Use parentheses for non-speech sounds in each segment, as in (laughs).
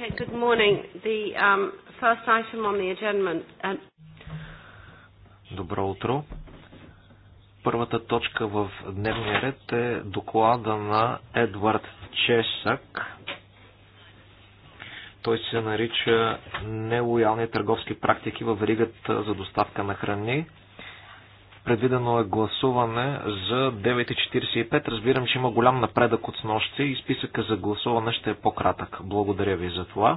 Okay, good morning. The um, first item on the agenda. Um... Добро утро. Първата точка в дневния ред е доклада на Едвард Чесък. Той се нарича Нелоялни търговски практики във ригата за доставка на храни. Предвидено е гласуване за 9.45. Разбирам, че има голям напредък от снощи и списъка за гласуване ще е по-кратък. Благодаря ви за това.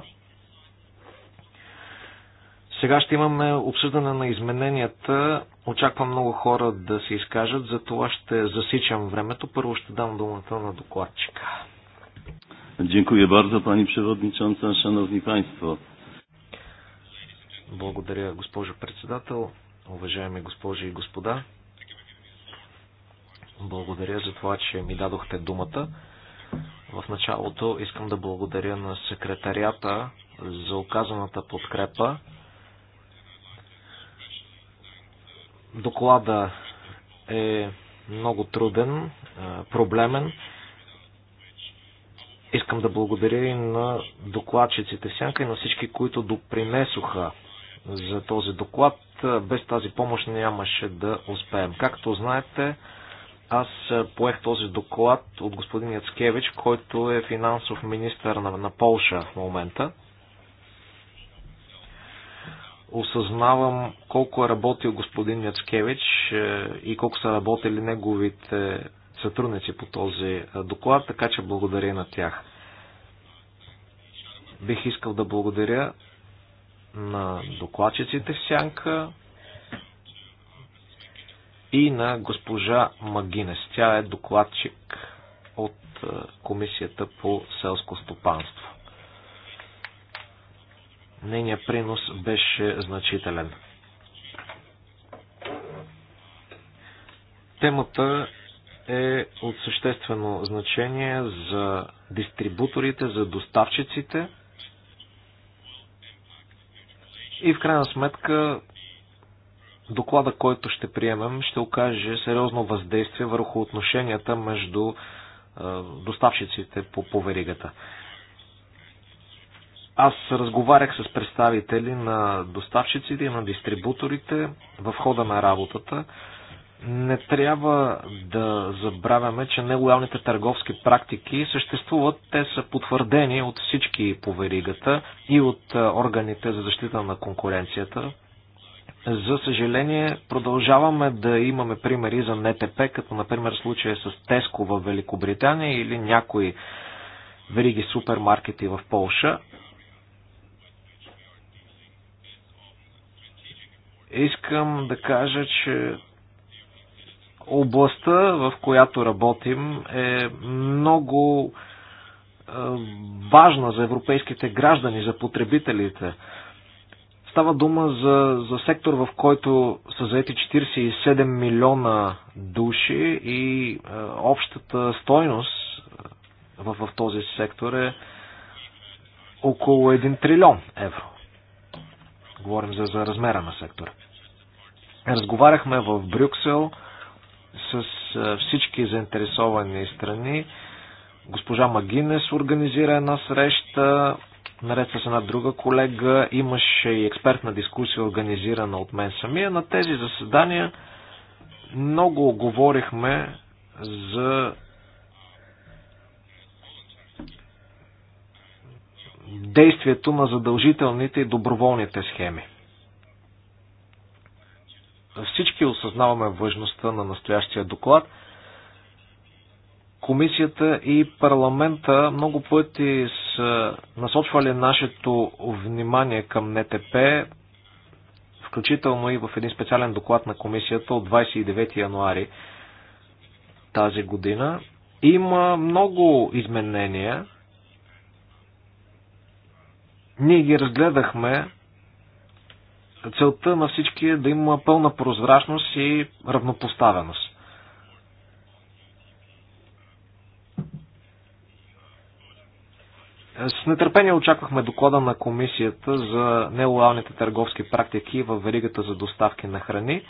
Сега ще имаме обсъждане на измененията. Очаквам много хора да се изкажат, за това ще засичам времето. Първо ще дам думата на докладчика. Дякую bardzo пани Przewodnicząca, Благодаря, госпожо председател уважаеми госпожи и господа. Благодаря за това, че ми дадохте думата. В началото искам да благодаря на секретарията за оказаната подкрепа. Доклада е много труден, е, проблемен. Искам да благодаря и на докладчиците Сянка и на всички, които допринесоха за този доклад. Без тази помощ нямаше да успеем. Както знаете, аз поех този доклад от господин Яцкевич, който е финансов министър на, на Полша в момента. Осъзнавам колко е работил господин Яцкевич е, и колко са работили неговите сътрудници по този е, доклад, така че благодаря на тях. Бих искал да благодаря на докладчиците в Сянка и на госпожа Магинес. Тя е докладчик от е, Комисията по селско стопанство. Нейният принос беше значителен. Темата е от съществено значение за дистрибуторите, за доставчиците – и в крайна сметка доклада, който ще приемем, ще окаже сериозно въздействие върху отношенията между е, доставчиците по, поверигата. Аз разговарях с представители на доставчиците и на дистрибуторите в хода на работата. Не трябва да забравяме, че нелоялните търговски практики съществуват. Те са потвърдени от всички по веригата и от органите за защита на конкуренцията. За съжаление, продължаваме да имаме примери за НТП, като например случая с Теско в Великобритания или някои вериги супермаркети в Полша. Искам да кажа, че областта, в която работим, е много е, важна за европейските граждани, за потребителите. Става дума за, за сектор, в който са заети 47 милиона души и е, общата стойност е, в, в този сектор е около 1 трилион евро. Говорим за, за размера на сектора. Разговаряхме в Брюксел с всички заинтересовани страни. Госпожа Магинес организира една среща, наред с една друга колега. Имаше и експертна дискусия, организирана от мен самия. На тези заседания много говорихме за действието на задължителните и доброволните схеми. Всички осъзнаваме важността на настоящия доклад. Комисията и парламента много пъти са насочвали нашето внимание към НТП, включително и в един специален доклад на комисията от 29 януари тази година. Има много изменения. Ние ги разгледахме целта на всички е да има пълна прозрачност и равнопоставеност. С нетърпение очаквахме доклада на комисията за нелоялните търговски практики в веригата за доставки на храни.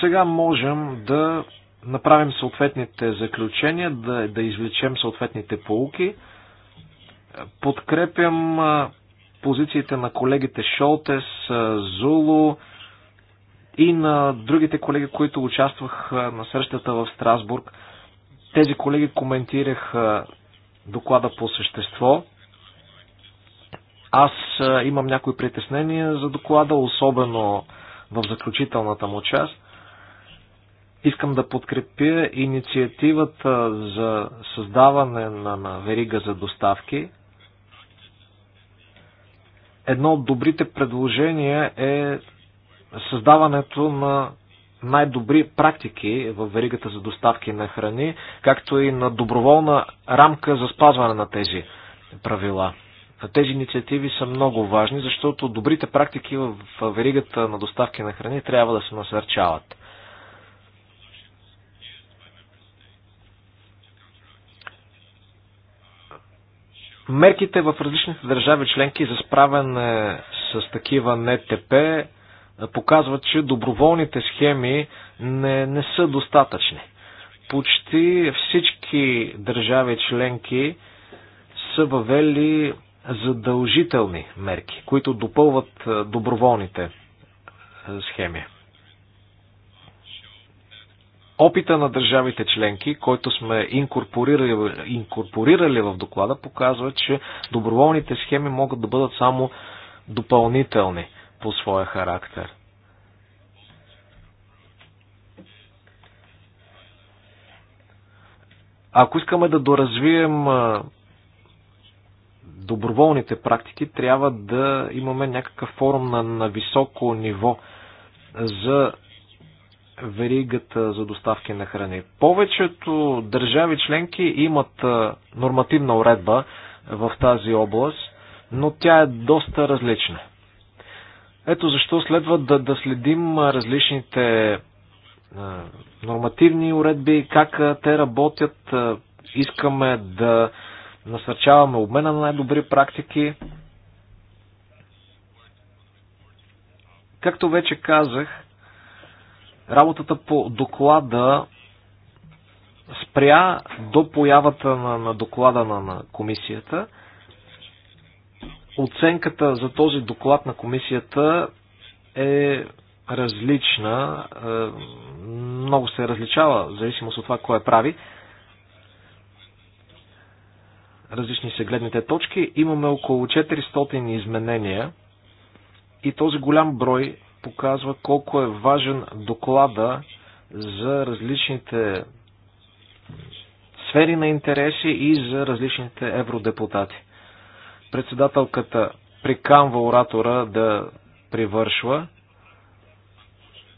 Сега можем да направим съответните заключения, да, да извлечем съответните полуки. Подкрепям позициите на колегите Шолтес, Зулу и на другите колеги, които участвах на срещата в Страсбург. Тези колеги коментираха доклада по същество. Аз имам някои притеснения за доклада, особено в заключителната му част. Искам да подкрепя инициативата за създаване на, на верига за доставки едно от добрите предложения е създаването на най-добри практики в веригата за доставки на храни, както и на доброволна рамка за спазване на тези правила. Тези инициативи са много важни, защото добрите практики в веригата на доставки на храни трябва да се насърчават. Мерките в различните държави членки за справяне с такива НТП показват, че доброволните схеми не, не са достатъчни. Почти всички държави членки са въвели задължителни мерки, които допълват доброволните схеми. Опита на държавите членки, който сме инкорпорирали, инкорпорирали в доклада, показва, че доброволните схеми могат да бъдат само допълнителни по своя характер. Ако искаме да доразвием доброволните практики, трябва да имаме някакъв форум на, на високо ниво за веригата за доставки на храни. Повечето държави членки имат нормативна уредба в тази област, но тя е доста различна. Ето защо следва да, да следим различните нормативни уредби, как те работят. Искаме да насърчаваме обмена на най-добри практики. Както вече казах, Работата по доклада спря до появата на, на доклада на, на комисията. Оценката за този доклад на комисията е различна, е, много се различава, в зависимост от това кое прави. Различни са гледните точки. Имаме около 400 изменения и този голям брой показва колко е важен доклада за различните сфери на интереси и за различните евродепутати. Председателката приканва оратора да привършва.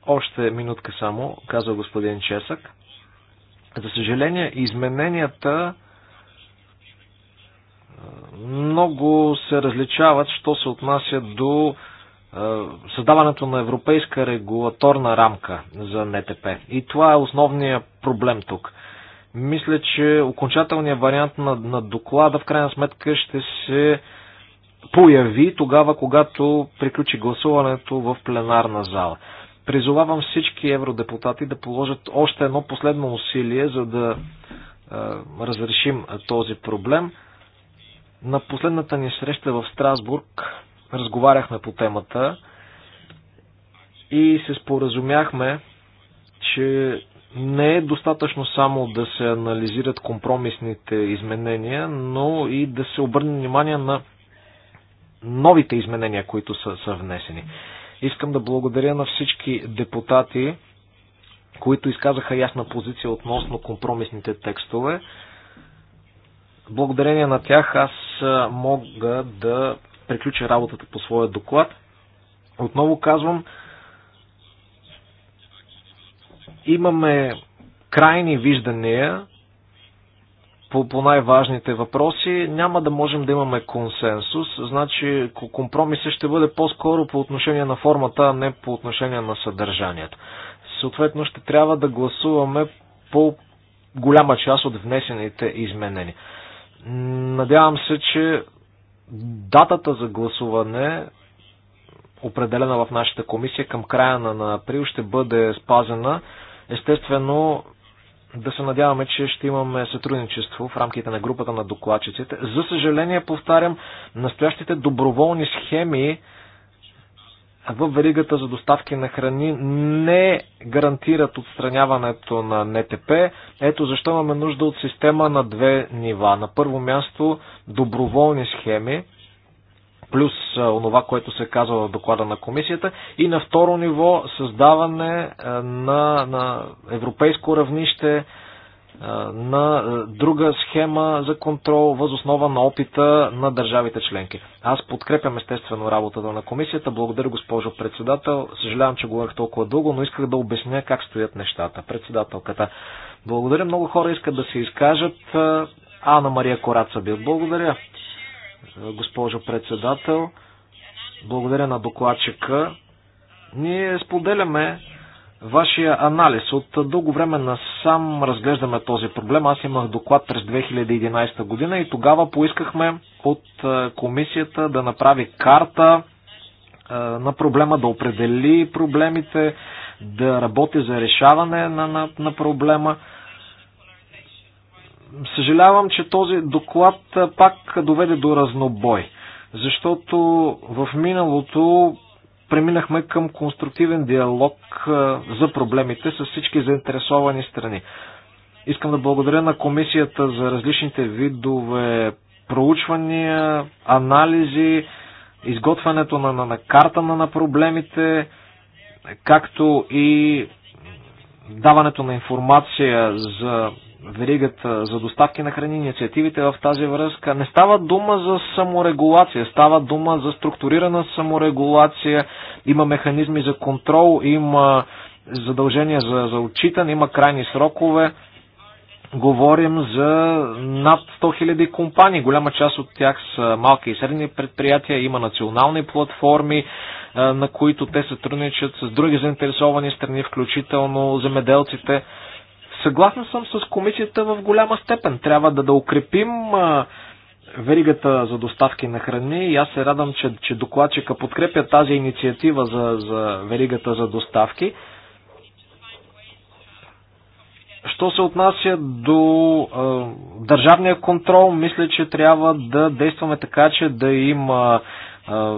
Още минутка само, каза господин Чесък. За съжаление, измененията много се различават, що се отнася до е, създаването на европейска регулаторна рамка за НТП. И това е основният проблем тук. Мисля, че окончателният вариант на, на доклада в крайна сметка ще се появи тогава, когато приключи гласуването в пленарна зала. Призовавам всички евродепутати да положат още едно последно усилие, за да е, разрешим този проблем. На последната ни среща в Страсбург разговаряхме по темата и се споразумяхме, че не е достатъчно само да се анализират компромисните изменения, но и да се обърне внимание на новите изменения, които са, са внесени. Искам да благодаря на всички депутати, които изказаха ясна позиция относно компромисните текстове. Благодарение на тях аз мога да приключи работата по своя доклад. Отново казвам, имаме крайни виждания по, по най-важните въпроси. Няма да можем да имаме консенсус. Значи компромисът ще бъде по-скоро по отношение на формата, а не по отношение на съдържанието. Съответно ще трябва да гласуваме по голяма част от внесените изменения. Надявам се, че датата за гласуване, определена в нашата комисия към края на април, ще бъде спазена. Естествено, да се надяваме, че ще имаме сътрудничество в рамките на групата на докладчиците. За съжаление, повтарям, настоящите доброволни схеми в веригата за доставки на храни не гарантират отстраняването на НТП. Ето защо имаме нужда от система на две нива. На първо място доброволни схеми, плюс онова, което се казва в доклада на комисията. И на второ ниво създаване на, на европейско равнище на друга схема за контрол възоснова на опита на държавите членки. Аз подкрепям естествено работата на комисията. Благодаря, госпожо председател. Съжалявам, че говорих толкова дълго, но исках да обясня как стоят нещата. Председателката. Благодаря. Много хора искат да се изкажат. Ана Мария Кораца бил. Благодаря, госпожо председател. Благодаря на докладчика. Ние споделяме вашия анализ. От дълго време насам разглеждаме този проблем. Аз имах доклад през 2011 година и тогава поискахме от е, комисията да направи карта е, на проблема, да определи проблемите, да работи за решаване на, на, на проблема. Съжалявам, че този доклад пак доведе до разнобой, защото в миналото преминахме към конструктивен диалог за проблемите с всички заинтересовани страни. Искам да благодаря на комисията за различните видове проучвания, анализи, изготвянето на, на, на карта на, на проблемите, както и даването на информация за веригата за доставки на храни, инициативите в тази връзка. Не става дума за саморегулация, става дума за структурирана саморегулация. Има механизми за контрол, има задължения за, за отчитане, има крайни срокове. Говорим за над 100 000 компании. Голяма част от тях са малки и средни предприятия, има национални платформи, на които те сътрудничат с други заинтересовани страни, включително земеделците. Съгласен съм с комисията в голяма степен. Трябва да, да укрепим а, веригата за доставки на храни и аз се радвам, че, че докладчика подкрепя тази инициатива за, за веригата за доставки. Що се отнася до а, държавния контрол, мисля, че трябва да действаме така, че да има а,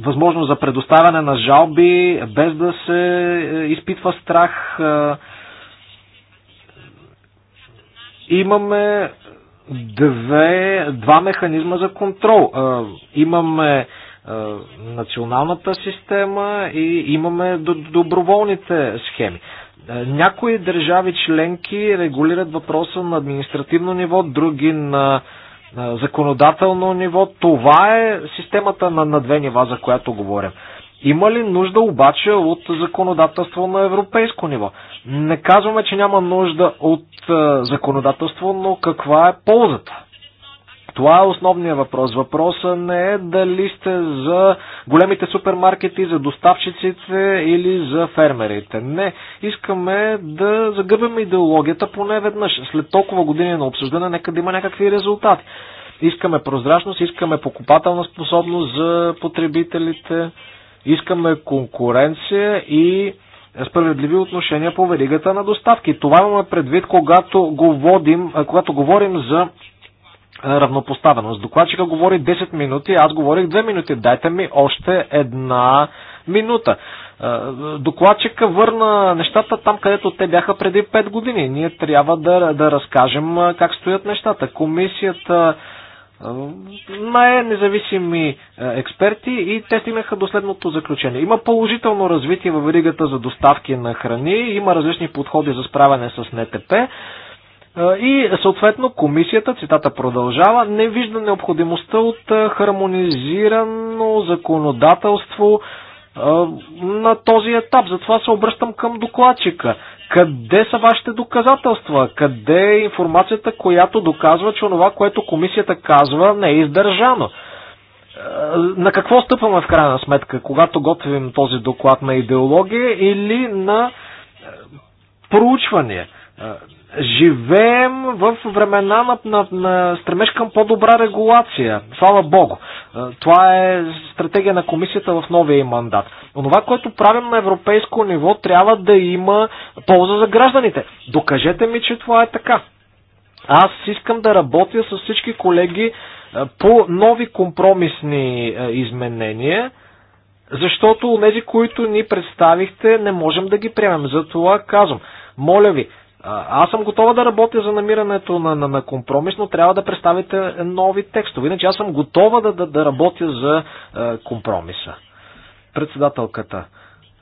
възможност за предоставяне на жалби, без да се изпълнява изпитва страх. Имаме две, два механизма за контрол. Имаме националната система и имаме доброволните схеми. Някои държави членки регулират въпроса на административно ниво, други на законодателно ниво. Това е системата на, на две нива, за която говорим. Има ли нужда обаче от законодателство на европейско ниво? Не казваме, че няма нужда от е, законодателство, но каква е ползата? Това е основният въпрос. Въпросът не е дали сте за големите супермаркети, за доставчиците или за фермерите. Не. Искаме да загърбим идеологията поне веднъж. След толкова години на обсъждане, нека да има някакви резултати. Искаме прозрачност, искаме покупателна способност за потребителите. Искаме конкуренция и справедливи отношения по веригата на доставки. Това имаме предвид, когато, говорим, когато говорим за равнопоставеност. Докладчика говори 10 минути, аз говорих 2 минути. Дайте ми още една минута. Докладчика върна нещата там, където те бяха преди 5 години. Ние трябва да, да разкажем как стоят нещата. Комисията най-независими е, е, експерти и те стигнаха до следното заключение. Има положително развитие във веригата за доставки на храни, има различни подходи за справяне с НТП е, и съответно комисията, цитата продължава, не вижда необходимостта от хармонизирано законодателство на този етап. Затова се обръщам към докладчика. Къде са вашите доказателства? Къде е информацията, която доказва, че онова, което комисията казва, не е издържано? Е, на какво стъпваме в крайна сметка, когато готвим този доклад на идеология или на е, проучване? живеем в времена на, на, на стремеж към по-добра регулация. Слава Богу. Това е стратегия на комисията в новия мандат. Онова, което правим на европейско ниво, трябва да има полза за гражданите. Докажете ми, че това е така. Аз искам да работя с всички колеги по нови компромисни изменения, защото тези, които ни представихте, не можем да ги приемем. Затова казвам, моля ви, аз съм готова да работя за намирането на, на, на компромис, но трябва да представите нови текстове. Иначе аз съм готова да, да, да работя за е, компромиса. Председателката.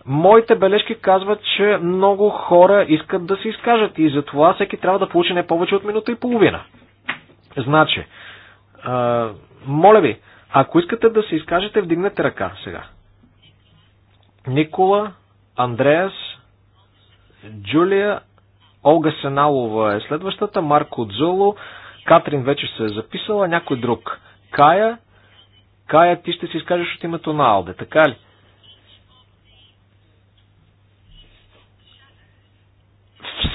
Моите бележки казват, че много хора искат да се изкажат и затова всеки трябва да получи не повече от минута и половина. Значи, е, моля ви, ако искате да се изкажете, вдигнете ръка сега. Никола, Андреас, Джулия, Олга Сеналова е следващата, Марко Дзоло, Катрин вече се е записала, някой друг. Кая, Кая, ти ще си изкажеш от името на Алде, така ли?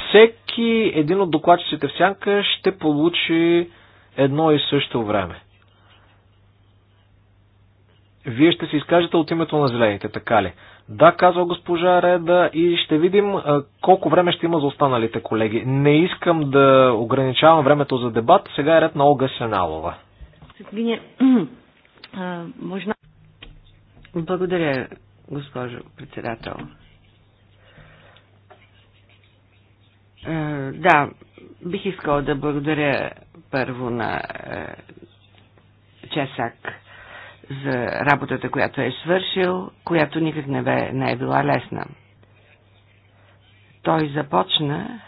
Всеки един от докладчиците в сянка ще получи едно и също време. Вие ще се изкажете от името на зелените, така ли? Да, казва госпожа Реда и ще видим колко време ще има за останалите колеги. Не искам да ограничавам времето за дебат. Сега е ред на Ога Сеналова. (clears throat) Благодаря, госпожо председател. Да, бих искала да благодаря първо на Чесак за работата, която е свършил, която никак не, бе, не е била лесна. Той започна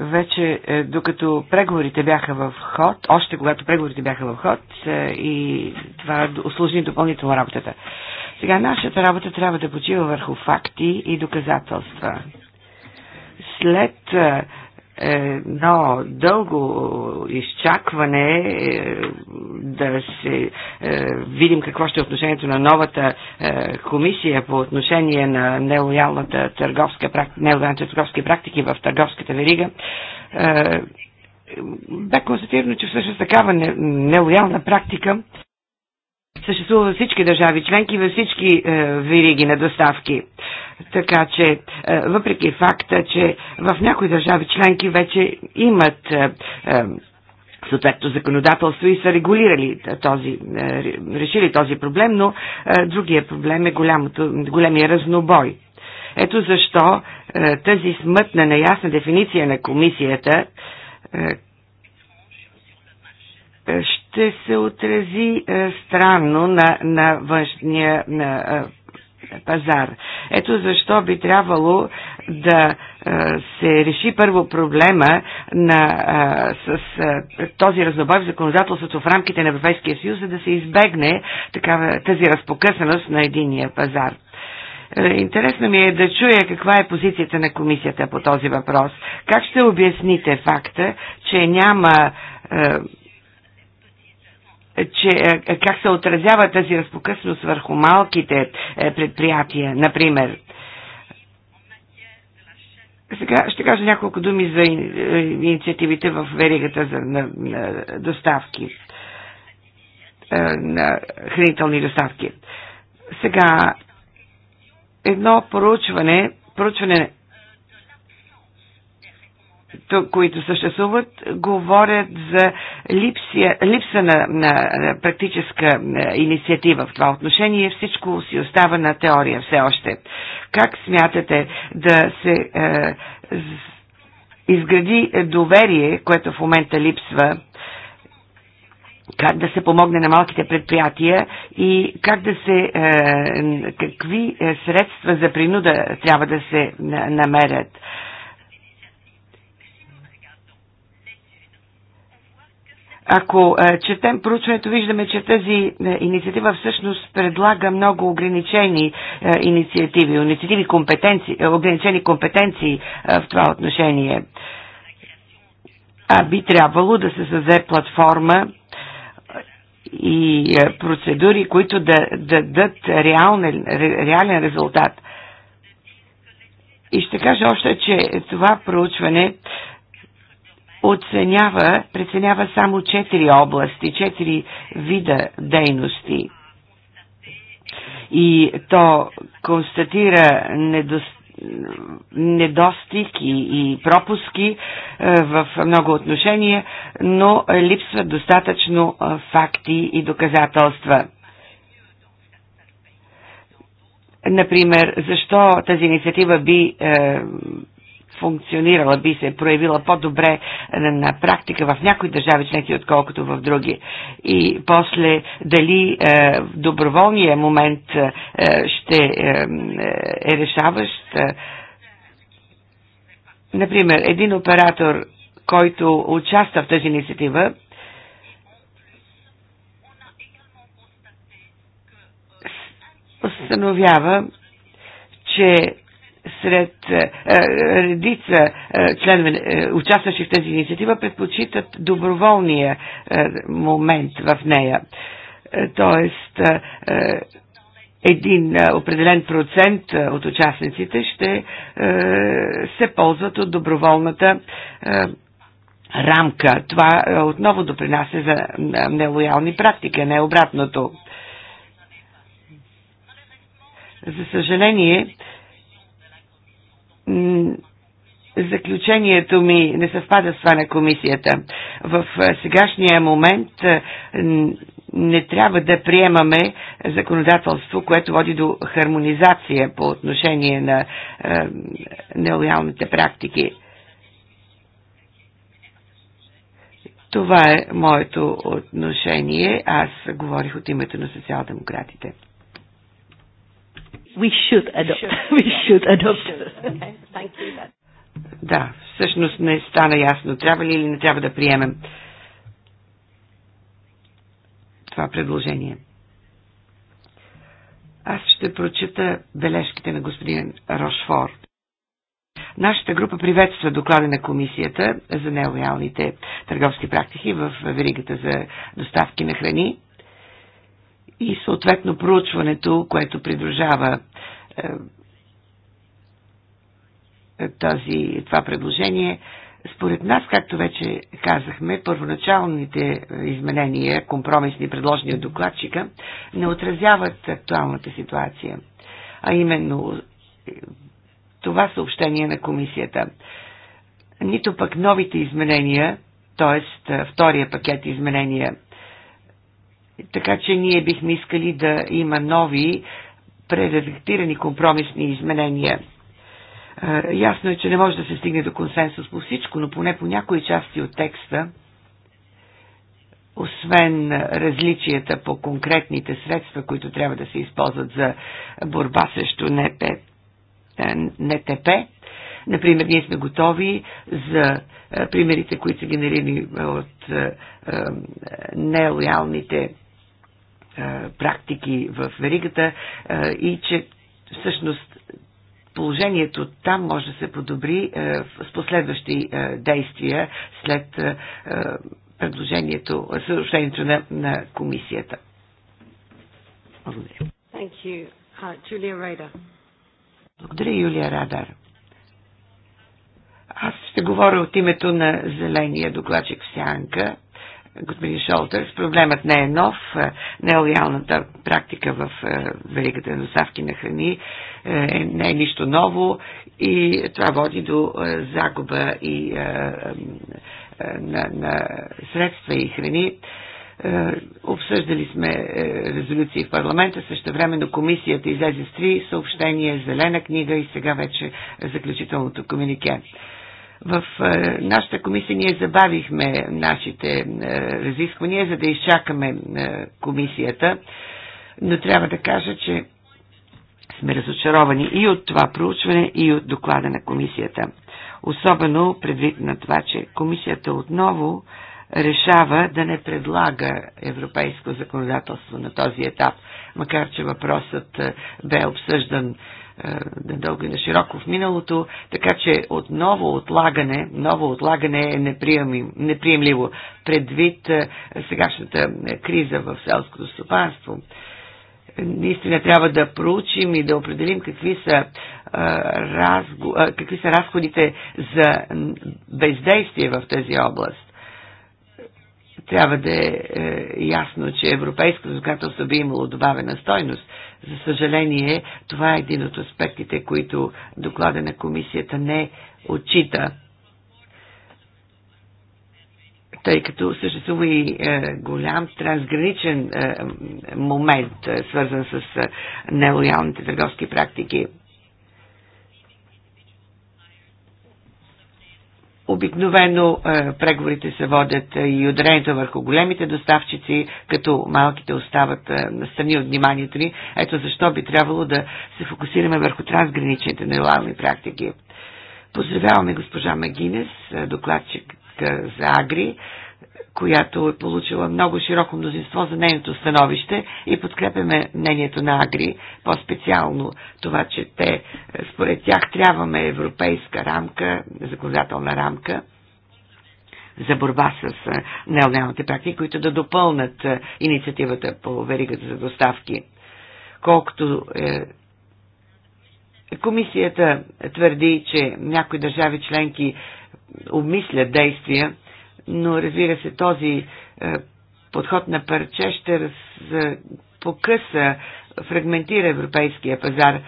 вече е, докато преговорите бяха в ход, още когато преговорите бяха в ход е, и това услужни допълнително работата. Сега нашата работа трябва да почива върху факти и доказателства. След е, е, едно дълго изчакване е, да се е, видим какво ще е отношението на новата комисия по отношение на нелоялната търговска, нелоялната търговски практики в търговската верига бе констатирано, че всъщност такава нелоялна практика съществува във всички държави членки, във всички е, вериги на доставки. Така че, е, въпреки факта, че в някои държави членки вече имат е, е, съответно законодателство и са регулирали този, решили този проблем, но другия проблем е голямото, големия разнобой. Ето защо тази смътна, неясна дефиниция на комисията ще се отрази странно на, на външния на, пазар. Ето защо би трябвало да е, се реши първо проблема на, е, с е, този разнобой в законодателството в рамките на Европейския съюз, за да се избегне такава, тази разпокъсаност на единия пазар. Интересно ми е да чуя каква е позицията на комисията по този въпрос. Как ще обясните факта, че няма че е, е, как се отразява тази разпокъсност върху малките е, предприятия, например. Сега ще кажа няколко думи за инициативите в веригата за на, на доставки, на хранителни доставки. Сега, едно проучване, проучване които съществуват, говорят за липсия, липса на, на практическа е, инициатива в това отношение. Всичко си остава на теория все още. Как смятате да се е, изгради доверие, което в момента липсва? как да се помогне на малките предприятия и как да се, е, какви е, средства за принуда трябва да се намерят. Ако е, четем проучването, виждаме, че тази е, инициатива всъщност предлага много ограничени е, инициативи, инициативи компетенции, ограничени компетенции в това отношение. А би трябвало да се създаде платформа и процедури, които да, да дадат реален, реален резултат. И ще кажа още, че това проучване оценява, преценява само четири области, четири вида дейности. И то констатира недостатъчно недостиг и, пропуски е, в много отношения, но липсват достатъчно е, факти и доказателства. Например, защо тази инициатива би е, функционирала, би се проявила по-добре на, практика в някои държави членки, отколкото в други. И после дали е, доброволният момент е, ще е, е решаващ. Е, например, един оператор, който участва в тази инициатива, установява, че сред е, е, редица е, членове, участващи в тази инициатива, предпочитат доброволния момент в нея. Тоест, един определен процент от участниците ще се ползват от доброволната рамка. Това отново допринася за нелоялни практики, не обратното. За съжаление, заключението ми не съвпада с това на комисията. В сегашния момент не трябва да приемаме законодателство, което води до хармонизация по отношение на нелоялните практики. Това е моето отношение. Аз говорих от името на социал-демократите. (laughs) We should adopt. We should adopt. Okay. Thank you. Да, всъщност не стана ясно. Трябва ли или не трябва да приемем това предложение? Аз ще прочита бележките на господин Рошфор. Нашата група приветства доклада на комисията за нелоялните търговски практики в веригата за доставки на храни и съответно проучването, което придружава е, е, тази, това предложение. Според нас, както вече казахме, първоначалните е, изменения, компромисни предложени от докладчика, не отразяват актуалната ситуация. А именно това съобщение на комисията. Нито пък новите изменения, т.е. втория пакет изменения така че ние бихме искали да има нови предредактирани компромисни изменения. Ясно е, че не може да се стигне до консенсус по всичко, но поне по някои части от текста, освен различията по конкретните средства, които трябва да се използват за борба срещу НП, е, НТП, Например, ние сме готови за е, примерите, които са генерирани от е, нелоялните практики в веригата и че всъщност положението там може да се подобри с последващи действия след предложението, съобщението на, на комисията. Благодаря. Thank you. Julia Благодаря, Юлия Радар. Аз ще говоря от името на зеления докладчик в Сянка господин Шолтерс. Проблемът не е нов. Е, нелоялната практика в е, великата доставки на храни е, не е нищо ново и това води до загуба и на, на средства и храни. Обсъждали сме резолюции в парламента, също времено комисията излезе с три съобщения, зелена книга и сега вече заключителното комунике. В е, нашата комисия ние забавихме нашите е, разисквания, за да изчакаме е, комисията, но трябва да кажа, че сме разочаровани и от това проучване, и от доклада на комисията. Особено предвид на това, че комисията отново решава да не предлага европейско законодателство на този етап, макар че въпросът бе обсъждан е, надълго и на широко в миналото, така че отново отлагане, ново отлагане е неприемливо, неприемливо предвид е, сегашната е, криза в селското стопанство наистина трябва да проучим и да определим какви са, какви са разходите за бездействие в тази област. Трябва да е, е ясно, че европейското законодателство би имало добавена стойност. За съжаление, това е един от аспектите, които доклада на комисията не отчита тъй като съществува и е, голям трансграничен е, момент, е, свързан с е, нелоялните търговски практики. Обикновено е, преговорите се водят е, и ударението върху големите доставчици, като малките остават настрани е, от вниманието ни. Ето защо би трябвало да се фокусираме върху трансграничните нелоялни практики. Поздравяваме госпожа Магинес, докладчик за Агри, която е получила много широко мнозинство за нейното становище и подкрепяме мнението на Агри, по-специално това, че те, е, според тях, трябваме европейска рамка, законодателна рамка за борба с е, нелегалните практики, които да допълнат е, инициативата по веригата за доставки. Колкото е, Комисията твърди, че някои държави членки обмислят действия но разбира се, този е, подход на парче ще раз, е, покъса, фрагментира европейския пазар, е,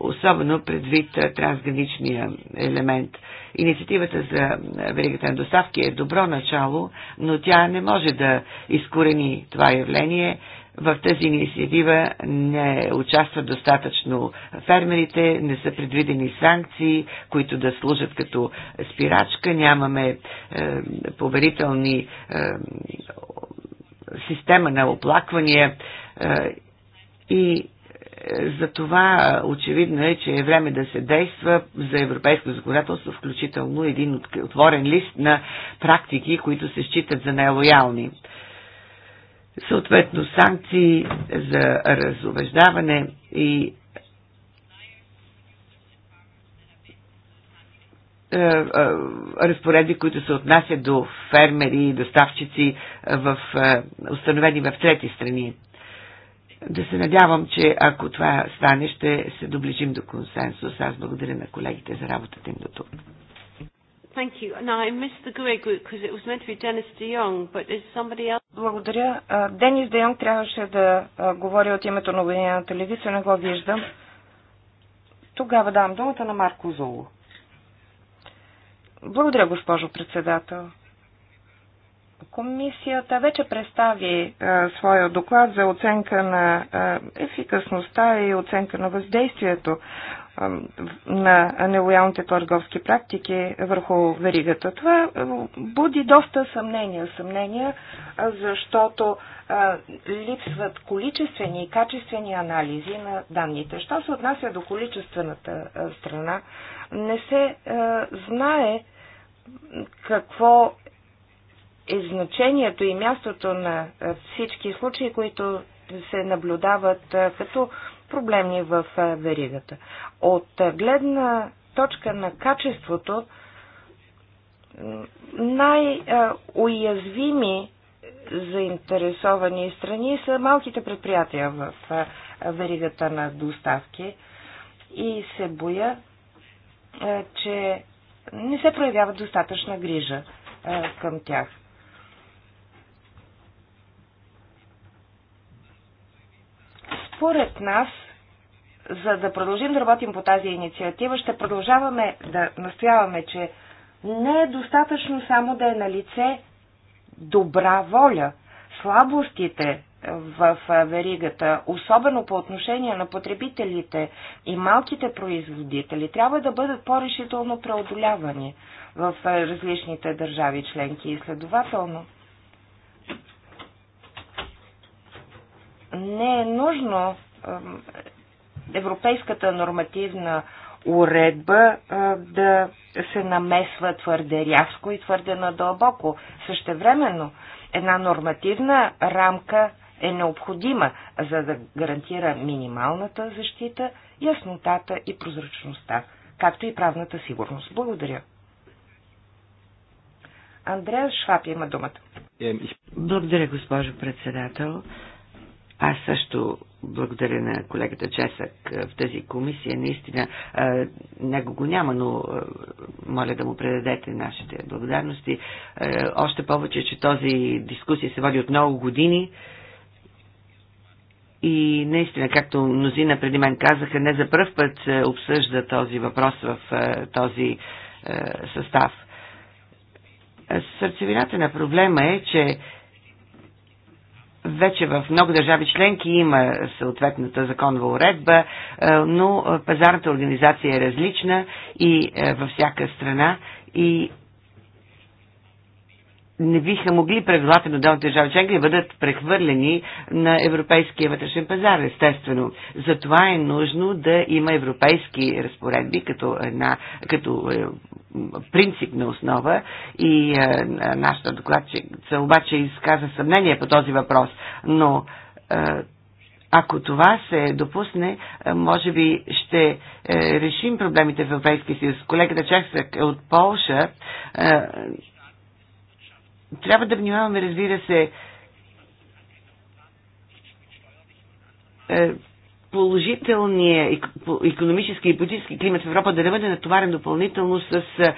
особено предвид трансграничния елемент. Инициативата за веригата на доставки е добро начало, но тя не може да изкорени това явление в тази инициатива не участват достатъчно фермерите, не са предвидени санкции, които да служат като спирачка, нямаме е, поверителни е, система на оплаквания е, и е, за това очевидно е, че е време да се действа за европейско законодателство, включително един отворен лист на практики, които се считат за нелоялни съответно санкции за разобеждаване и е, е, разпореди, които се отнасят до фермери и доставчици в, е, установени в трети страни. Да се надявам, че ако това стане, ще се доближим до консенсус. Аз благодаря на колегите за работата им до тук. Thank you. Now I missed the GUE group because it was meant to be Dennis de Jong, but is somebody else? Благодаря. Денис де Йонг трябваше да говори от името на Обединената левица, не го виждам. Тогава давам думата на Марко Золо. Благодаря, госпожо председател. Комисията вече представи а, своя доклад за оценка на а, ефикасността и оценка на въздействието на нелоялните търговски практики върху веригата. Това е, буди доста съмнения. Съмнения, защото липсват количествени и качествени анализи на данните. Що се отнася до количествената страна, не се знае какво е значението и мястото на всички случаи, които се наблюдават като проблемни в веригата. От гледна точка на качеството, най-уязвими заинтересовани страни са малките предприятия в веригата на доставки и се боя, че не се проявява достатъчна грижа към тях. Според нас за да продължим да работим по тази инициатива, ще продължаваме да настояваме, че не е достатъчно само да е на лице добра воля. Слабостите в веригата, особено по отношение на потребителите и малките производители, трябва да бъдат по-решително преодолявани в различните държави членки и следователно. Не е нужно европейската нормативна уредба да се намесва твърде рязко и твърде надълбоко. Същевременно една нормативна рамка е необходима, за да гарантира минималната защита, яснотата и прозрачността, както и правната сигурност. Благодаря. Андреас Шваб има думата. Благодаря, госпожо председател. Аз също благодаря на колегата Чесък в тази комисия. Наистина, него го няма, но моля да му предадете нашите благодарности. Още повече, че този дискусия се води от много години. И наистина, както мнозина преди мен казаха, не за първ път обсъжда този въпрос в този състав. Сърцевината на проблема е, че вече в много държави членки има съответната законова уредба, е, но пазарната организация е различна и е, във всяка страна и не биха могли правилата на отделните държави членки да бъдат прехвърлени на европейския вътрешен пазар, естествено. Затова е нужно да има европейски разпоредби като, една, като е, принципна основа и е, нашата докладчица обаче изказа съмнение по този въпрос, но е, ако това се допусне, е, може би ще е, решим проблемите в Европейския съюз. Колегата Чехсък от Полша е, трябва да внимаваме, разбира се, е, положителния економически и политически климат в Европа да не бъде натоварен допълнително с е,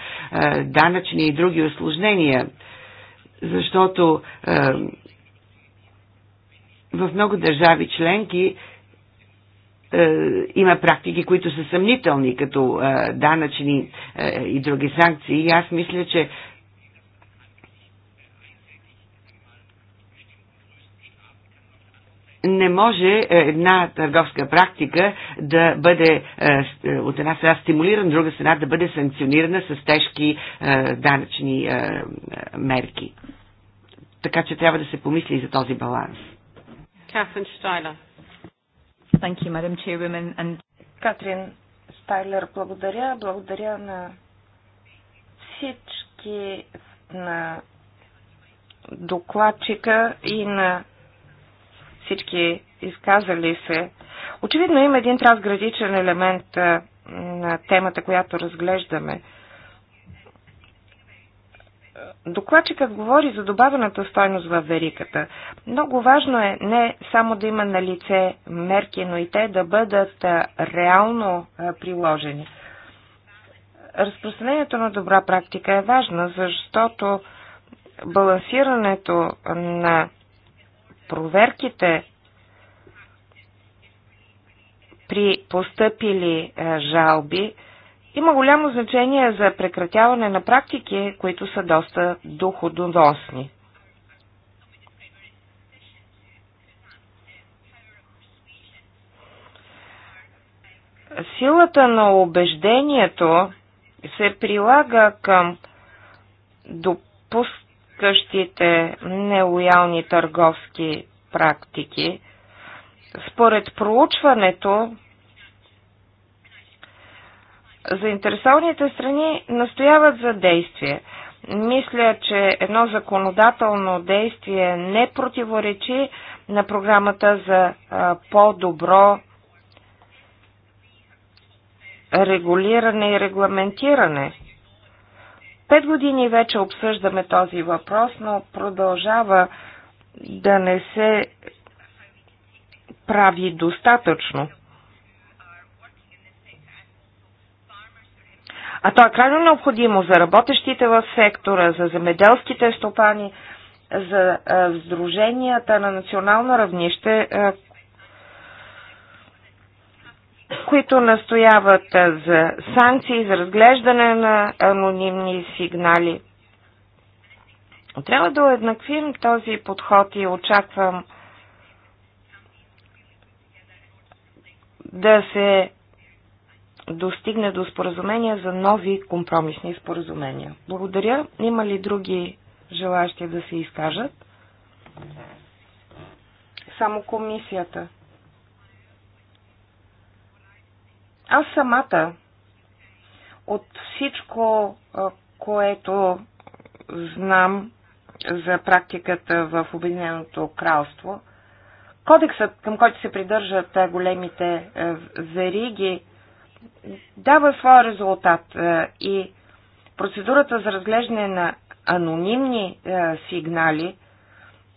данъчни и други осложнения, защото е, в много държави членки има практики, които са съмнителни, като данъчни и други санкции. И аз мисля, че не може е, една търговска практика да бъде е, е, от една страна стимулирана, друга страна да бъде санкционирана с тежки данъчни мерки. Така че трябва да се помисли и за този баланс. Катрин Штайлер. Катрин Штайлер, благодаря. Благодаря на всички на докладчика и на всички изказали се. Очевидно има един трансградичен елемент на темата, която разглеждаме. Докладчикът говори за добавената стойност във вериката. Много важно е не само да има на лице мерки, но и те да бъдат реално приложени. Разпространението на добра практика е важно, защото балансирането на проверките при постъпили е, жалби има голямо значение за прекратяване на практики, които са доста доходоносни. Силата на убеждението се прилага към допуст къщите нелоялни търговски практики. Според проучването, заинтересованите страни настояват за действие. Мисля, че едно законодателно действие не противоречи на програмата за по-добро регулиране и регламентиране. Пет години вече обсъждаме този въпрос, но продължава да не се прави достатъчно. А то е крайно необходимо за работещите в сектора, за земеделските стопани, за сдруженията на национално равнище, които настояват за санкции, за разглеждане на анонимни сигнали. Трябва да уеднаквим този подход и очаквам да се достигне до споразумения за нови компромисни споразумения. Благодаря. Има ли други желащи да се изкажат? Само комисията. Аз самата от всичко, което знам за практиката в Обединеното кралство, кодексът, към който се придържат големите вериги, дава своя резултат и процедурата за разглеждане на анонимни сигнали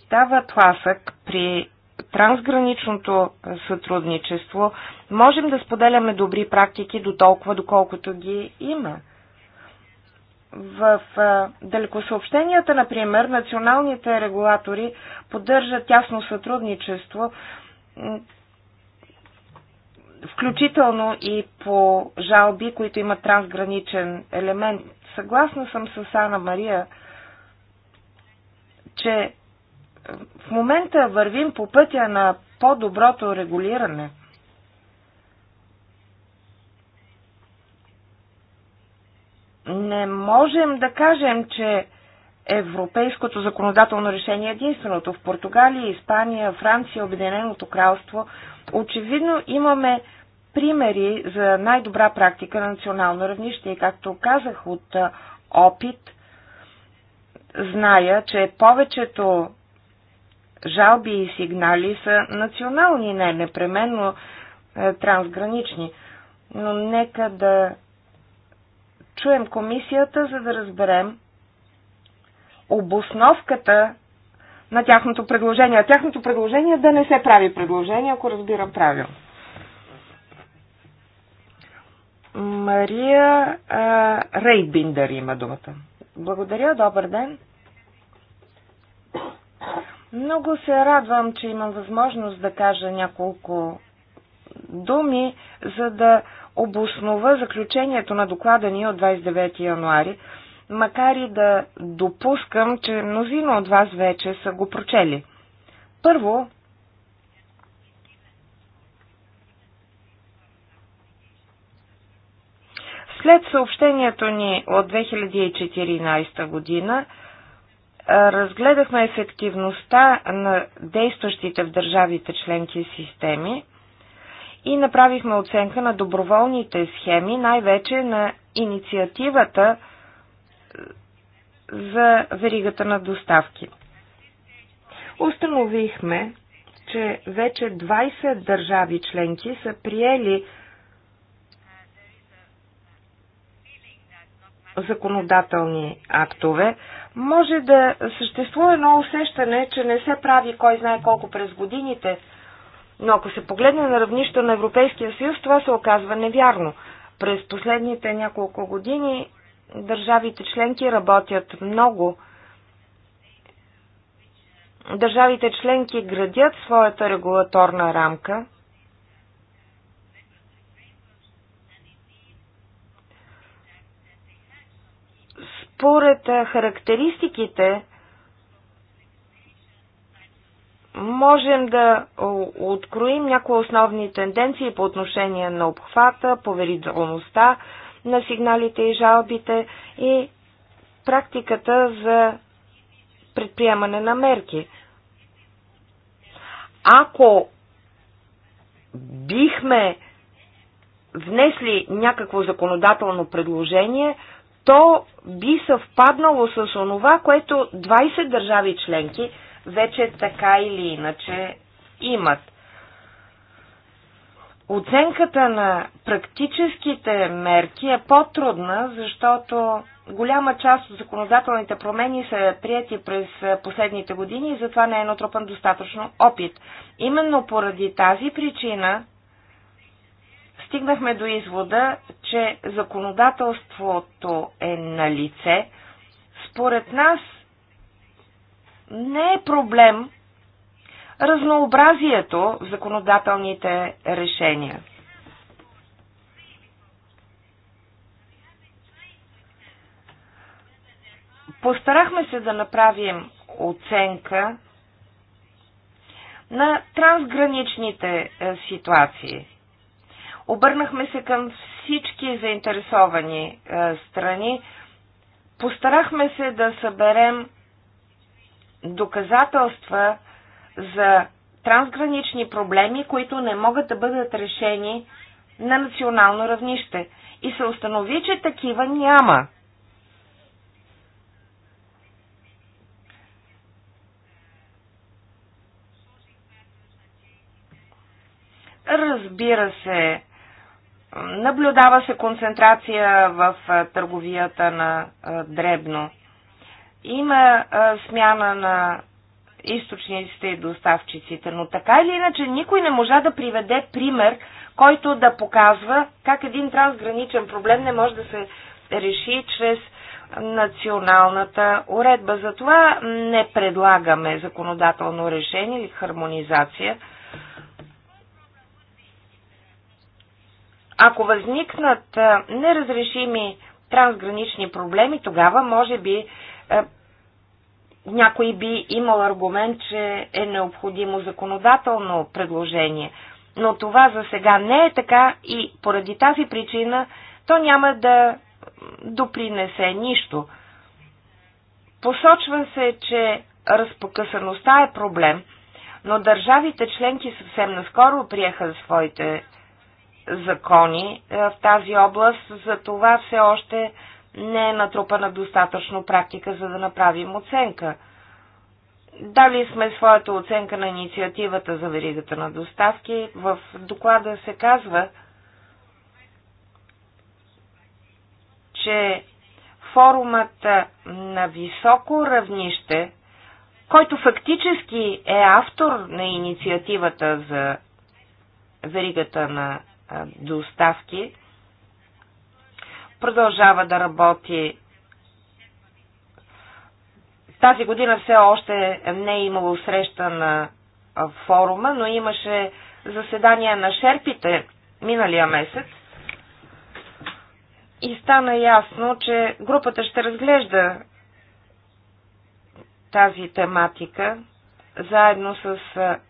дава тласък при трансграничното сътрудничество можем да споделяме добри практики до толкова, доколкото ги има. В далекосъобщенията, например, националните регулатори поддържат тясно сътрудничество, включително и по жалби, които имат трансграничен елемент. Съгласна съм с Ана Мария, че в момента вървим по пътя на по-доброто регулиране. Не можем да кажем, че европейското законодателно решение е единственото. В Португалия, Испания, Франция, Обединеното кралство очевидно имаме примери за най-добра практика на национално равнище и както казах от опит, зная, че повечето жалби и сигнали са национални, не непременно е, трансгранични. Но нека да чуем комисията, за да разберем обосновката на тяхното предложение. А тяхното предложение е да не се прави предложение, ако разбирам правилно. Мария Рейбиндър Рейбиндер има думата. Благодаря, добър ден. Много се радвам, че имам възможност да кажа няколко думи, за да обоснова заключението на доклада ни от 29 януари, макар и да допускам, че мнозина от вас вече са го прочели. Първо, след съобщението ни от 2014 година, разгледахме ефективността на действащите в държавите членки системи и направихме оценка на доброволните схеми, най-вече на инициативата е, за веригата на доставки. Установихме, че вече 20 държави членки са приели законодателни актове, може да съществува едно усещане, че не се прави кой знае колко през годините, но ако се погледне на равнището на Европейския съюз, това се оказва невярно. През последните няколко години държавите членки работят много. Държавите членки градят своята регулаторна рамка – според характеристиките можем да откроим някои основни тенденции по отношение на обхвата, поверителността на сигналите и жалбите и практиката за предприемане на мерки. Ако бихме внесли някакво законодателно предложение, то би съвпаднало с онова, което 20 държави членки вече така или иначе имат. Оценката на практическите мерки е по-трудна, защото голяма част от законодателните промени са прияти през последните години и затова не е натрупан достатъчно опит. Именно поради тази причина стигнахме до извода, че законодателството е на лице. Според нас не е проблем разнообразието в законодателните решения. Постарахме се да направим оценка на трансграничните е, ситуации – Обърнахме се към всички заинтересовани е, страни. Постарахме се да съберем доказателства за трансгранични проблеми, които не могат да бъдат решени на национално равнище. И се установи, че такива няма. Разбира се, Наблюдава се концентрация в търговията на дребно. Има смяна на източниците и доставчиците, но така или иначе никой не можа да приведе пример, който да показва как един трансграничен проблем не може да се реши чрез националната уредба. Затова не предлагаме законодателно решение или хармонизация – Ако възникнат неразрешими трансгранични проблеми, тогава може би някой би имал аргумент, че е необходимо законодателно предложение. Но това за сега не е така и поради тази причина то няма да допринесе нищо. Посочва се, че разпокъсаността е проблем, но държавите членки съвсем наскоро приеха своите закони е, в тази област, за това все още не е натрупана достатъчно практика, за да направим оценка. Дали сме своята оценка на инициативата за веригата на доставки. В доклада се казва, че форумът на високо равнище, който фактически е автор на инициативата за веригата на доставки. Продължава да работи. Тази година все още не е имало среща на форума, но имаше заседание на шерпите миналия месец и стана ясно, че групата ще разглежда тази тематика заедно с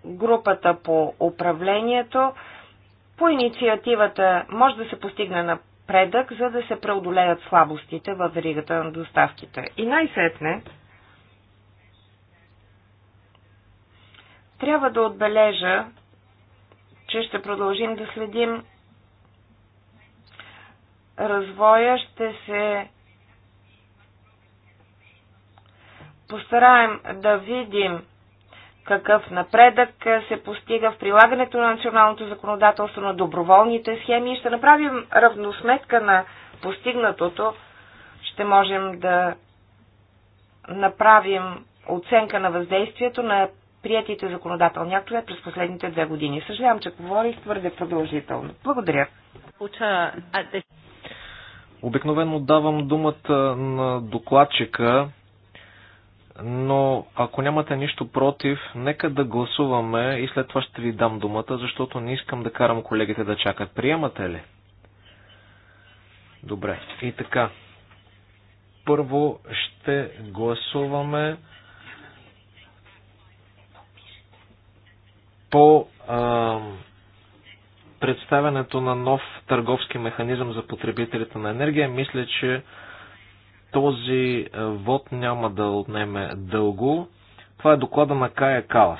групата по управлението по инициативата може да се постигне напредък, за да се преодолеят слабостите във веригата на доставките. И най-сетне трябва да отбележа, че ще продължим да следим развоя, ще се постараем да видим какъв напредък се постига в прилагането на националното законодателство на доброволните схеми и ще направим равносметка на постигнатото, ще можем да направим оценка на въздействието на приятите законодателни актове през последните две години. Съжалявам, че говорих твърде продължително. Благодаря. Обикновено давам думата на докладчика но ако нямате нищо против, нека да гласуваме и след това ще ви дам думата, защото не искам да карам колегите да чакат. Приемате ли? Добре. И така. Първо ще гласуваме по а, представянето на нов търговски механизъм за потребителите на енергия. Мисля, че този е, вод няма да отнеме дълго. Това е доклада на Кая Калас.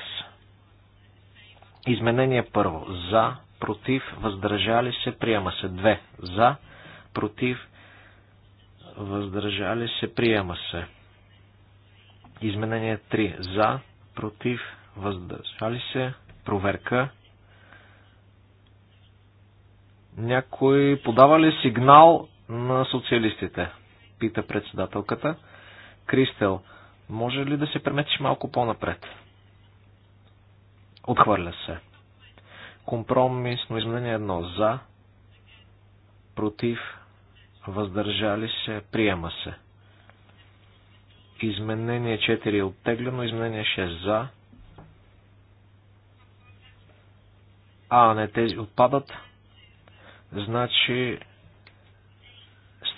Изменение първо. За, против, въздържали се, приема се. Две. За, против, въздържали се, приема се. Изменение 3. За, против, въздържали се, проверка. Някой подава ли сигнал на социалистите? пита председателката. Кристел, може ли да се преметиш малко по-напред? Отхвърля се. Компромисно изменение едно. За, против, въздържали се, приема се. Изменение 4 е оттеглено, изменение 6 за. А, не, тези отпадат. Значи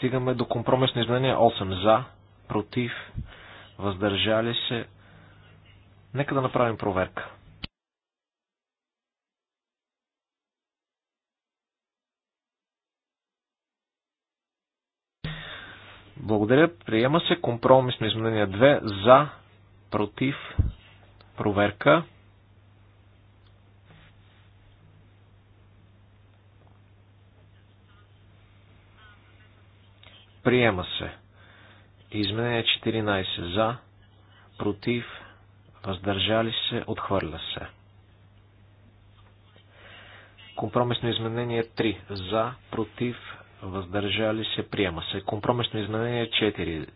стигаме до компромисно изменение 8 за, против, въздържали се. Нека да направим проверка. Благодаря. Приема се компромисно изменение 2 за, против, проверка. Приема се. Изменение 14 за, против, въздържали се, отхвърля се. Компромисно изменение 3 за, против, въздържали се, приема се. Компромисно изменение 4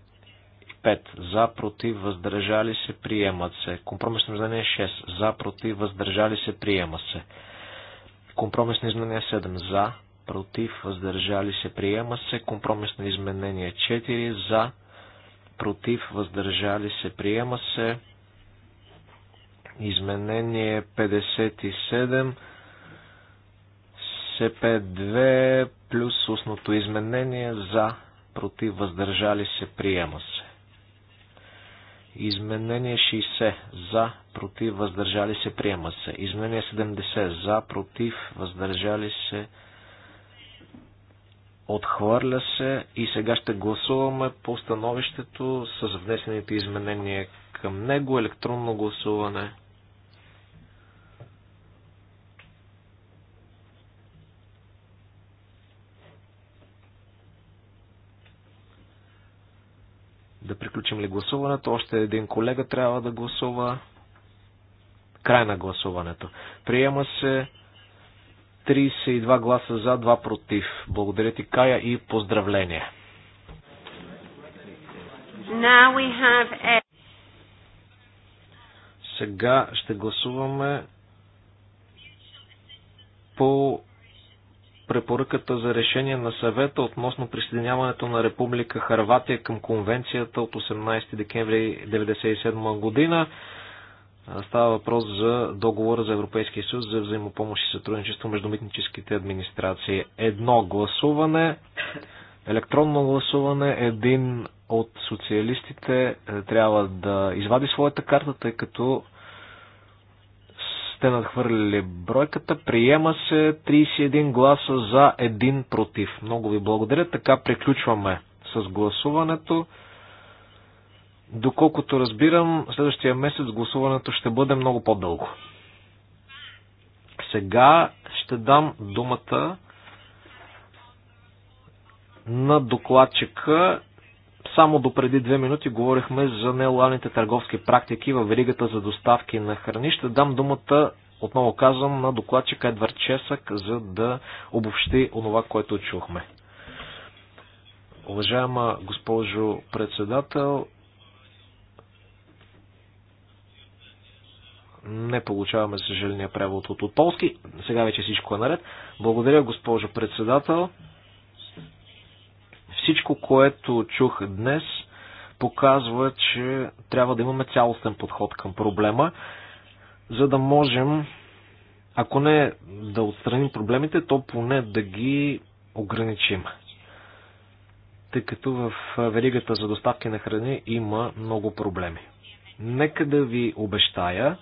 5. За, против, въздържали се, приемат се. Компромисно изменение 6. За, против, въздържали се, приема се. Компромисно изменение 7. За, против, въздържали се, приема се. Компромисно изменение 4 за, против, въздържали се, приема се. Изменение 57 СП2 плюс устното изменение за, против, въздържали се, приема се. Изменение 60 за, против, въздържали се, приема се. Изменение 70 за, против, въздържали се, приема се. Отхвърля се и сега ще гласуваме по становището с внесените изменения към него. Електронно гласуване. Да приключим ли гласуването? Още един колега трябва да гласува. Край на гласуването. Приема се 32 гласа за, 2 против. Благодаря ти, Кая, и поздравления. A... Сега ще гласуваме по препоръката за решение на съвета относно присъединяването на Република Харватия към конвенцията от 18 декември 1997 година. Става въпрос за договора за Европейския съюз за взаимопомощ и сътрудничество между митническите администрации. Едно гласуване, електронно гласуване, един от социалистите е, трябва да извади своята карта, тъй като сте надхвърлили бройката. Приема се 31 гласа за един против. Много ви благодаря. Така приключваме с гласуването. Доколкото разбирам, следващия месец гласуването ще бъде много по-дълго. Сега ще дам думата на докладчика. Само до преди две минути говорихме за нелоялните търговски практики във веригата за доставки на храни. Ще дам думата, отново казвам, на докладчика Едвард Чесък, за да обобщи онова, което чухме. Уважаема госпожо председател, Не получаваме, съжаление, превод от, от полски. Сега вече всичко е наред. Благодаря, госпожо председател. Всичко, което чух днес, показва, че трябва да имаме цялостен подход към проблема, за да можем, ако не да отстраним проблемите, то поне да ги ограничим тъй като в веригата за доставки на храни има много проблеми. Нека да ви обещая,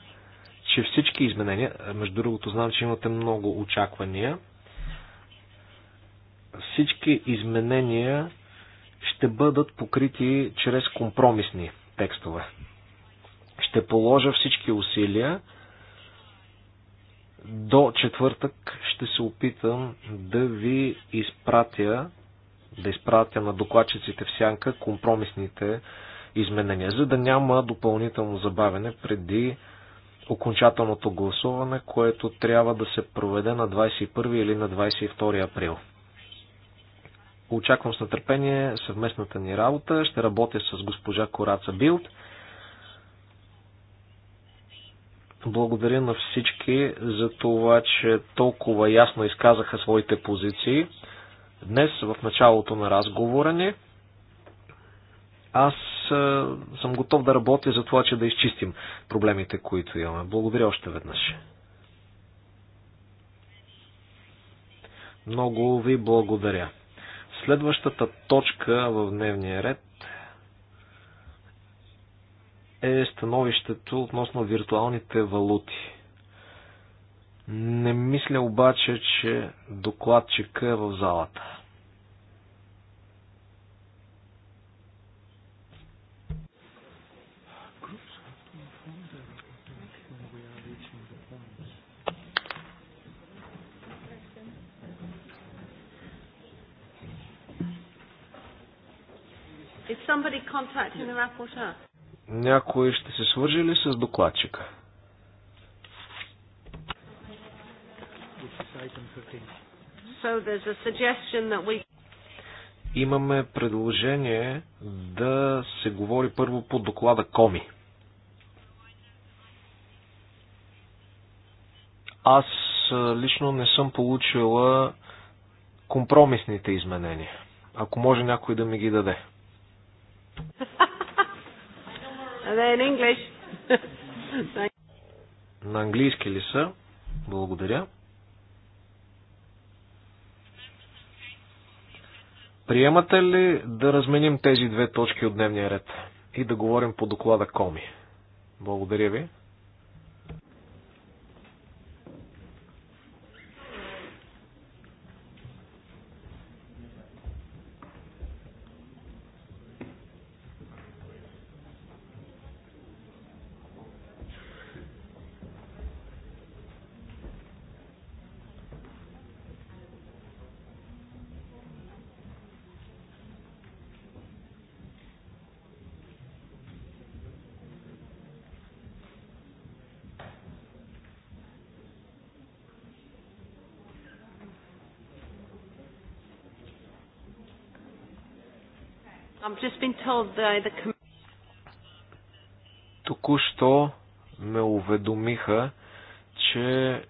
че всички изменения, между другото знам, че имате много очаквания, всички изменения ще бъдат покрити чрез компромисни текстове. Ще положа всички усилия. До четвъртък ще се опитам да ви изпратя, да изпратя на докладчиците в сянка компромисните изменения, за да няма допълнително забавене преди окончателното гласуване, което трябва да се проведе на 21 или на 22 април. Очаквам с нетърпение съвместната ни работа. Ще работя с госпожа Кораца Билд. Благодаря на всички за това, че толкова ясно изказаха своите позиции. Днес в началото на разговора ни аз е, съм готов да работя за това, че да изчистим проблемите, които имаме. Благодаря още веднъж. Много ви благодаря. Следващата точка в дневния ред е становището относно виртуалните валути. Не мисля обаче, че докладчика е в залата. Някой ще се свържи ли с докладчика? имаме предложение да се говори първо по доклада Коми. Аз лично не съм получила компромисните изменения. Ако може някой да ми ги даде in English. (laughs) На английски ли са? Благодаря. Приемате ли да разменим тези две точки от дневния ред и да говорим по доклада Коми? Благодаря ви. Току-що ме уведомиха, че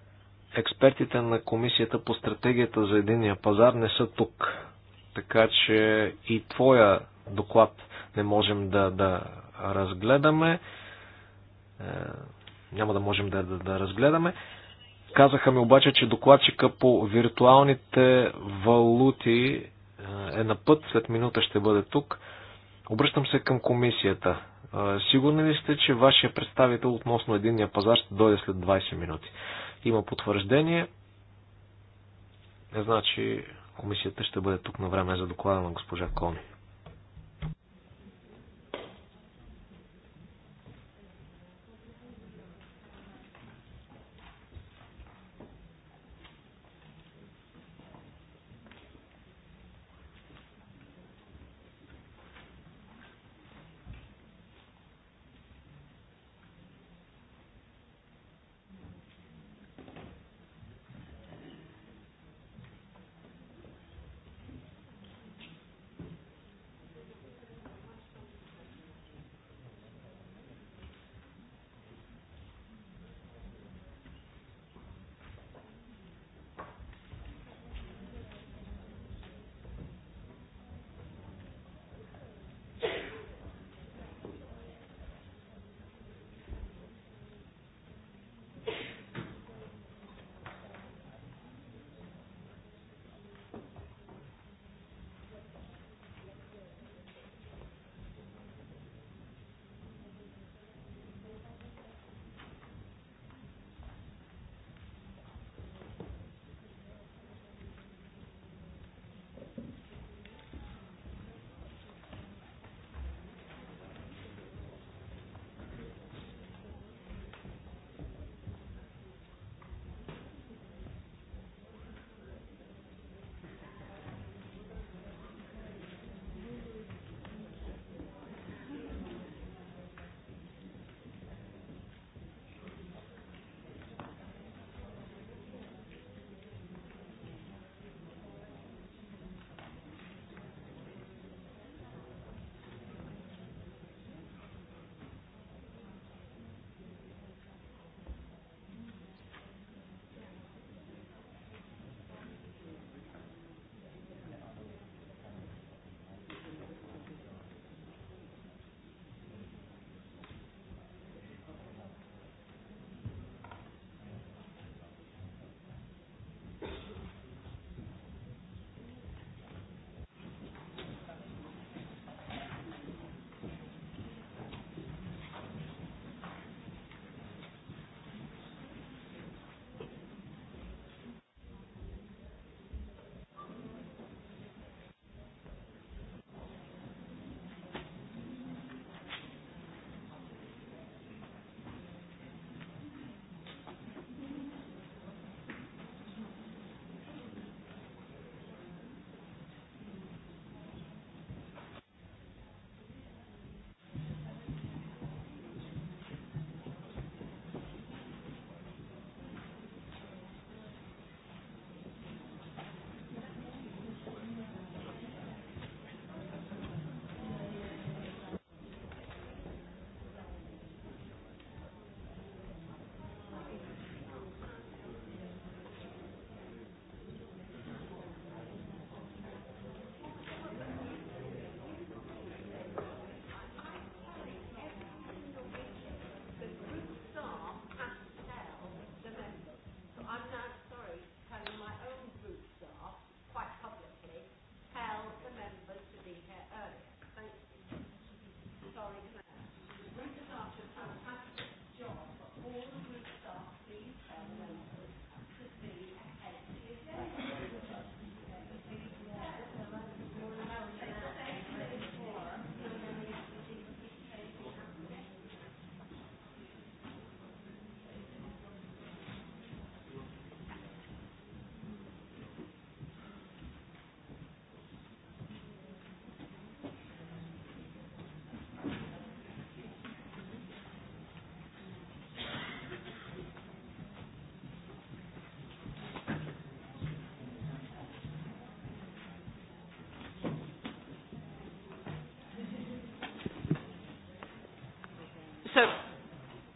експертите на комисията по стратегията за единия пазар не са тук. Така че и твоя доклад не можем да, да разгледаме. Е, няма да можем да, да, да разгледаме. Казаха ми обаче, че докладчика по виртуалните валути е, е на път, след минута ще бъде тук. Обръщам се към комисията. Сигурни ли сте, че вашия представител относно единния пазар ще дойде след 20 минути? Има потвърждение. Значи комисията ще бъде тук на време за доклада на госпожа Кони.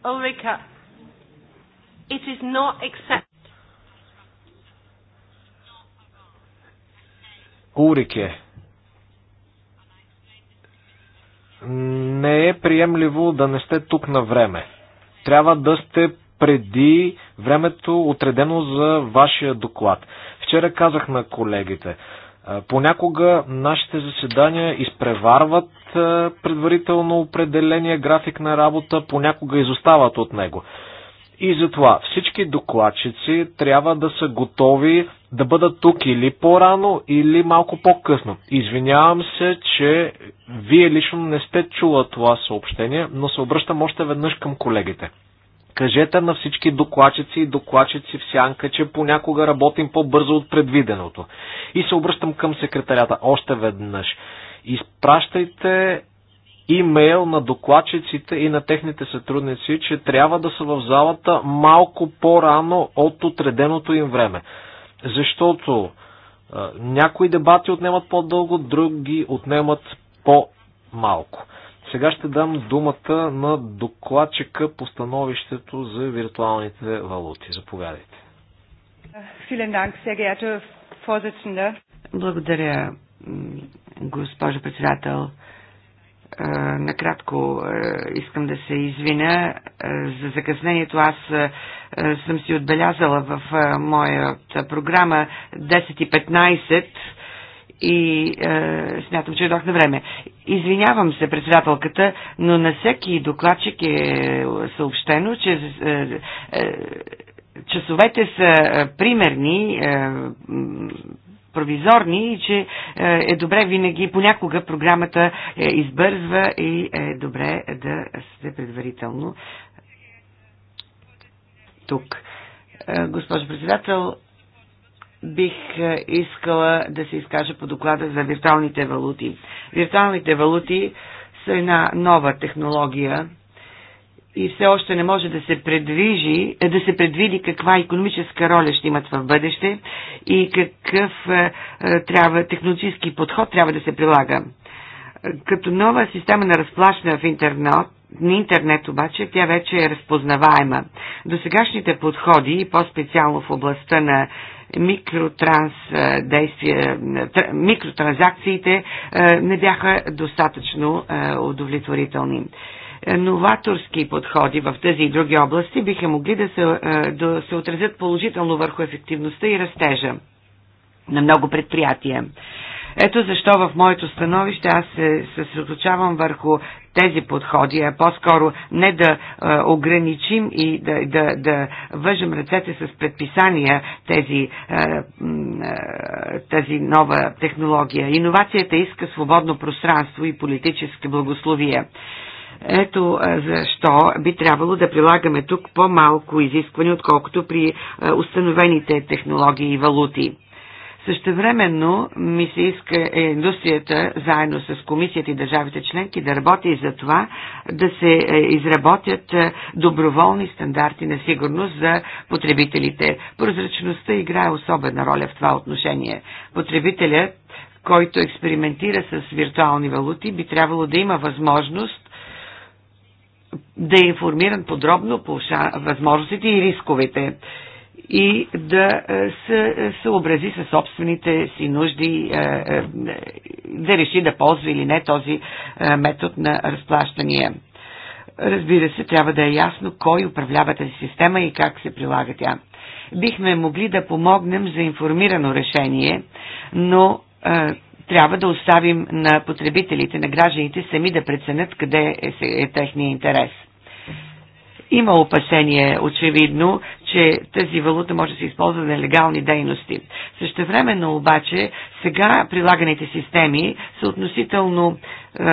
Ulrika, it is not acceptable. Урике, не е приемливо да не сте тук на време. Трябва да сте преди времето отредено за вашия доклад. Вчера казах на колегите, понякога нашите заседания изпреварват е, предварително определения график на работа, понякога изостават от него. И затова всички докладчици трябва да са готови да бъдат тук или по-рано, или малко по-късно. Извинявам се, че вие лично не сте чула това съобщение, но се обръщам още веднъж към колегите. Кажете на всички докладчици и докладчици в сянка, че понякога работим по-бързо от предвиденото. И се обръщам към секретарята още веднъж. Изпращайте имейл на докладчиците и на техните сътрудници, че трябва да са в залата малко по-рано от отреденото им време. Защото някои дебати отнемат по-дълго, други отнемат по-малко. Сега ще дам думата на докладчика по становището за виртуалните валути. Заповядайте. Благодаря, госпожо председател. Накратко искам да се извиня за закъснението. Аз съм си отбелязала в моята програма 10 и 15 и е, смятам, че е дох на време. Извинявам се, председателката, но на всеки докладчик е съобщено, че е, е, часовете са примерни. Е, провизорни и че е, е добре винаги, понякога програмата е, избързва и е добре да сте предварително тук. Е, госпожо председател, бих искала да се изкажа по доклада за виртуалните валути. Виртуалните валути са една нова технология, и все още не може да се, предвижи, е, да се предвиди каква економическа роля ще имат в бъдеще и какъв е, е, трябва, технологически подход трябва да се прилага. Като нова система на разплащане в интернет, на интернет обаче тя вече е разпознаваема. До сегашните подходи, по-специално в областта на микротранс, действия, микротранзакциите не бяха достатъчно удовлетворителни. Е, новаторски подходи в тези и други области биха могли да се, е, да се отразят положително върху ефективността и растежа на много предприятия. Ето защо в моето становище аз се съсредоточавам върху тези подходи, а по-скоро не да а, е, ограничим и да, да, да въжем ръцете с предписания тези, а, тази нова технология. Иновацията иска свободно пространство и политически благословия. Ето защо би трябвало да прилагаме тук по-малко изискване, отколкото при установените технологии и валути. Същевременно ми се иска е, индустрията, заедно с комисията и държавите членки, да работи и за това да се е, изработят е, доброволни стандарти на сигурност за потребителите. Прозрачността играе особена роля в това отношение. Потребителят който експериментира с виртуални валути, би трябвало да има възможност да е информиран подробно по възможностите и рисковете и да е, се е, съобрази със собствените си нужди, е, да реши да ползва или не този метод на разплащания. Разбира се, трябва да е ясно кой управлява тази система и как се прилага тя. Бихме могли да помогнем за информирано решение, но трябва да оставим на потребителите, на гражданите сами да преценят къде е, е техния интерес. Има опасение, очевидно, че тази валута може да се използва на нелегални дейности. Същевременно обаче, сега прилаганите системи са относително е, е,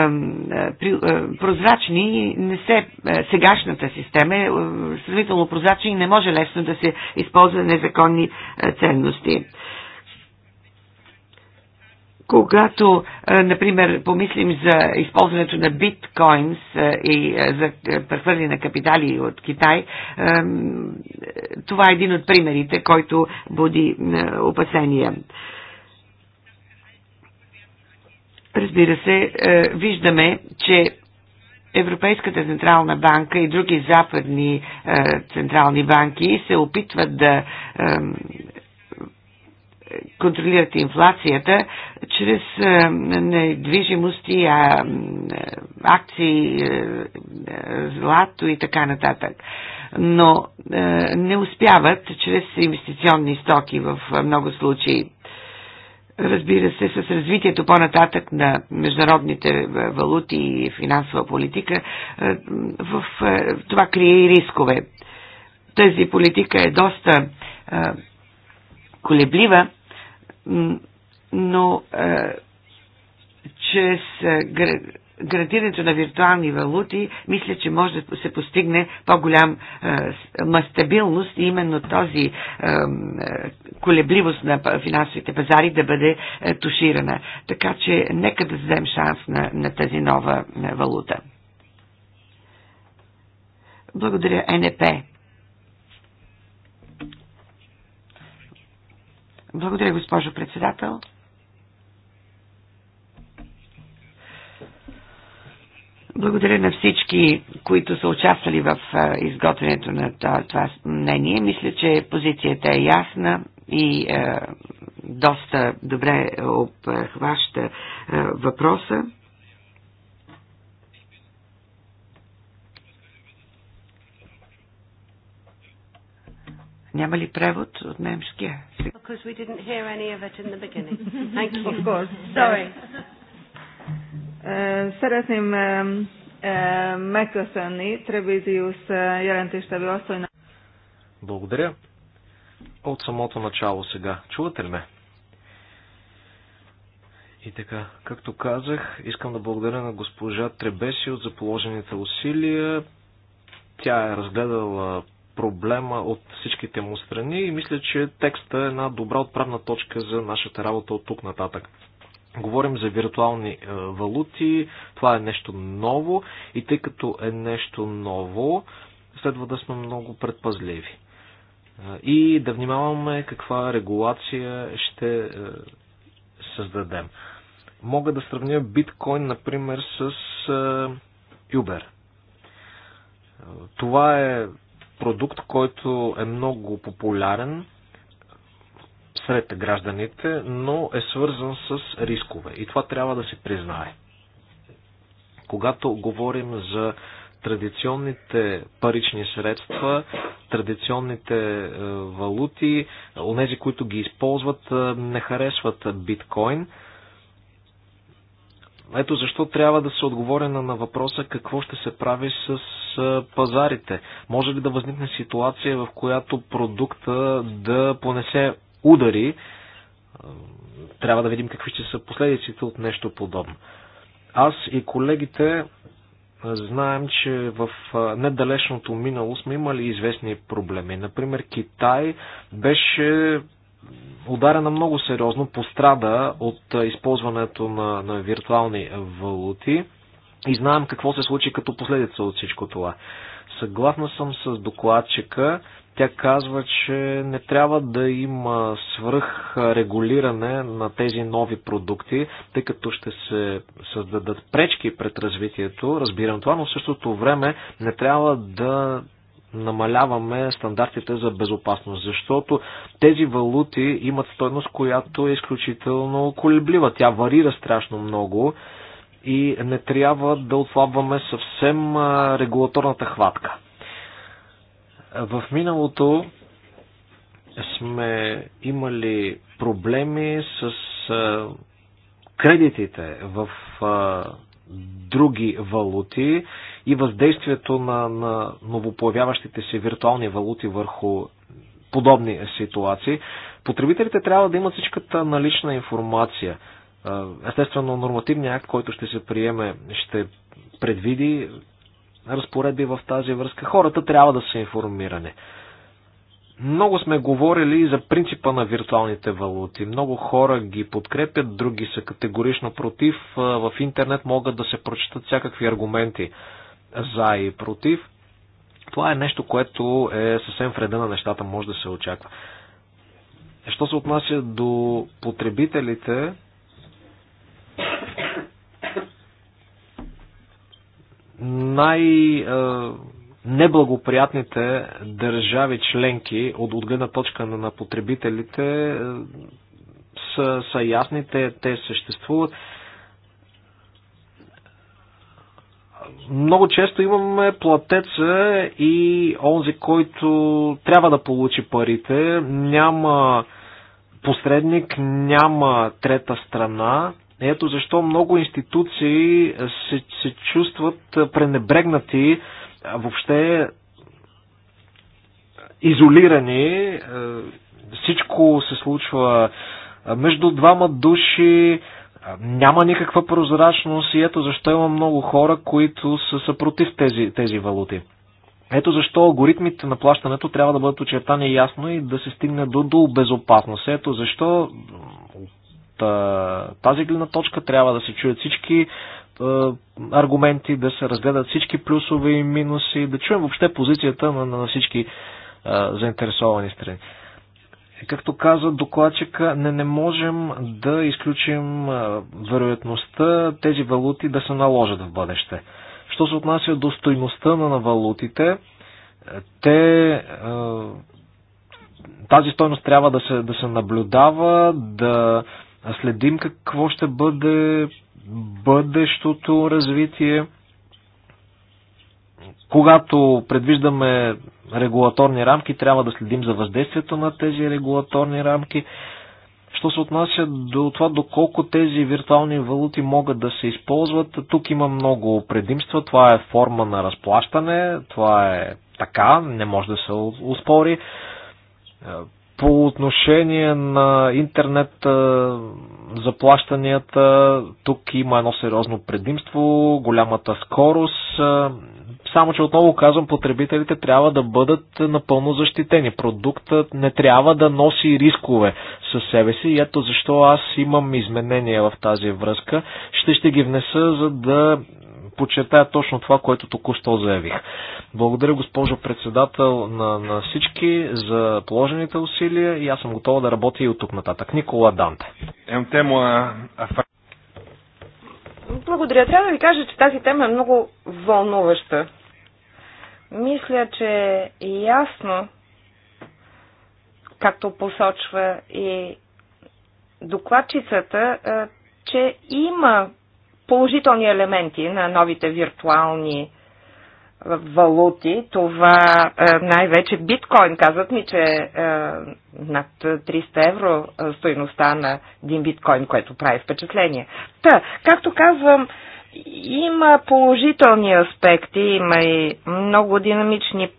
прозрачни и не се, е, сегашната система е, е сравнително прозрачна и не може лесно да се използва незаконни е, ценности. Когато, е, например, помислим за използването на биткоинс е, и е, за прехвърляне на капитали от Китай, това е един от примерите, който буди опасения. Разбира се, виждаме, че Европейската централна банка и други западни централни банки се опитват да контролират инфлацията чрез е, недвижимости, а, е, акции, е, злато и така нататък. Но не успяват чрез инвестиционни стоки в много случаи. Разбира се, с развитието по-нататък на международните валути и финансова политика, в това крие и рискове. Тази политика е доста колеблива но е, чрез е, градирането на виртуални валути, мисля, че може да се постигне по-голям е, мастабилност и именно този колебливост на финансовите пазари да бъде туширана. Така че нека да дадем шанс на, на тази нова валута. Благодаря, НП. Благодаря, госпожо председател. Благодаря на всички, които са участвали в изготвянето на това мнение. Мисля, че позицията е ясна и е, доста добре обхваща е, въпроса. Няма ли превод от немския? Because we didn't hear any of it in the beginning. Thank you. Of course. Sorry. Uh, Szeretném um, uh, megköszönni uh, jelentéstevő asszonynak. Благодаря. От самото начало сега. Чувате ли ме? И така, както казах, искам да благодаря на госпожа Требесио за положените усилия. Тя е разгледала проблема от всичките му страни и мисля, че текста е една добра отправна точка за нашата работа от тук нататък. Говорим за виртуални е, валути, това е нещо ново и тъй като е нещо ново, следва да сме много предпазливи. Е, и да внимаваме каква регулация ще е, създадем. Мога да сравня биткоин, например, с Uber. Това е продукт, който е много популярен сред гражданите, но е свързан с рискове. И това трябва да се признае. Когато говорим за традиционните парични средства, традиционните е, валути, онези, които ги използват, е, не харесват биткоин – ето защо трябва да се отговори на въпроса какво ще се прави с пазарите. Може ли да възникне ситуация, в която продукта да понесе удари? Трябва да видим какви ще са последиците от нещо подобно. Аз и колегите знаем, че в недалечното минало сме имали известни проблеми. Например, Китай беше ударена много сериозно, пострада от използването на, на виртуални валути и знаем какво се случи като последица от всичко това. Съгласна съм с докладчика. Тя казва, че не трябва да има свръх регулиране на тези нови продукти, тъй като ще се създадат пречки пред развитието, разбирам това, но в същото време не трябва да намаляваме стандартите за безопасност, защото тези валути имат стойност, която е изключително колеблива. Тя варира страшно много и не трябва да отслабваме съвсем регулаторната хватка. В миналото сме имали проблеми с кредитите в други валути и въздействието на, на новопоявяващите се виртуални валути върху подобни ситуации. Потребителите трябва да имат всичката налична информация. Естествено, нормативният акт, който ще се приеме, ще предвиди разпоредби в тази връзка. Хората трябва да са информирани. Много сме говорили за принципа на виртуалните валути. Много хора ги подкрепят, други са категорично против. В интернет могат да се прочитат всякакви аргументи за и против. Това е нещо, което е съвсем вреда на нещата, може да се очаква. Е, що се отнася до потребителите, най-неблагоприятните държави членки от, от гледна точка на, на потребителите са, са ясни, те, те съществуват. много често имаме платеца и онзи, който трябва да получи парите. Няма посредник, няма трета страна. Ето защо много институции се, се чувстват пренебрегнати, въобще изолирани. Е, всичко се случва между двама души, няма никаква прозрачност и ето защо има много хора, които са, са против тези, тези валути. Ето защо алгоритмите на плащането трябва да бъдат очертани ясно и да се стигне до, до безопасност. Ето защо от тази гледна точка трябва да се чуят всички аргументи, да се разгледат всички плюсове и минуси, да чуем въобще позицията на, на всички е, заинтересовани страни. Както каза докладчика, не, не можем да изключим вероятността тези валути да се наложат в бъдеще. Що се отнася до стойността на валутите, е, те, тази стойност трябва да се, да се наблюдава, да следим какво ще бъде бъдещото развитие. Когато предвиждаме регулаторни рамки, трябва да следим за въздействието на тези регулаторни рамки. Що се отнася до това, доколко тези виртуални валути могат да се използват, тук има много предимства. Това е форма на разплащане, това е така, не може да се успори. Е, по отношение на интернет е, заплащанията, тук има едно сериозно предимство, голямата скорост, е, само, че отново казвам, потребителите трябва да бъдат напълно защитени. Продуктът не трябва да носи рискове със себе си. И ето защо аз имам изменения в тази връзка. Ще ще ги внеса, за да подчертая точно това, което току-що заявих. Благодаря, госпожо председател, на, на всички за положените усилия и аз съм готова да работя и от тук нататък. Никола Данте. Благодаря. Трябва да ви кажа, че тази тема е много вълнуваща. Мисля, че е ясно, както посочва и докладчицата, че има положителни елементи на новите виртуални валути. Това най-вече биткоин. Казват ми, че над 300 евро стоиността на един биткоин, което прави впечатление. Та, както казвам, има положителни аспекти, има и много динамични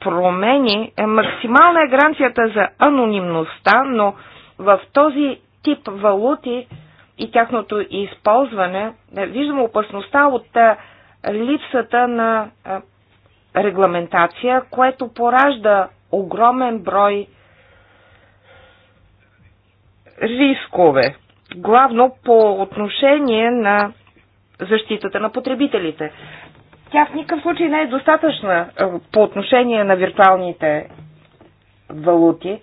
промени. Е, максимална е гаранцията за анонимността, но в този тип валути и тяхното използване е, виждам опасността от е, липсата на регламентация, което поражда огромен брой рискове, главно по отношение на защитата на потребителите. Тя в никакъв случай не е достатъчна е, по отношение на виртуалните валути.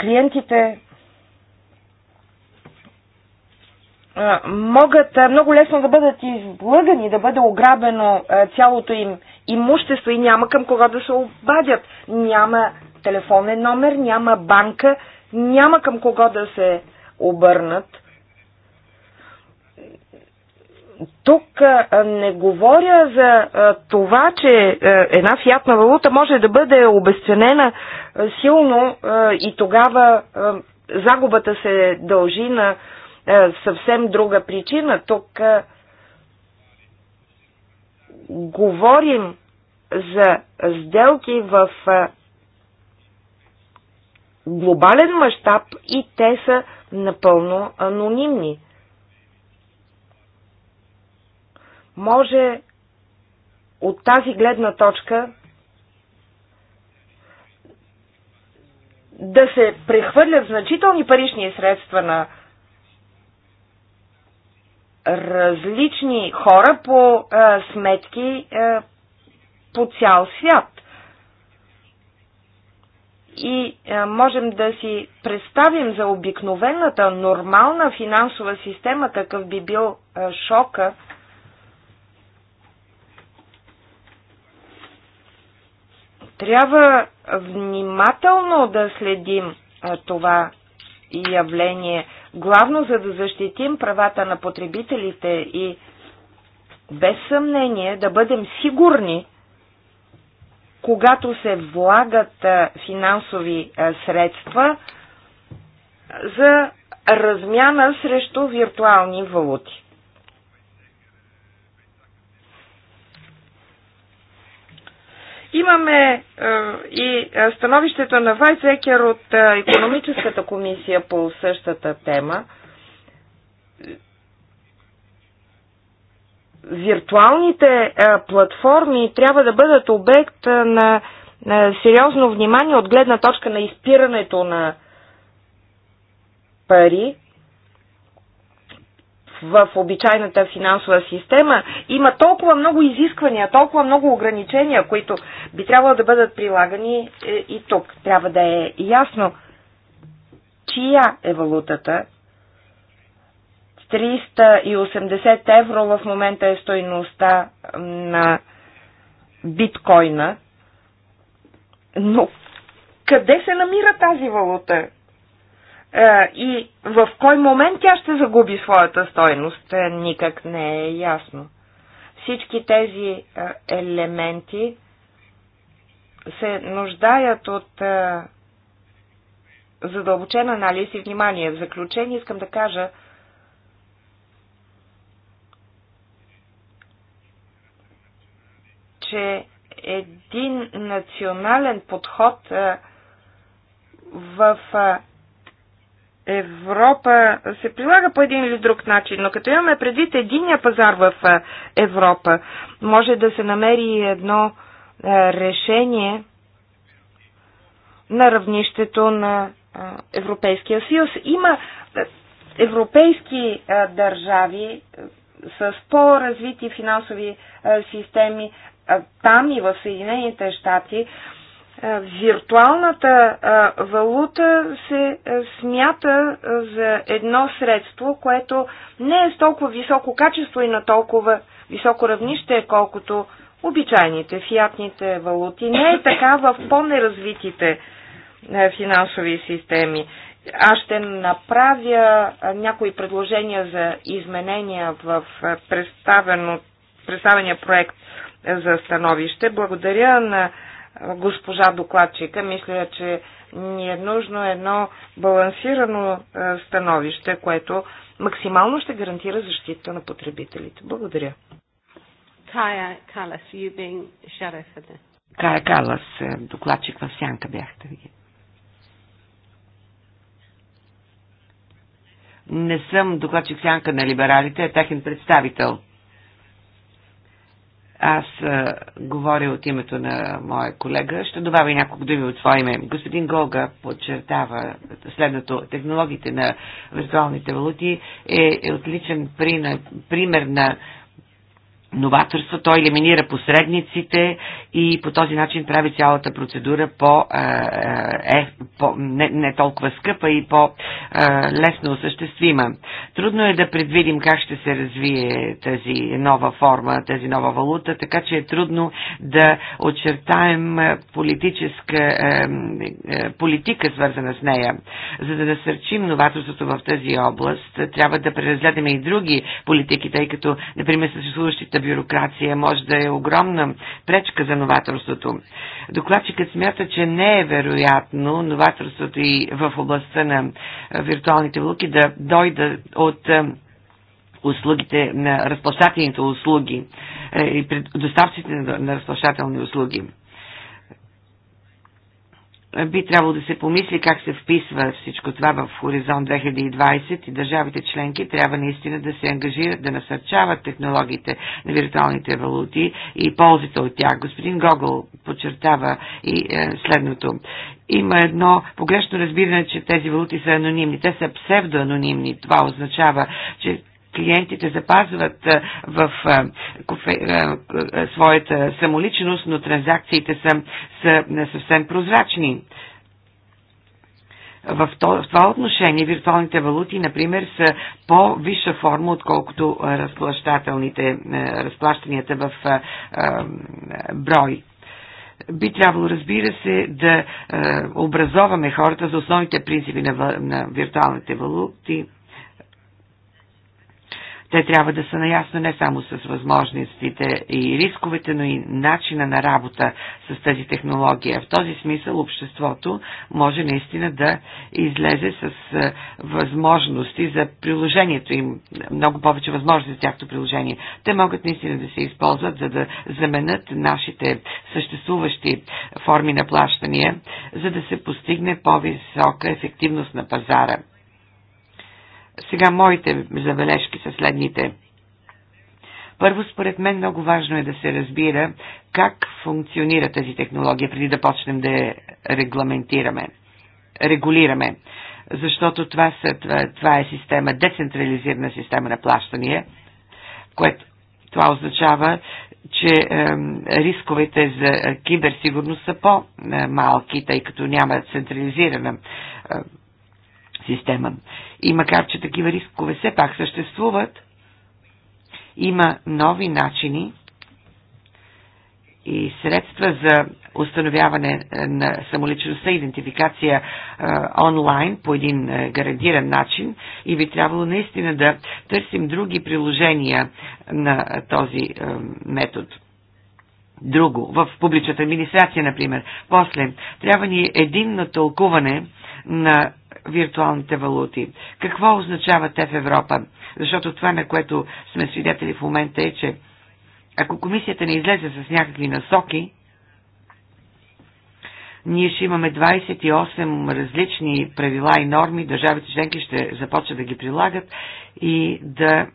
Клиентите е, могат е, много лесно да бъдат излъгани, да бъде ограбено цялото им имущество и няма към кого да се обадят. Няма телефонен номер, няма банка, няма към кого да се обърнат тук не говоря за това, че една фиатна валута може да бъде обесценена силно и тогава загубата се дължи на съвсем друга причина. Тук говорим за сделки в глобален мащаб и те са напълно анонимни. може от тази гледна точка да се прехвърлят значителни парични средства на различни хора по а, сметки а, по цял свят. И а, можем да си представим за обикновената, нормална финансова система какъв би бил а, шока, а, Трябва внимателно да следим това явление, главно за да защитим правата на потребителите и без съмнение да бъдем сигурни, когато се влагат финансови средства за размяна срещу виртуални валути. Имаме е, и е, становището на Вайцекер от економическата комисия по същата тема. Виртуалните е, платформи трябва да бъдат обект на сериозно внимание от гледна точка на изпирането на пари в обичайната финансова система има толкова много изисквания, толкова много ограничения, които би трябвало да бъдат прилагани е, и тук. Трябва да е ясно чия е валутата. 380 евро в момента е стойността на биткоина. Но къде се намира тази валута? Е, и в кой момент тя ще загуби своята стойност, е, никак не е ясно. Всички тези е, елементи се нуждаят от задълбочен анализ и внимание. В заключение искам да кажа, че един национален подход в Европа се прилага по един или друг начин, но като имаме предвид единия пазар в е, Европа, може да се намери едно е, решение на равнището на е, Европейския съюз. Има европейски държави с по-развити финансови системи, там и в Съединените щати, Виртуалната валута се смята за едно средство, което не е с толкова високо качество и на толкова високо равнище, колкото обичайните фиатните валути. Не е така в по-неразвитите финансови системи. Аз ще направя някои предложения за изменения в представения проект за становище. Благодаря на госпожа докладчика. Мисля, че ни е нужно едно балансирано е, становище, което максимално ще гарантира защита на потребителите. Благодаря. Кая Калас, you being Кая Калас, е, докладчик в сянка бяхте ви. Не съм докладчик сянка на либералите, а е техен представител. Аз а, говоря от името на моя колега. Ще добавя няколко думи от своя име. Господин Голга подчертава следното. Технологиите на виртуалните валути е, е отличен при, на, пример на новаторства, той елиминира посредниците и по този начин прави цялата процедура по, е, по не, не толкова скъпа и по е, лесно осъществима. Трудно е да предвидим как ще се развие тази нова форма, тази нова валута, така че е трудно да очертаем политическа е, е, политика, свързана с нея. За да насърчим новаторството в тази област, трябва да преразгледаме и други политики, тъй като, например, съществуващите бюрокрация може да е огромна пречка за новаторството. Докладчикът смята, че не е вероятно новаторството и в областта на виртуалните валути да дойда от е, услугите, на разплащателните услуги е, и доставците на разплащателни услуги би трябвало да се помисли как се вписва всичко това в Хоризонт 2020 и държавите членки трябва наистина да се ангажират, да насърчават технологиите на виртуалните валути и ползите от тях. Господин Гогол подчертава и е, следното. Има едно погрешно разбиране, че тези валути са анонимни. Те са псевдоанонимни. Това означава, че клиентите запазват в своята самоличност, но транзакциите са, са съвсем прозрачни. В това отношение виртуалните валути, например, са по-висша форма, отколкото разплащателните, разплащанията в брой би трябвало, разбира се, да образоваме хората за основните принципи на, на виртуалните валути, те трябва да са наясно не само с възможностите и рисковете, но и начина на работа с тази технология. В този смисъл обществото може наистина да излезе с е, възможности за приложението им, много повече възможности за тяхто приложение. Те могат наистина да се използват, за да заменят нашите съществуващи форми на плащания, за да се постигне по-висока ефективност на пазара. Сега моите забележки са следните. Първо, според мен много важно е да се разбира как функционира тази технология, преди да почнем да я регламентираме, регулираме. Защото това, са, това, това е система, децентрализирана система на плащания, което това означава, че е, рисковете за е, киберсигурност са по-малки, е, тъй като няма централизирана е, система. И макар, че такива рискове все пак съществуват, има нови начини и средства за установяване е, на самоличността, идентификация е, онлайн по един е, гарантиран начин и би трябвало наистина да търсим други приложения на този метод. Друго, в публичната администрация, например. После, трябва ни единно тълкуване на виртуалните валути. Какво означават те в Европа? Защото това, на което сме свидетели в момента е, че ако комисията не излезе с някакви насоки, ние ще имаме 28 различни правила и норми, държавите членки ще започнат да ги прилагат и да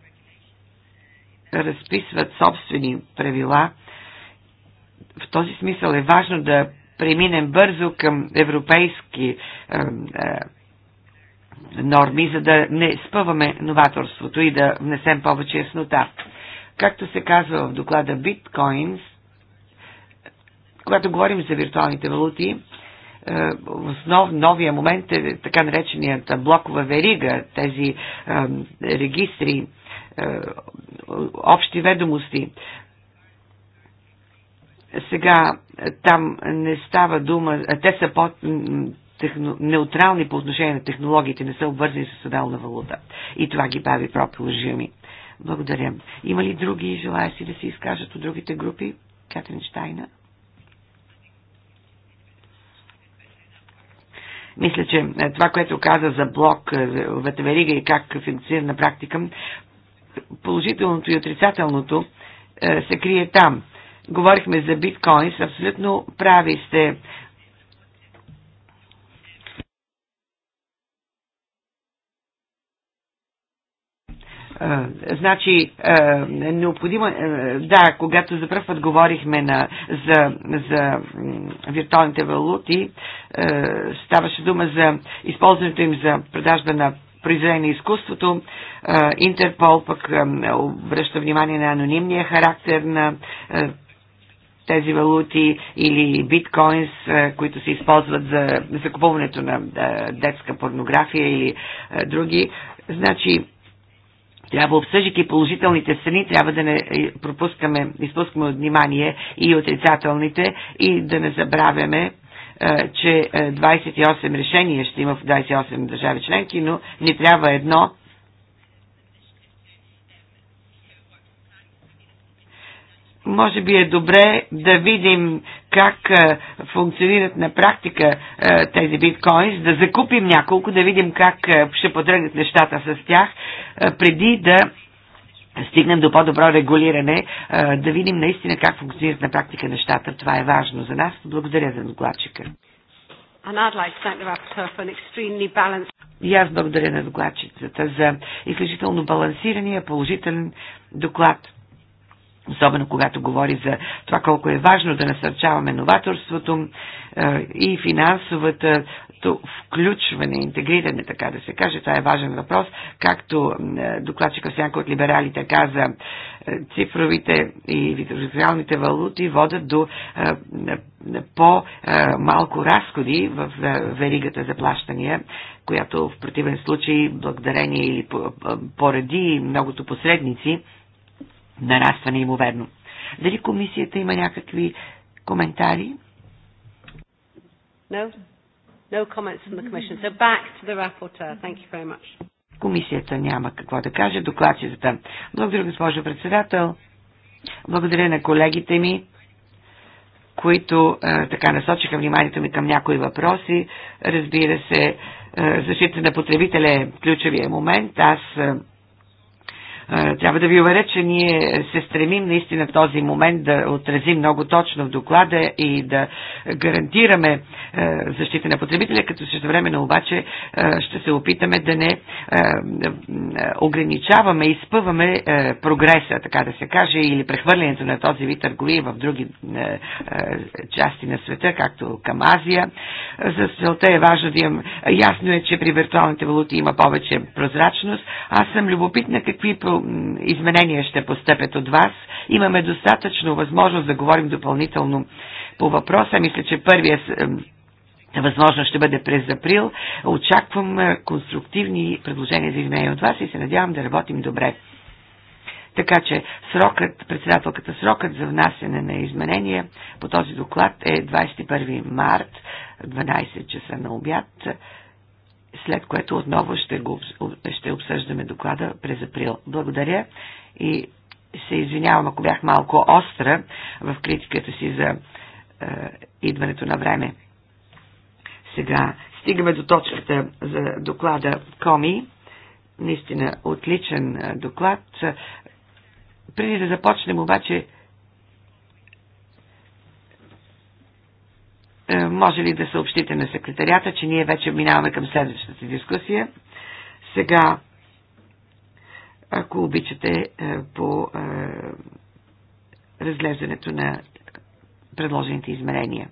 разписват собствени правила. В този смисъл е важно да преминем бързо към европейски е, е, норми, за да не спъваме новаторството и да внесем повече яснота. Както се казва в доклада Bitcoins, когато говорим за виртуалните валути, е, основ, новия момент е така нареченият блокова верига, тези е, регистри, е, общи ведомости. Сега е, там не става дума, е, те са по техно, неутрални по отношение на технологиите, не са обвързани с седална валута. И това ги бави проприложими. Благодаря. Има ли други желаящи да се изкажат от другите групи? Катрин Штайна. Мисля, че е, това, което каза за блок в верига и как функционира на практика, положителното и отрицателното се крие там говорихме за са абсолютно прави сте. значи, uh, необходимо, uh, да, когато за първ път говорихме на, за, за виртуалните валути, uh, ставаше дума за използването им за продажба на произведение на изкуството. Интерпол пък обръща внимание на анонимния характер на тези валути или биткоинс, е, които се използват за закупуването на е, детска порнография или е, други. Значи, трябва, обсъждайки положителните страни, трябва да не пропускаме, изпускаме от внимание и отрицателните и да не забравяме, че 28 решения ще има в 28 държави членки, но не трябва едно може би е добре да видим как функционират на практика тези биткоинс, да закупим няколко, да видим как ще потръгнат нещата с тях, преди да стигнем до по-добро регулиране, да видим наистина как функционират на практика нещата. Това е важно за нас. Благодаря за докладчика. И аз благодаря на докладчицата за изключително балансирания, положителен доклад особено когато говори за това колко е важно да насърчаваме новаторството е, и финансовата включване, интегриране, така да се каже. Това е важен въпрос. Както е, докладчика Сянко от либералите каза, е, цифровите и витрозиалните валути водят до по-малко разходи в веригата за плащания, която в противен случай, благодарение или поради многото посредници, нараства неимоверно. Дали комисията има някакви коментари? No. No comments from the commission. So back to the rapporteur. Thank you very much. Комисията няма какво да каже. Докладчицата. Благодаря, госпожо председател. Благодаря на колегите ми, които е, така насочиха вниманието ми към някои въпроси. Разбира се, е, защита на потребителя е ключовия момент. Аз е, е, трябва да ви уверя, че ние се стремим наистина в този момент да отразим много точно в доклада и да гарантираме е, защита на потребителя, като също време обаче е, ще се опитаме да не ограничаваме, изпъваме прогреса, така да се каже, или прехвърлянето на този вид търговия в други части на света, както към Азия. За целта е важно да имам... Ясно е, че при виртуалните валути има повече прозрачност. Аз съм любопитна какви изменения ще постъпят от вас. Имаме достатъчно възможност да говорим допълнително по въпроса. Мисля, че първия възможно ще бъде през април. Очаквам е, конструктивни предложения за изменения от вас и се надявам да работим добре. Така че срокът, председателката срокът за внасене на изменения по този доклад е 21 март, 12 часа на обяд след което отново ще, го, ще обсъждаме доклада през април. Благодаря и се извинявам, ако бях малко остра в критиката си за е, идването на време. Сега стигаме до точката за доклада Коми. Наистина отличен е, доклад. Преди да започнем обаче Е, може ли да съобщите на секретарията, че ние вече минаваме към следващата дискусия? Сега, ако обичате е, по е, разглеждането на предложените изменения.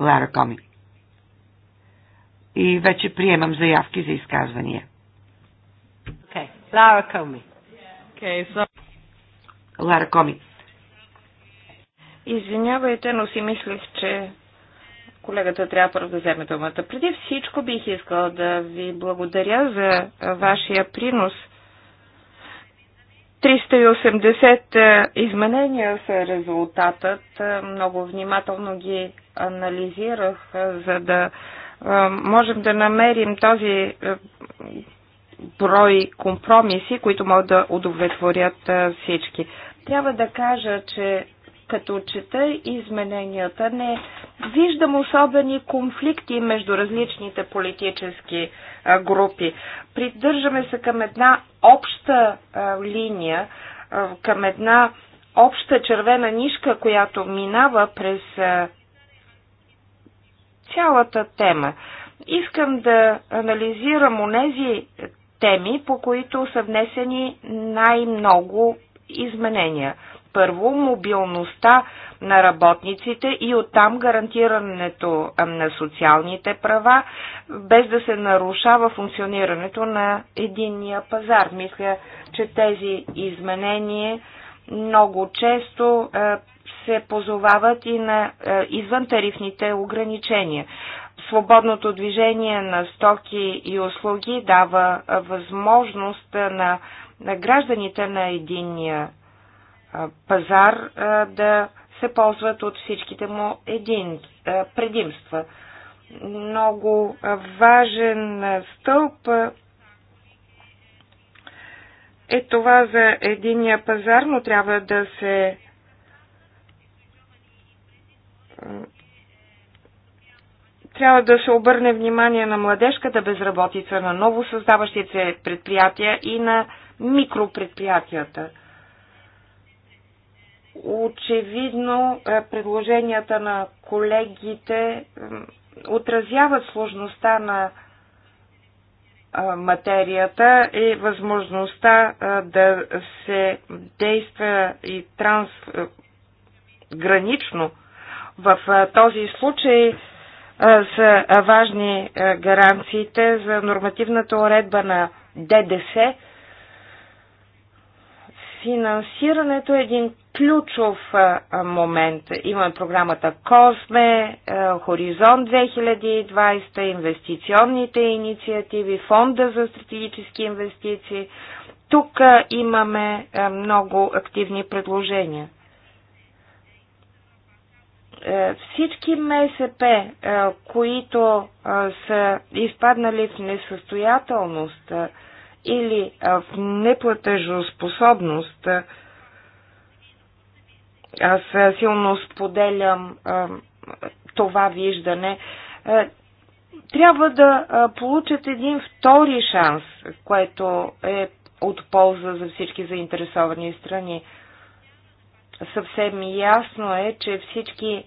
Лара Коми. И вече приемам заявки за изказвания. Okay. Лара Коми. Okay, so... Лара Коми. Извинявайте, но си мислех, че колегата трябва първо да вземе думата. Преди всичко бих искала да ви благодаря за вашия принос. 380 е, изменения са резултатът. Е, много внимателно ги анализирах, е, за да можем да намерим този брой компромиси, които могат да удовлетворят всички. Трябва да кажа, че като чета измененията, не виждам особени конфликти между различните политически групи. Придържаме се към една обща линия, към една обща червена нишка, която минава през цялата тема. Искам да анализирам онези теми, по които са внесени най-много изменения. Първо, мобилността на работниците и оттам гарантирането на социалните права, без да се нарушава функционирането на единния пазар. Мисля, че тези изменения много често се позовават и на извънтарифните ограничения. Свободното движение на стоки и услуги дава възможност на, на гражданите на единния пазар да се ползват от всичките му един, предимства. Много важен стълб е това за единия пазар, но трябва да се трябва да се обърне внимание на младежката безработица, на ново създаващите предприятия и на микропредприятията – Очевидно е, предложенията на колегите отразяват сложността на е, материята и възможността е, да се действа и трансгранично. В този случай са важни гаранциите за нормативната уредба на ДДС. Финансирането е един ключов момент. Имаме програмата Косме, Хоризонт 2020, инвестиционните инициативи, Фонда за стратегически инвестиции. Тук имаме много активни предложения. Е, всички МСП, е, които са изпаднали в несъстоятелност е, или в неплатежоспособност, аз силно споделям това виждане. Трябва да получат един втори шанс, което е от полза за всички заинтересовани страни. Съвсем ясно е, че всички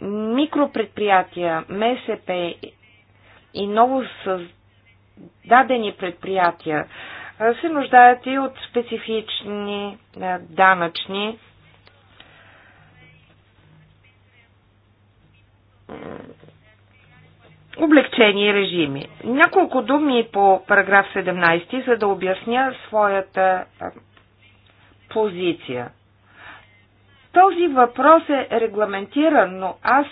микропредприятия, МСП и ново създадени предприятия се нуждаят и от специфични данъчни облегчени режими. Няколко думи по параграф 17, за да обясня своята позиция. Този въпрос е регламентиран, но аз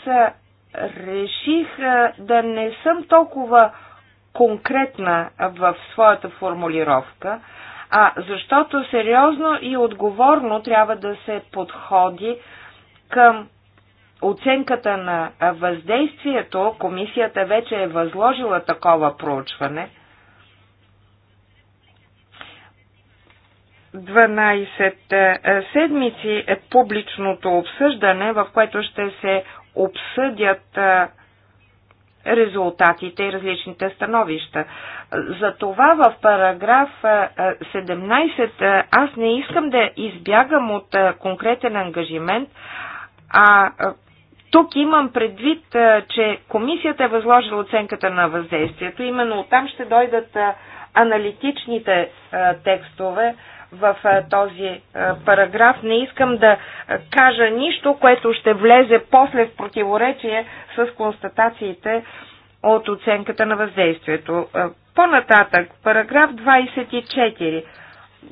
реших да не съм толкова конкретна в своята формулировка, а защото сериозно и отговорно трябва да се подходи към оценката на въздействието, комисията вече е възложила такова проучване. 12 е, седмици е публичното обсъждане, в което ще се обсъдят е, резултатите и различните становища. Затова в параграф 17 е, аз не искам да избягам от конкретен ангажимент, а тук имам предвид, че комисията е възложила оценката на въздействието. Именно там ще дойдат аналитичните текстове в този параграф. Не искам да кажа нищо, което ще влезе после в противоречие с констатациите от оценката на въздействието. По-нататък, параграф 24.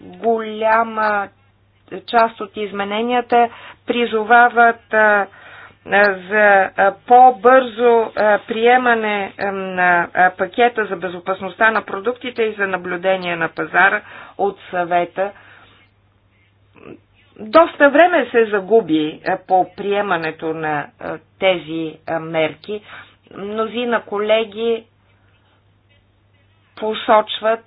Голяма част от измененията призовават за по-бързо приемане на пакета за безопасността на продуктите и за наблюдение на пазара от съвета. Доста време се загуби по приемането на тези мерки. Мнозина колеги посочват,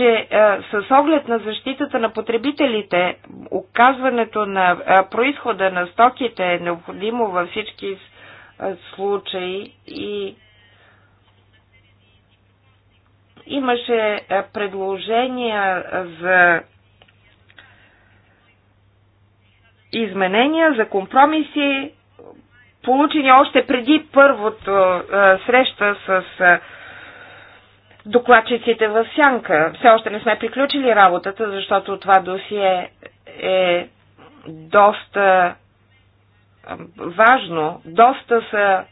че е, с оглед на защитата на потребителите, оказването на е, происхода на стоките е необходимо във всички е, случаи и имаше предложения за изменения, за компромиси, получени още преди първото среща с докладчиците в сянка. Все още не сме приключили работата, защото това досие е доста важно. Доста са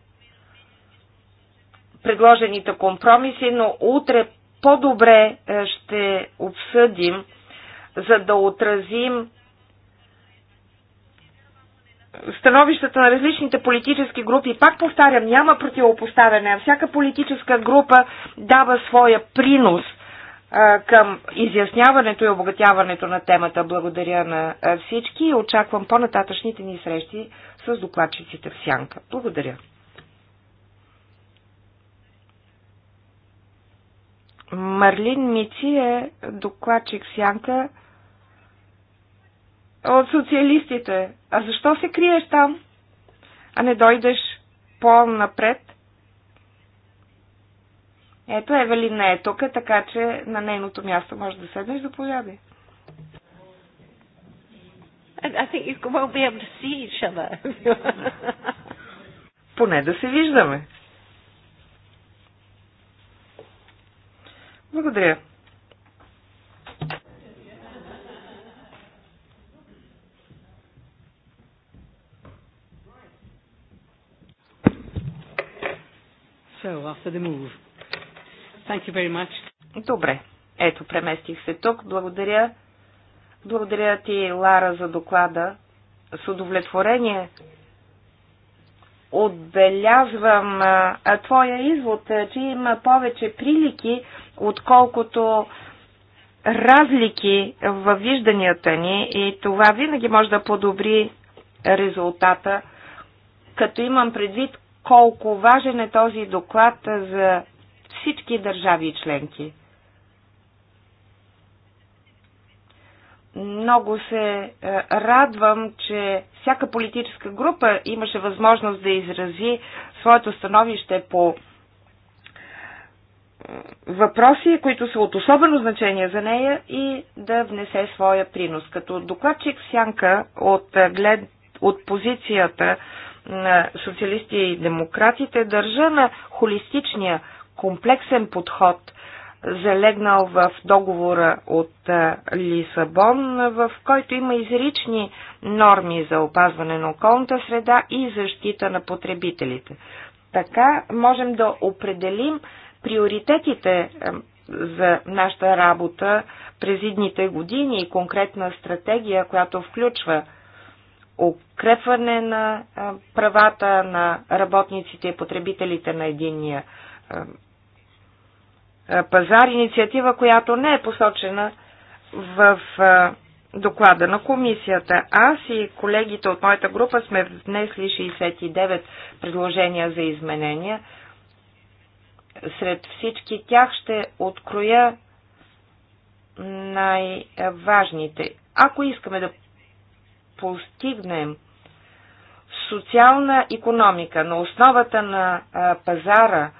предложените компромиси, но утре по-добре е, ще обсъдим, за да отразим становищата на различните политически групи. Пак повтарям, няма противопоставяне. Всяка политическа група дава своя принос а, към изясняването и обогатяването на темата. Благодаря на всички и очаквам по-нататъчните ни срещи с докладчиците в Сянка. Благодаря. Марлин Мици е докладчик Сянка от социалистите. А защо се криеш там? А не дойдеш по-напред? Ето Евелин не е тук, така че на нейното място може да седнеш, да появи. (laughs) Поне да се виждаме. Благодаря. Добре. Ето, преместих се тук. Благодаря. Благодаря ти, Лара, за доклада. С удовлетворение отбелязвам а, твоя извод, а, че има повече прилики, отколкото разлики в вижданията ни и това винаги може да подобри резултата, като имам предвид колко важен е този доклад за всички държави и членки. Много се е, радвам, че всяка политическа група имаше възможност да изрази своето становище по е, въпроси, които са от особено значение за нея и да внесе своя принос. Като докладчик сянка от, глед, от позицията на социалисти и демократите, държа на холистичния, комплексен подход, залегнал в договора от Лисабон, в който има изрични норми за опазване на околната среда и защита на потребителите. Така можем да определим приоритетите за нашата работа през идните години и конкретна стратегия, която включва – укрепване на правата на работниците и потребителите на единния пазар, инициатива, която не е посочена в доклада на комисията. Аз и колегите от моята група сме внесли 69 предложения за изменения. Сред всички тях ще откроя най-важните. Ако искаме да постигнем социална економика на основата на пазара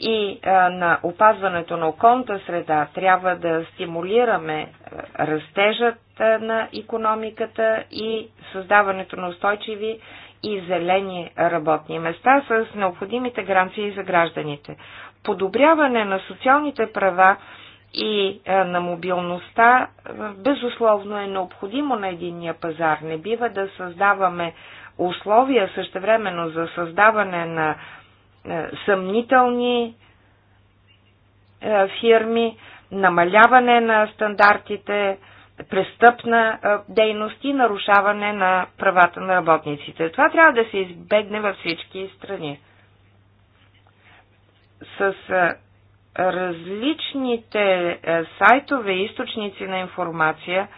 и на опазването на околната среда, трябва да стимулираме растежът на економиката и създаването на устойчиви и зелени работни места с необходимите гаранции за гражданите. Подобряване на социалните права и е, на мобилността, безусловно е необходимо на единния пазар. Не бива да създаваме условия същевременно за създаване на е, съмнителни е, фирми, намаляване на стандартите, престъпна дейност и нарушаване на правата на работниците. Това трябва да се избегне във всички страни. С различните е, сайтове и източници на информация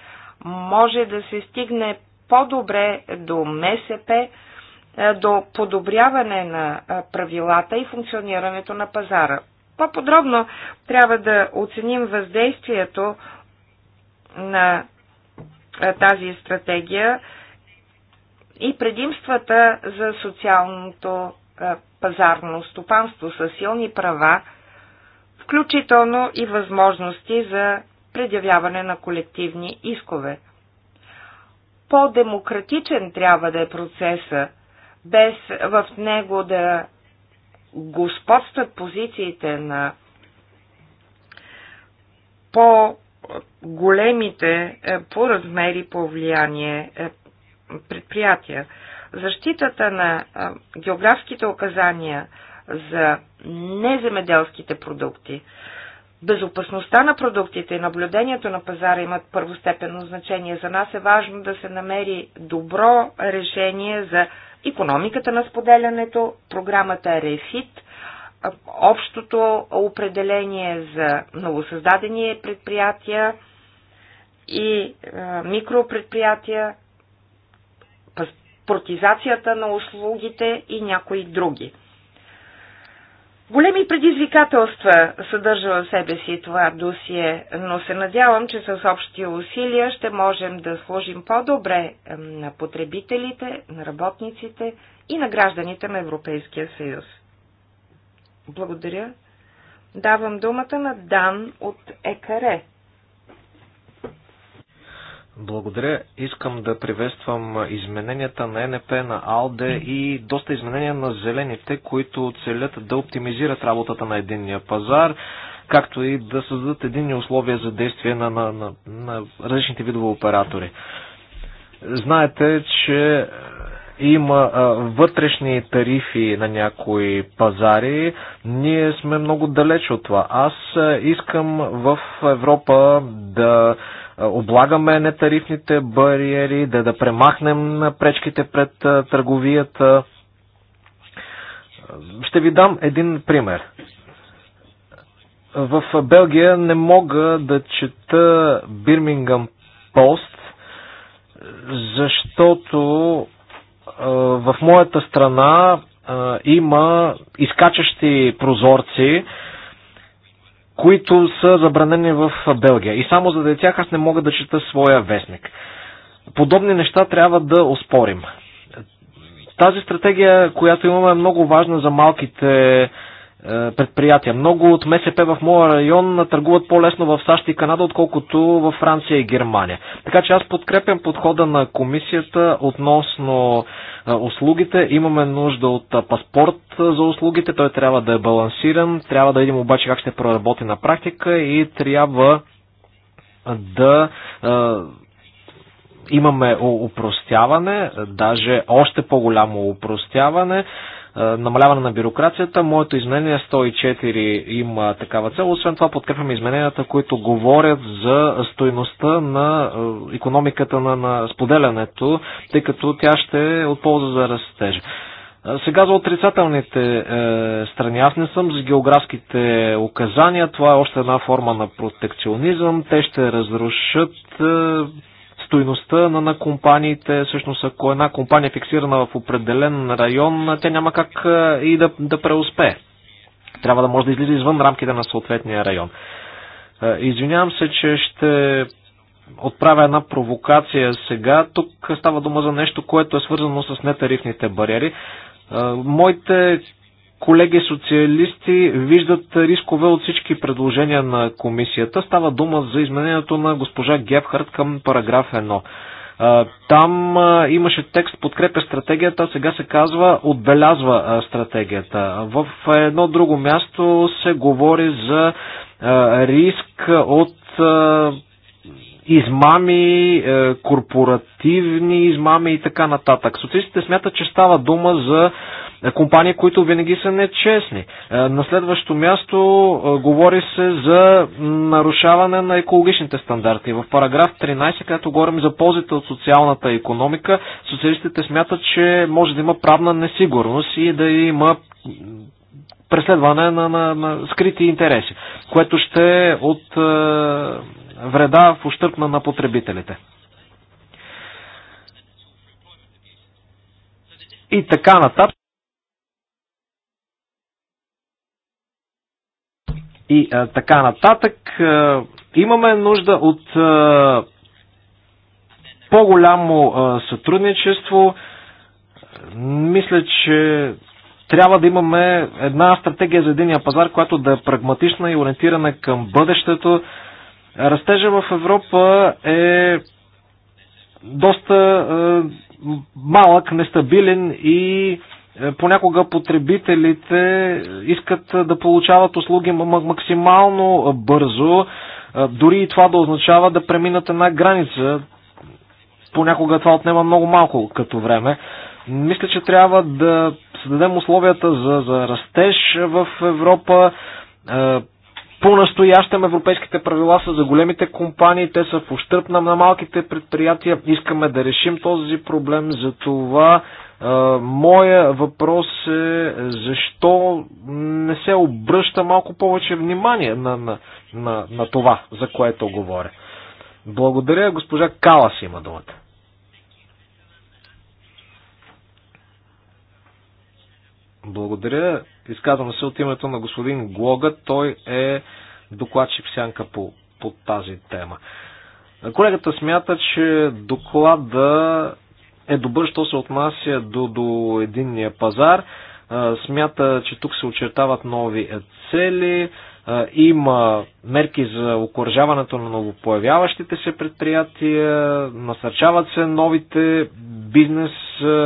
може да се стигне по-добре до МСП, е, до подобряване на е, правилата и функционирането на пазара. По-подробно трябва да оценим въздействието на тази стратегия и предимствата за социалното пазарно стопанство с силни права включително и възможности за предявяване на колективни искове. По-демократичен трябва да е процеса, без в него да господстват позициите на по-големите е, по размери, по влияние е, предприятия. Защитата на е, географските указания за неземеделските продукти. Безопасността на продуктите и наблюдението на пазара имат първостепенно значение. За нас е важно да се намери добро решение за економиката на споделянето, програмата РЕФИТ, общото определение за новосъздадени предприятия и микропредприятия, паспортизацията на услугите и някои други. Големи предизвикателства съдържа в себе си това досие, но се надявам, че с общи усилия ще можем да служим по-добре на потребителите, на работниците и на гражданите на Европейския съюз. Благодаря. Давам думата на Дан от ЕКРЕ. Благодаря. Искам да приветствам измененията на НП, на АЛДЕ и доста изменения на зелените, които целят да оптимизират работата на единния пазар, както и да създадат единни условия за действие на, на, на, на различните видове оператори. Знаете, че е, има а, е, вътрешни тарифи на някои пазари. Ние сме много далеч от това. Аз а, е, искам в Европа да а, е, облагаме нетарифните бариери, да, да премахнем пречките пред е, търговията. Ще ви дам един пример. В Белгия не мога да чета Бирмингам Пост, защото е, в моята страна има изкачащи прозорци, които са забранени в Белгия. И само за е тях аз не мога да чета своя вестник. Подобни неща трябва да оспорим. Тази стратегия, която имаме, е много важна за малките е, предприятия. Много от МСП в моя район търгуват по-лесно в САЩ и Канада, отколкото в Франция и Германия. Така че аз подкрепям подхода на комисията относно е, услугите. Имаме нужда от е, паспорт за услугите. Той трябва да е балансиран. Трябва да видим обаче как ще проработи на практика и трябва да имаме упростяване, даже още по-голямо упростяване. Е, намаляване на бюрокрацията. Моето изменение 104 има такава цел. Освен това подкрепяме измененията, които говорят за стоеността на економиката на, на споделянето, тъй като тя ще е от полза за растеж. Е, сега за отрицателните е, страни. Аз не съм за географските указания. Това е още една форма на протекционизъм. Те ще разрушат е, стойността на, на компаниите. Всъщност, ако една компания е фиксирана в определен район, тя няма как и да, да преуспее. Трябва да може да излиза извън рамките на съответния район. Извинявам се, че ще отправя една провокация сега. Тук става дума за нещо, което е свързано с нетарифните бариери. Моите колеги социалисти виждат рискове от всички предложения на комисията. Става дума за изменението на госпожа Гебхарт към параграф 1. Там имаше текст подкрепя стратегията, сега се казва отбелязва стратегията. В едно друго място се говори за риск от измами, корпоративни измами и така нататък. Социалистите смятат, че става дума за е, компании, които винаги са нечестни. Е, на следващо място е, говори се за нарушаване на екологичните стандарти. В параграф 13, където говорим за ползите от социалната економика, социалистите смятат, че може да има правна несигурност и да има преследване на, на, на скрити интереси, което ще е от е, вреда в ущърп на, на потребителите. И така нататък. и а, така нататък. А, имаме нужда от а, по-голямо сътрудничество. Мисля, че трябва да имаме една стратегия за единия пазар, която да е прагматична и ориентирана към бъдещето. Растежа в Европа е доста е, малък, нестабилен и е, понякога потребителите искат е, да получават услуги максимално е, бързо, дори и това да означава да преминат една граница. Понякога това отнема много малко като време. Мисля, че трябва да създадем условията за, за растеж в Европа. По-настоящем европейските правила са за големите компании, те са в ущърп на малките предприятия. Искаме да решим този проблем, за това Моя въпрос е защо не се обръща малко повече внимание на, на, на, на това, за което говоря. Благодаря, госпожа Калас има думата. Благодаря. Изказвам се от името на господин Глога. Той е докладчик сянка по, по тази тема. Колегата смята, че доклада е добър, що се отнася до, до единния пазар. Смята, че тук се очертават нови е, цели, има мерки за окоръжаването на новопоявяващите се предприятия, насърчават се новите бизнес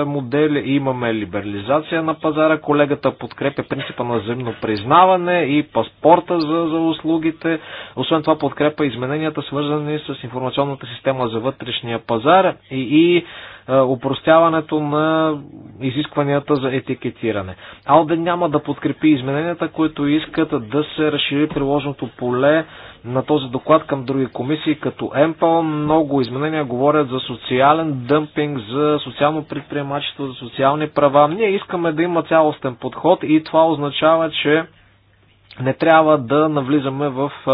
модели, имаме либерализация на пазара, колегата подкрепя принципа на взаимно признаване и паспорта за, за услугите, освен това подкрепа измененията свързани с информационната система за вътрешния пазар и, и е, упростяването на изискванията за етикетиране. Алде няма да подкрепи измененията, които искат да се разшири приложното поле на този доклад към други комисии, като МПО. Много изменения говорят за социален дъмпинг, за социално предприемачество, за социални права. Ние искаме да има цялостен подход и това означава, че не трябва да навлизаме в е,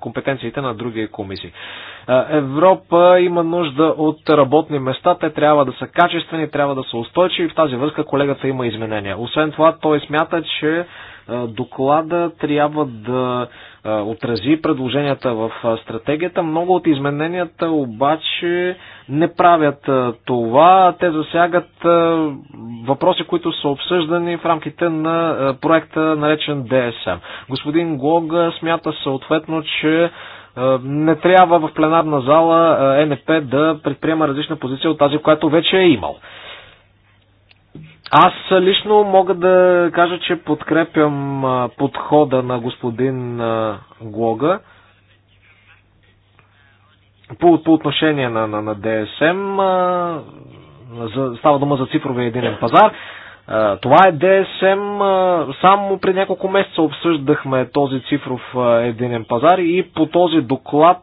компетенциите на други комисии. Европа има нужда от работни места, те трябва да са качествени, трябва да са устойчиви. В тази връзка колегата има изменения. Освен това, той смята, че доклада трябва да отрази предложенията в стратегията. Много от измененията обаче не правят това. Те засягат въпроси, които са обсъждани в рамките на проекта наречен ДСМ. Господин Глога смята съответно, че е, не трябва в пленарна зала е, НФП да предприема различна позиция от тази, която вече е имал. Аз лично мога да кажа, че подкрепям е, подхода на господин Глога по, по отношение на, на, на ДСМ. За, става дума за цифровия единен пазар. Това е ДСМ. Само при няколко месеца обсъждахме този цифров единен пазар и по този доклад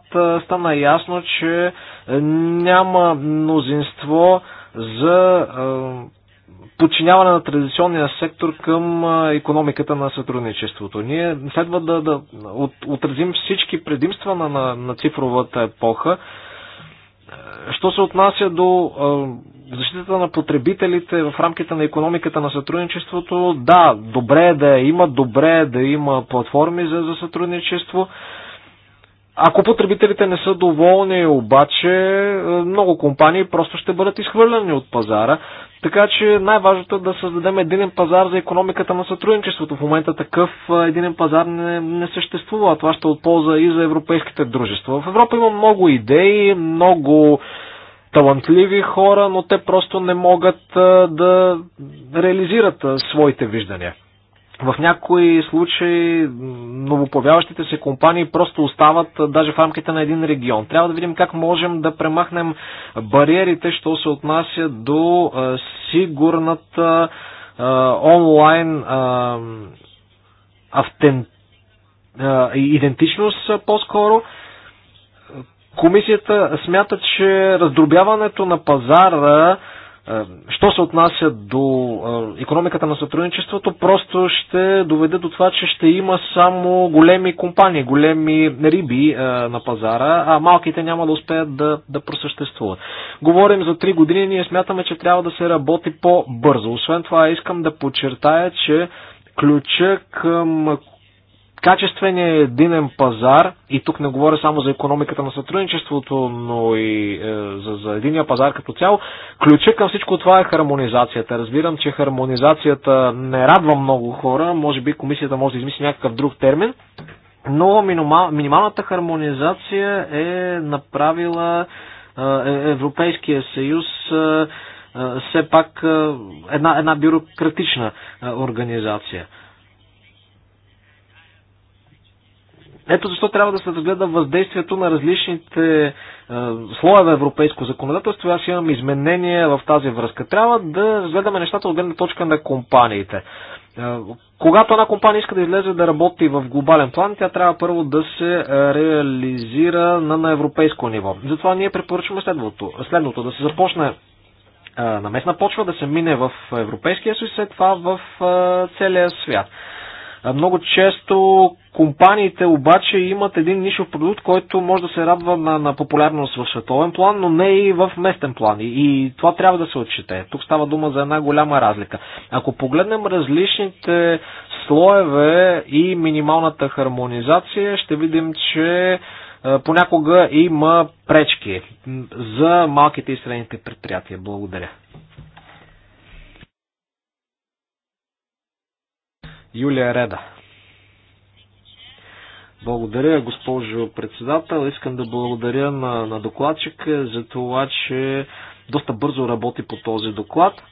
стана ясно, че няма мнозинство за подчиняване на традиционния сектор към економиката на сътрудничеството. Ние следва да, да отразим всички предимства на, на, на цифровата епоха, Що се отнася до защитата на потребителите в рамките на економиката на сътрудничеството, да, добре е да има, добре е да има платформи за, за сътрудничество. Ако потребителите не са доволни, обаче много компании просто ще бъдат изхвърлени от пазара. Така че най-важното е да създадем единен пазар за економиката на сътрудничеството. В момента такъв единен пазар не, не съществува, а това ще е отполза и за европейските дружества. В Европа има много идеи, много талантливи хора, но те просто не могат да реализират своите виждания. В някои случаи новоповяващите се компании просто остават даже в рамките на един регион. Трябва да видим как можем да премахнем бариерите, що се отнася до сигурната онлайн автен... идентичност по-скоро. Комисията смята, че раздробяването на пазара е, що се отнася до е, економиката на сътрудничеството, просто ще доведе до това, че ще има само големи компании, големи риби е, на пазара, а малките няма да успеят да, да просъществуват. Говорим за 3 години, ние смятаме, че трябва да се работи по-бързо. Освен това, искам да подчертая, че ключа към качествения единен пазар, и тук не говоря само за економиката на сътрудничеството, но и е, за, за единия пазар като цяло, ключа към всичко това е хармонизацията. Разбирам, че хармонизацията не радва много хора, може би комисията може да измисли някакъв друг термин, но минимал, минималната хармонизация е направила е, е Европейския съюз е, е, все пак е, една, една бюрократична е, организация. Ето защо трябва да се разгледа въздействието на различните е, слоеве европейско законодателство. Аз имам изменения в тази връзка. Трябва да разгледаме нещата от гледна точка на компаниите. Е, когато една компания иска да излезе да работи в глобален план, тя трябва първо да се реализира на, на европейско ниво. Затова ние препоръчваме следното, следното да се започне на местна почва, да се мине в Европейския съюз, след това в целия свят. Много често компаниите обаче имат един нишов продукт, който може да се радва на, на популярност в световен план, но не и в местен план. И, и това трябва да се отчете. Тук става дума за една голяма разлика. Ако погледнем различните слоеве и минималната хармонизация, ще видим, че понякога има пречки за малките и средните предприятия. Благодаря. Юлия Реда. Благодаря, госпожо председател. Искам да благодаря на, на докладчика за това, че доста бързо работи по този доклад.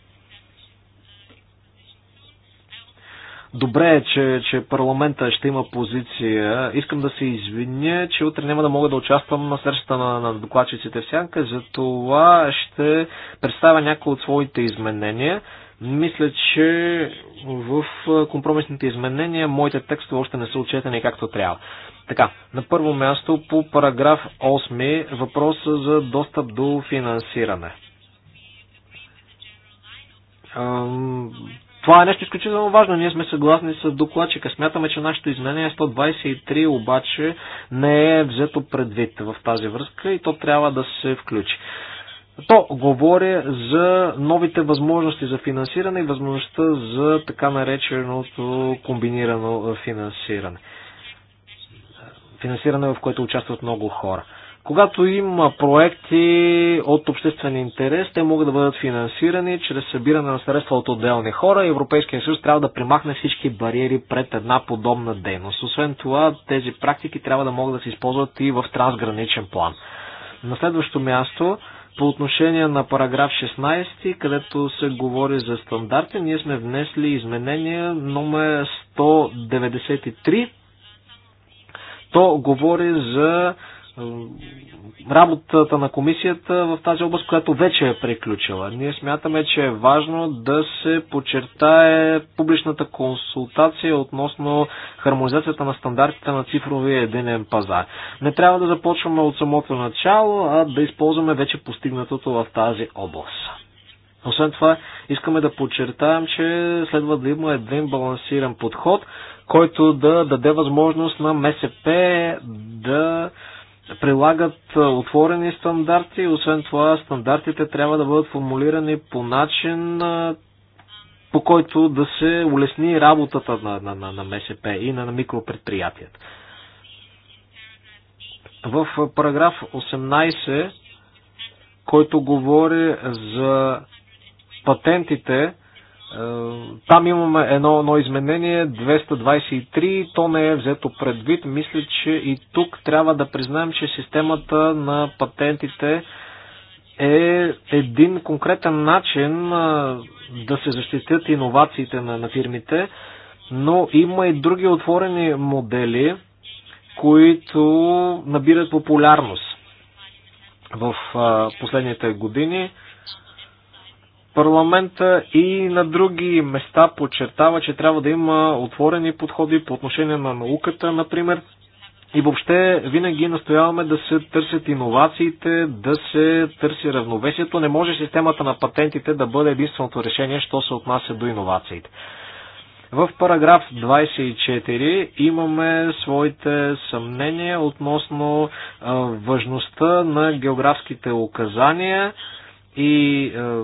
Добре е, че, че парламента ще има позиция. Искам да се извиня, че утре няма да мога да участвам на срещата на, на докладчиците в Сянка, за това ще представя някои от своите изменения. Мисля, че в компромисните изменения моите текстове още не са отчетени както трябва. Така, на първо място по параграф 8 въпроса за достъп до финансиране. Това е нещо изключително важно. Ние сме съгласни с докладчика. Смятаме, че нашето изменение 123 обаче не е взето предвид в тази връзка и то трябва да се включи. То говори за новите възможности за финансиране и възможността за така нареченото комбинирано финансиране. Финансиране, в което участват много хора. Когато има проекти от обществен интерес, те могат да бъдат финансирани чрез събиране на средства от отделни хора. Европейския съюз трябва да примахне всички бариери пред една подобна дейност. Освен това, тези практики трябва да могат да се използват и в трансграничен план. На следващо място, по отношение на параграф 16, където се говори за стандарти, ние сме внесли изменение номер 193. То говори за работата на комисията в тази област, която вече е приключила. Ние смятаме, че е важно да се подчертае публичната консултация относно хармонизацията на стандартите на цифровия единен пазар. Не трябва да започваме от самото начало, а да използваме вече постигнатото в тази област. Освен това, искаме да подчертаем, че следва да има един балансиран подход, който да даде възможност на МСП да прилагат отворени стандарти. Освен това, стандартите трябва да бъдат формулирани по начин, по който да се улесни работата на, на, на, на МСП и на, на микропредприятията. В параграф 18, който говори за патентите, е, там имаме едно, едно изменение 223, то не е взето предвид. Мисля, че и тук трябва да признаем, че системата на патентите е един конкретен начин е, да се защитят иновациите на, на фирмите, но има и други отворени модели, които набират популярност в е, последните години парламента и на други места подчертава, че трябва да има отворени подходи по отношение на науката, например. И въобще винаги настояваме да се търсят иновациите, да се търси равновесието. Не може системата на патентите да бъде единственото решение, що се отнася до иновациите. В параграф 24 имаме своите съмнения относно а, важността на географските указания и а,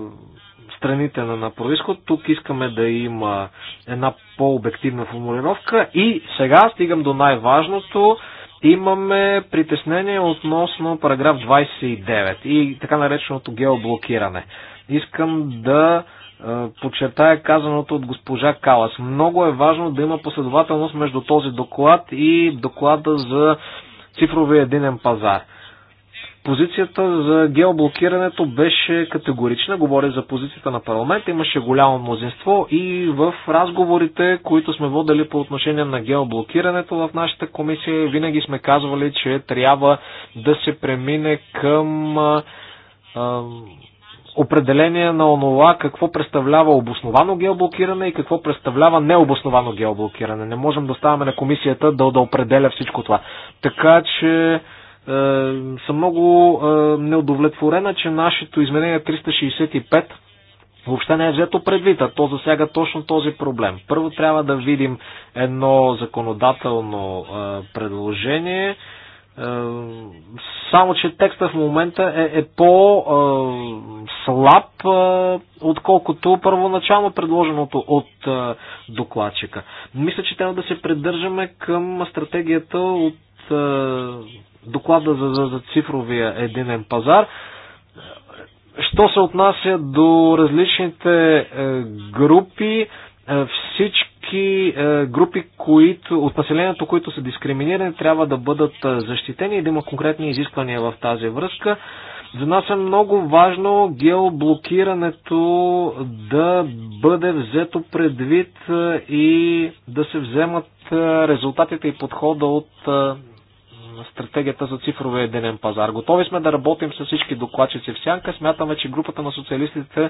страните на, на происход. Тук искаме да има една по-обективна формулировка. И сега стигам до най-важното. Имаме притеснение относно параграф 29 и така нареченото геоблокиране. Искам да е, подчертая казаното от госпожа Калас. Много е важно да има последователност между този доклад и доклада за цифровия единен пазар. Позицията за геоблокирането беше категорична. Говоря за позицията на парламента. Имаше голямо мнозинство и в разговорите, които сме водили по отношение на геоблокирането в нашата комисия, винаги сме казвали, че трябва да се премине към а, определение на онова какво представлява обосновано геоблокиране и какво представлява необосновано геоблокиране. Не можем да ставаме на комисията да, да определя всичко това. Така че е, съм много е, неудовлетворена, че нашето изменение 365 въобще не е взето предвид, а то засяга точно този проблем. Първо трябва да видим едно законодателно е, предложение, само че текста в момента е, е по-слаб, отколкото първоначално предложеното от докладчика. Мисля, че трябва да се придържаме към стратегията от доклада за, за, за цифровия единен пазар. Що се отнася до различните е, групи, е, всички е, групи които, от населението, които са дискриминирани, трябва да бъдат е, защитени и да има конкретни изисквания в тази връзка. За нас е много важно геоблокирането да бъде взето предвид е, и да се вземат е, резултатите и подхода от стратегията за цифровия единен пазар. Готови сме да работим с всички докладчици в сянка. Смятаме, че групата на социалистите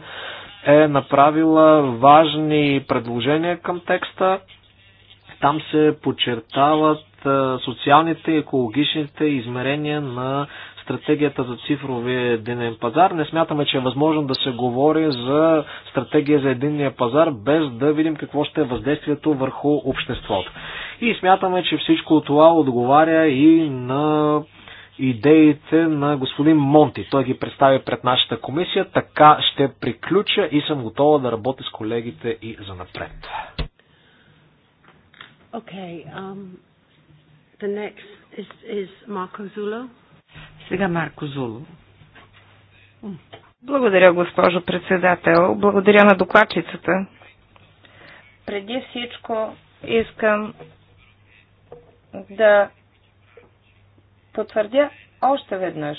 е направила важни предложения към текста. Там се подчертават е, социалните и екологичните измерения на стратегията за цифровия единен пазар. Не смятаме, че е възможно да се говори за стратегия за единния пазар, без да видим какво ще е въздействието върху обществото. И смятаме, че всичко това отговаря и на идеите на господин Монти. Той ги представи пред нашата комисия. Така ще приключа и съм готова да работя с колегите и за напред. Okay, um, the next is, is Marco Zulo. Сега Марко Зуло. Благодаря, госпожо председател. Благодаря на докладчицата. Преди всичко искам да потвърдя още веднъж,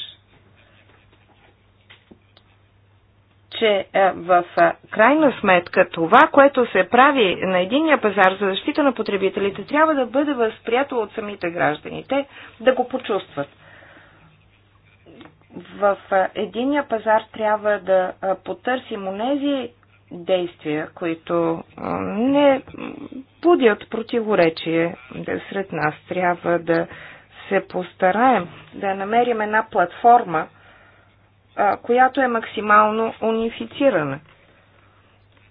че е, в е, крайна сметка това, което се прави на единия пазар за защита на потребителите, трябва да бъде възприято от самите граждани. Те да го почувстват. В е, единия пазар трябва да потърсим онези действия, които не будят противоречие да сред нас. Трябва да се постараем да намерим една платформа, която е максимално унифицирана.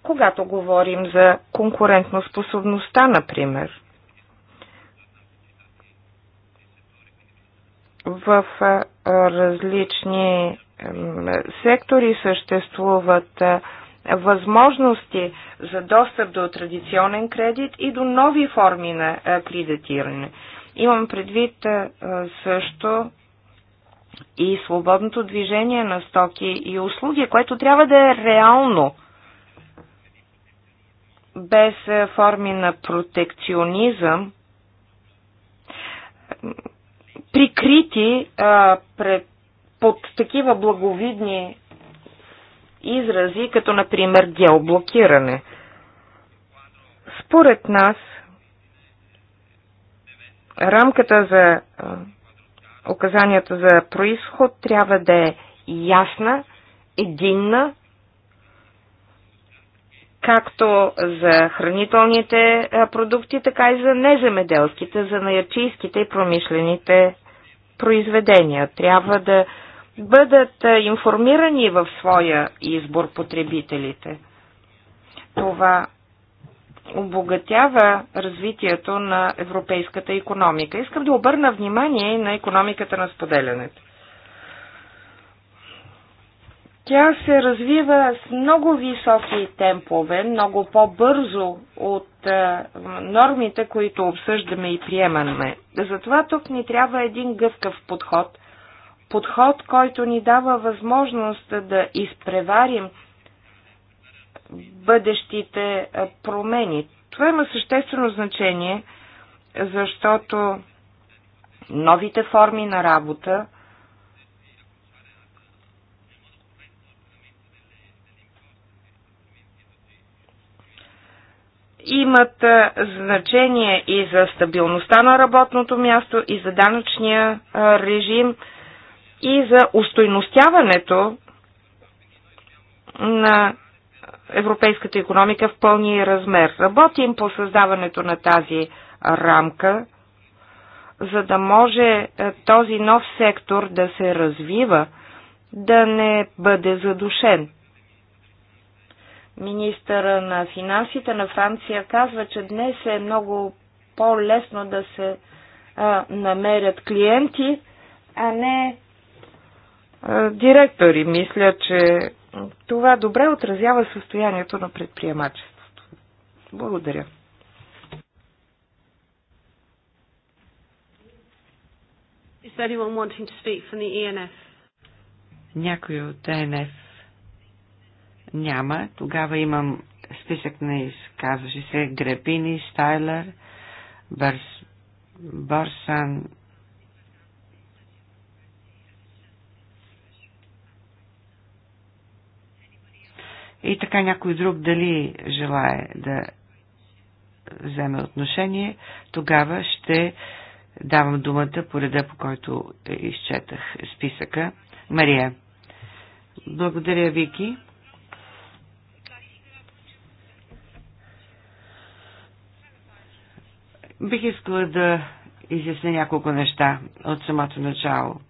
Когато говорим за конкурентноспособността, например, в различни сектори съществуват възможности за достъп до традиционен кредит и до нови форми на е, кредитиране. Имам предвид е, е, също и свободното движение на стоки и услуги, което трябва да е реално, без форми на протекционизъм, прикрити пред, под такива благовидни изрази, като например геоблокиране. Според нас, рамката за указанията за происход трябва да е ясна, единна, както за хранителните продукти, така и за неземеделските, за наячийските и промишлените произведения. Трябва да бъдат е, информирани в своя избор потребителите. Това обогатява развитието на европейската економика. Искам да обърна внимание и на економиката на споделянето. Тя се развива с много високи темпове, много по-бързо от е, нормите, които обсъждаме и приемаме. Затова тук ни трябва един гъвкав подход, подход, който ни дава възможност да изпреварим бъдещите промени. Това има съществено значение, защото новите форми на работа имат значение и за стабилността на работното място, и за данъчния режим – и за устойностяването на европейската економика в пълния размер. Работим по създаването на тази рамка, за да може е, този нов сектор да се развива, да не бъде задушен. Министъра на финансите на Франция казва, че днес е много по-лесно да се а, намерят клиенти, а не директори. Мисля, че това добре отразява състоянието на предприемачеството. Благодаря. E Някой от ЕНФ няма. Тогава имам списък на изказващи се Грепини, Стайлер, Барс, И така някой друг дали желае да вземе отношение, тогава ще давам думата по реда, по който изчетах списъка. Мария. Благодаря, Вики. Бих искала да изясня няколко неща от самото начало.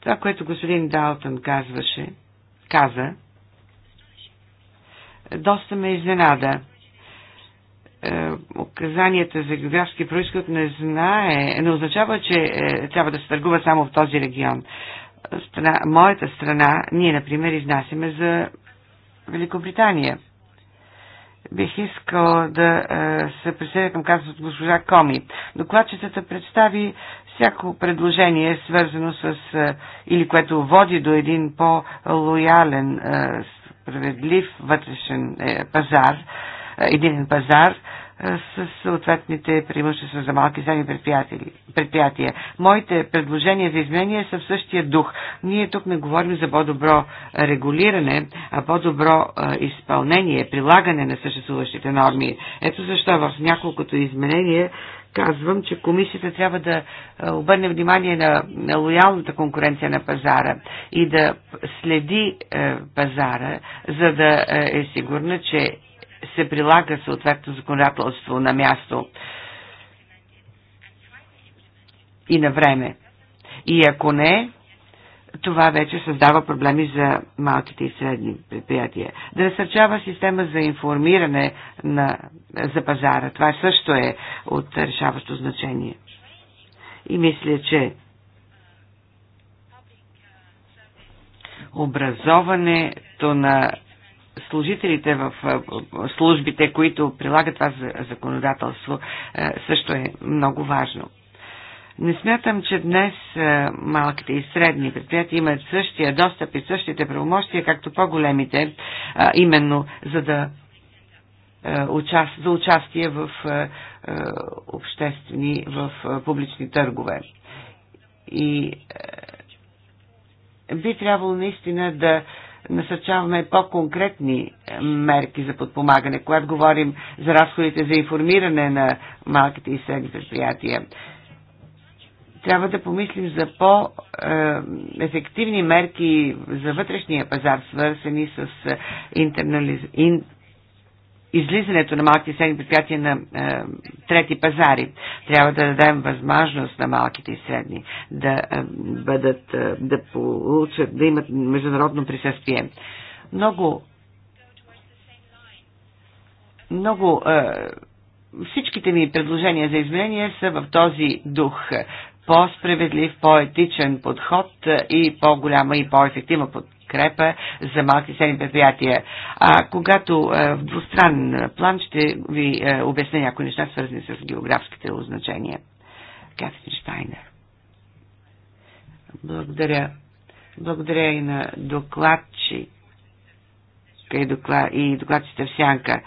Това, което господин Далтън казваше, каза, доста ме изненада. Е, указанията за географски происход не знае, не означава, че е, трябва да се търгува само в този регион. Страна, моята страна, ние, например, изнасяме за Великобритания. Бих искал да е, се присъединя към казаното от госпожа Коми. Докладчицата представи всяко предложение, свързано с или което води до един по-лоялен справедлив вътрешен е, пазар, е, един пазар е, с съответните преимущества за малки и средни предприятия. Моите предложения за изменения са в същия дух. Ние тук не говорим за по-добро регулиране, а по-добро изпълнение, прилагане на съществуващите норми. Ето защо в няколкото изменения казвам, че комисията трябва да обърне внимание на, на лоялната конкуренция на пазара и да следи е, пазара, за да е, е сигурна, че се прилага съответно законодателство на място и на време. И ако не, това вече създава проблеми за малките и средни предприятия. Да насърчава система за информиране на, за пазара. Това също е от решаващо значение. И мисля, че образоването на служителите в службите, които прилагат това законодателство, е, също е много важно. Не смятам, че днес е, малките и средни предприятия имат същия достъп и същите правомощия, както по-големите, е, именно за да е, за участие в обществени, в публични търгове. И би трябвало наистина да насърчаваме по-конкретни мерки за подпомагане, когато говорим за разходите за информиране на малките и средни предприятия трябва да помислим за по-ефективни мерки за вътрешния пазар, свързани с е, интернализ... ин... излизането на малките и средни предприятия на е, трети пазари. Трябва да дадем възможност на малките и средни да е, бъдат, е, да получат, да имат международно присъствие. Много много е, всичките ми предложения за изменения са в този дух по-справедлив, по-етичен подход и по-голяма и по-ефективна подкрепа за малки и предприятия. А когато е, в двустранен план ще ви е, обясня някои неща, свързани с географските означения. Катрин Штайнер. Благодаря. Благодаря и на докладчи и, и докладчите в сянка.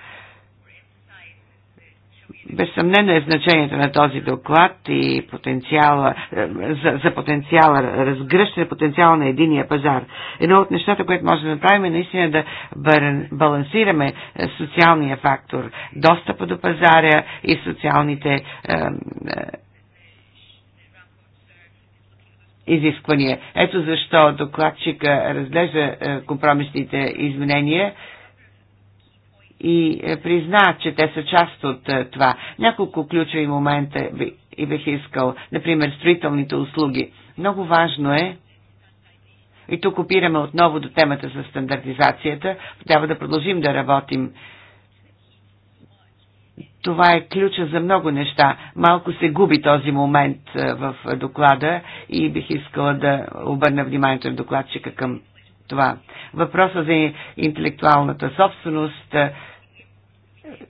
Безсъмнено е значението на този доклад и потенциала, е, за, за потенциала, разгръщане потенциала на единия пазар. Едно от нещата, което може да направим е наистина да балансираме е, социалния фактор, достъпа до пазаря и социалните е, е, изисквания. Ето защо докладчика разглежда е, компромисните изменения и е, призна, че те са част от е, това. Няколко ключови момента и бих искал, например, строителните услуги. Много важно е, и тук опираме отново до темата за стандартизацията, трябва да продължим да работим. Това е ключа за много неща. Малко се губи този момент е, в доклада и бих искала да обърна вниманието на докладчика към това. Въпроса за интелектуалната собственост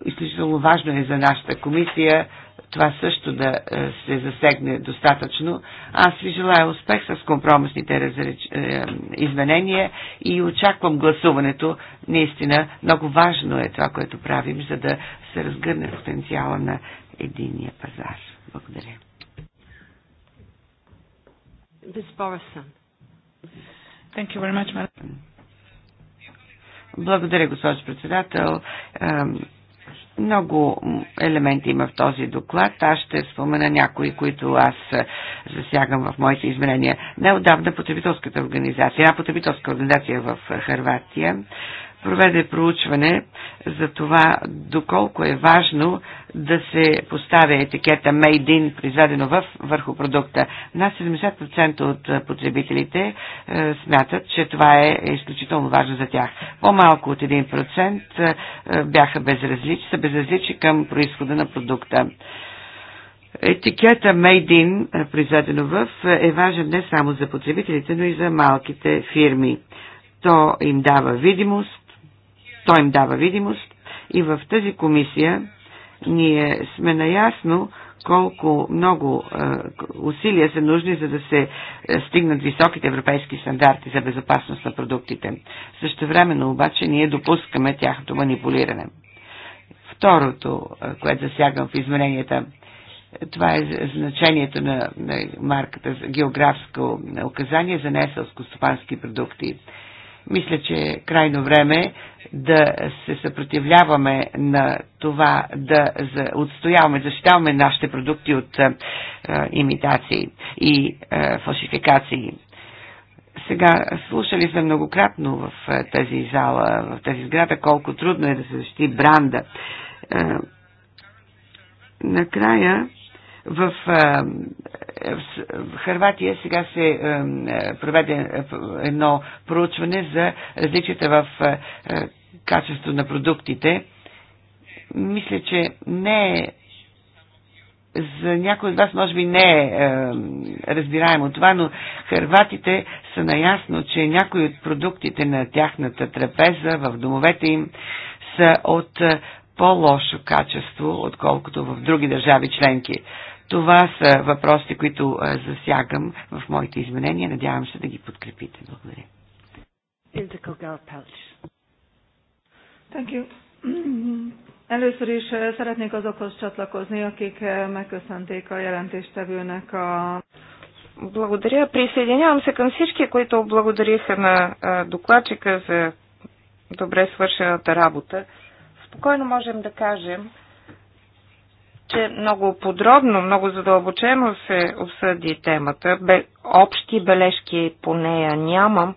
Изключително важно е за нашата комисия това също да е, се засегне достатъчно. Аз ви желая успех с компромисните разреч... Е, изменения и очаквам гласуването. Наистина много важно е това, което правим, за да се разгърне потенциала на единия пазар. Благодаря. Благодаря, госпожо председател. Много елементи има в този доклад. Аз ще спомена някои, които аз засягам в моите изменения. Неодавна потребителската организация, една потребителска организация в Харватия, проведе проучване за това доколко е важно да се поставя етикета Made in, произведено в, върху продукта. На 70% от потребителите е, смятат, че това е изключително важно за тях. По-малко от 1% бяха безразлични, са безразлични към происхода на продукта. Етикета Made in, произведено в, е важен не само за потребителите, но и за малките фирми. То им дава видимост, той им дава видимост и в тази комисия ние сме наясно колко много е, усилия са нужни, за да се стигнат високите европейски стандарти за безопасност на продуктите. Същевременно обаче ние допускаме тяхното манипулиране. Второто, което засягам в измененията, това е значението на, на марката географско указание за неселско-стопански продукти. Мисля, че е крайно време да се съпротивляваме на това, да отстояваме, защитаваме нашите продукти от е, имитации и е, фалшификации. Сега слушали сме многократно в тази зала, в тази сграда, колко трудно е да се защити бранда. Е, накрая в, е, в Харватия сега се е, е, проведе едно проучване за различията в качество на продуктите. Мисля, че не е за някои от вас може би не е, е разбираемо това, но харватите са наясно, че някои от продуктите на тяхната трапеза в домовете им са от по-лошо качество, отколкото в други държави членки. Това са въпросите, които засягам в моите изменения. Надявам се да ги подкрепите. Благодаря. (clears throat) Először is э, szeretnék azokhoz csatlakozni, akik э, megköszönték a jelentéstevőnek a... Благодаря. Присъединявам се към всички, които благодариха на э, докладчика за добре свършената работа. Спокойно можем да кажем, че много подробно, много задълбочено се обсъди темата. Бе, общи бележки по нея нямам.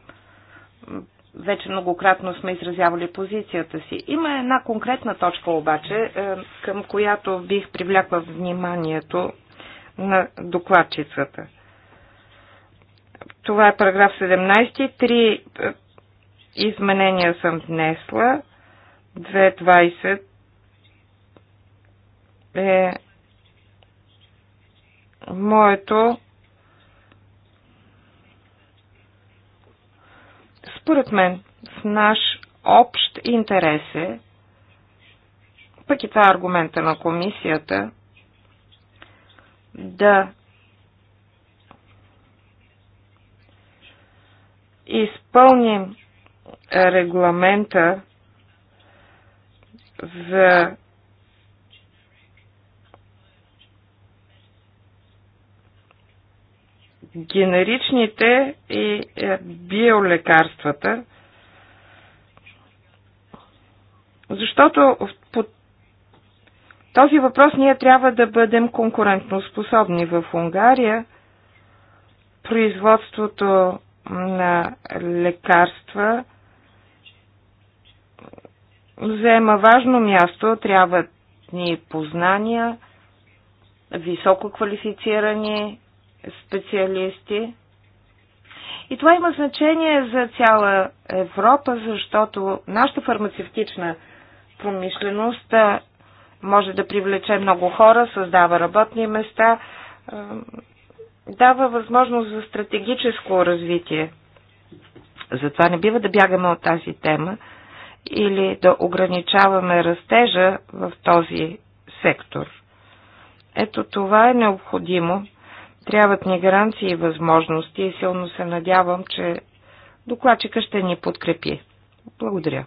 Вече многократно сме изразявали позицията си. Има една конкретна точка обаче, е, към която бих привлякла вниманието на докладчицата. Това е параграф 17. Три е, изменения съм внесла. 2.20 е моето според мен в наш общ интерес е, пък и това е аргумента на комисията, да изпълним регламента за генеричните и е, биолекарствата, защото по този въпрос ние трябва да бъдем конкурентноспособни в Унгария. Производството на лекарства взема важно място, трябват ни познания, високо квалифицирани специалисти. И това има значение за цяла Европа, защото нашата фармацевтична промишленост може да привлече много хора, създава работни места, дава възможност за стратегическо развитие. Затова не бива да бягаме от тази тема или да ограничаваме растежа в този сектор. Ето това е необходимо Трябват ни гаранции и възможности и силно се надявам, че докладчика ще ни подкрепи. Благодаря.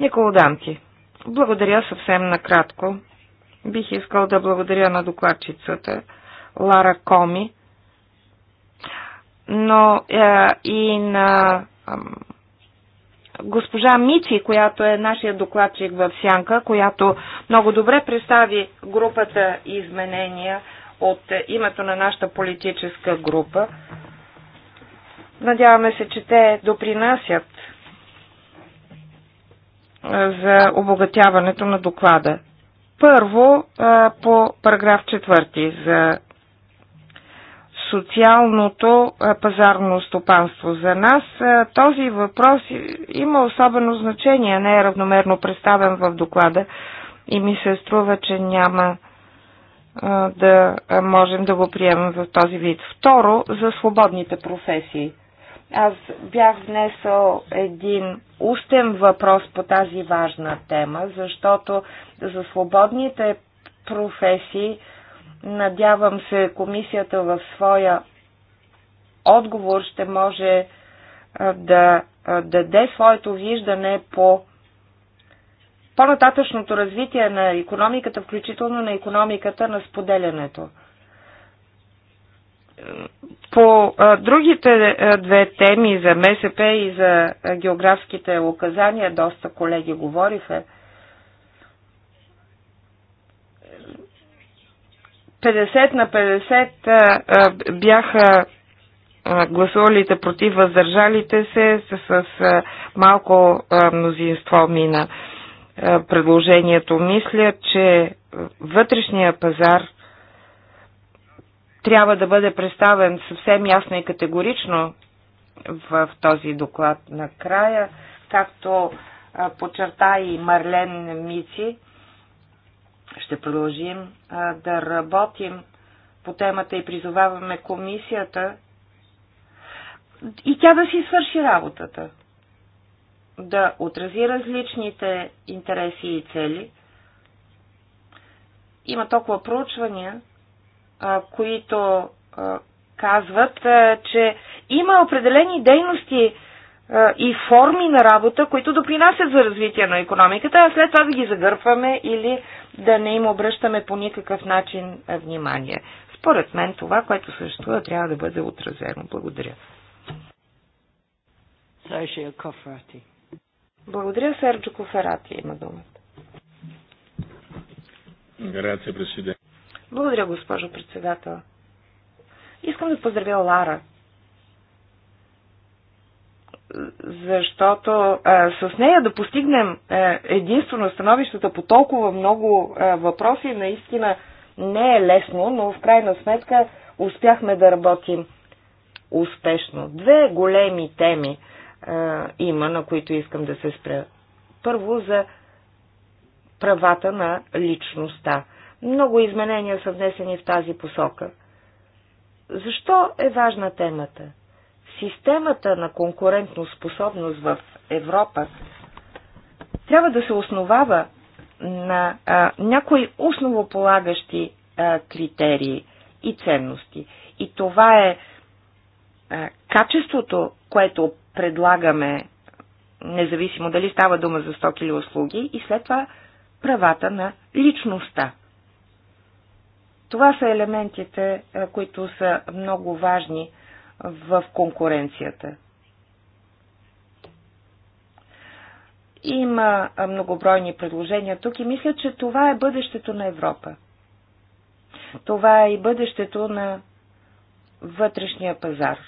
Никола Данти. Благодаря съвсем накратко. Бих искал да благодаря на докладчицата Лара Коми, но е, и на госпожа Мичи, която е нашия докладчик в Сянка, която много добре представи групата изменения от името на нашата политическа група. Надяваме се, че те допринасят за обогатяването на доклада. Първо по параграф 4 за социалното пазарно стопанство. За нас този въпрос има особено значение, не е равномерно представен в доклада и ми се струва, че няма да можем да го приемем в този вид. Второ, за свободните професии. Аз бях внесъл един устен въпрос по тази важна тема, защото за свободните професии Надявам се, комисията в своя отговор ще може да даде своето виждане по по-нататъчното развитие на економиката, включително на економиката на споделянето. По а, другите а, две теми за МСП и за а, географските указания доста колеги говориха. 50 на 50 бяха гласувалите против въздържалите се с малко мнозинство мина предложението. Мисля, че вътрешния пазар трябва да бъде представен съвсем ясно и категорично в този доклад накрая, както подчерта и Марлен Мици. Ще продължим а, да работим по темата и призоваваме комисията и тя да си свърши работата. Да отрази различните интереси и цели. Има толкова проучвания, а, които а, казват, а, че има определени дейности, и форми на работа, които допринасят за развитие на економиката, а след това да ги загърпваме или да не им обръщаме по никакъв начин внимание. Според мен това, което съществува, трябва да бъде отразено. Благодаря. Благодаря, Серджо Коферати има думата. Благодаря, госпожо председател. Искам да поздравя Лара защото а, с нея да постигнем а, единствено становищата по толкова много а, въпроси, наистина не е лесно, но в крайна сметка успяхме да работим успешно. Две големи теми а, има, на които искам да се спра. Първо за правата на личността. Много изменения са внесени в тази посока. Защо е важна темата? Системата на конкурентно способност в Европа трябва да се основава на а, някои основополагащи а, критерии и ценности. И това е а, качеството, което предлагаме, независимо дали става дума за стоки или услуги, и след това правата на личността. Това са елементите, които са много важни в конкуренцията. Има многобройни предложения тук и мисля, че това е бъдещето на Европа. Това е и бъдещето на вътрешния пазар.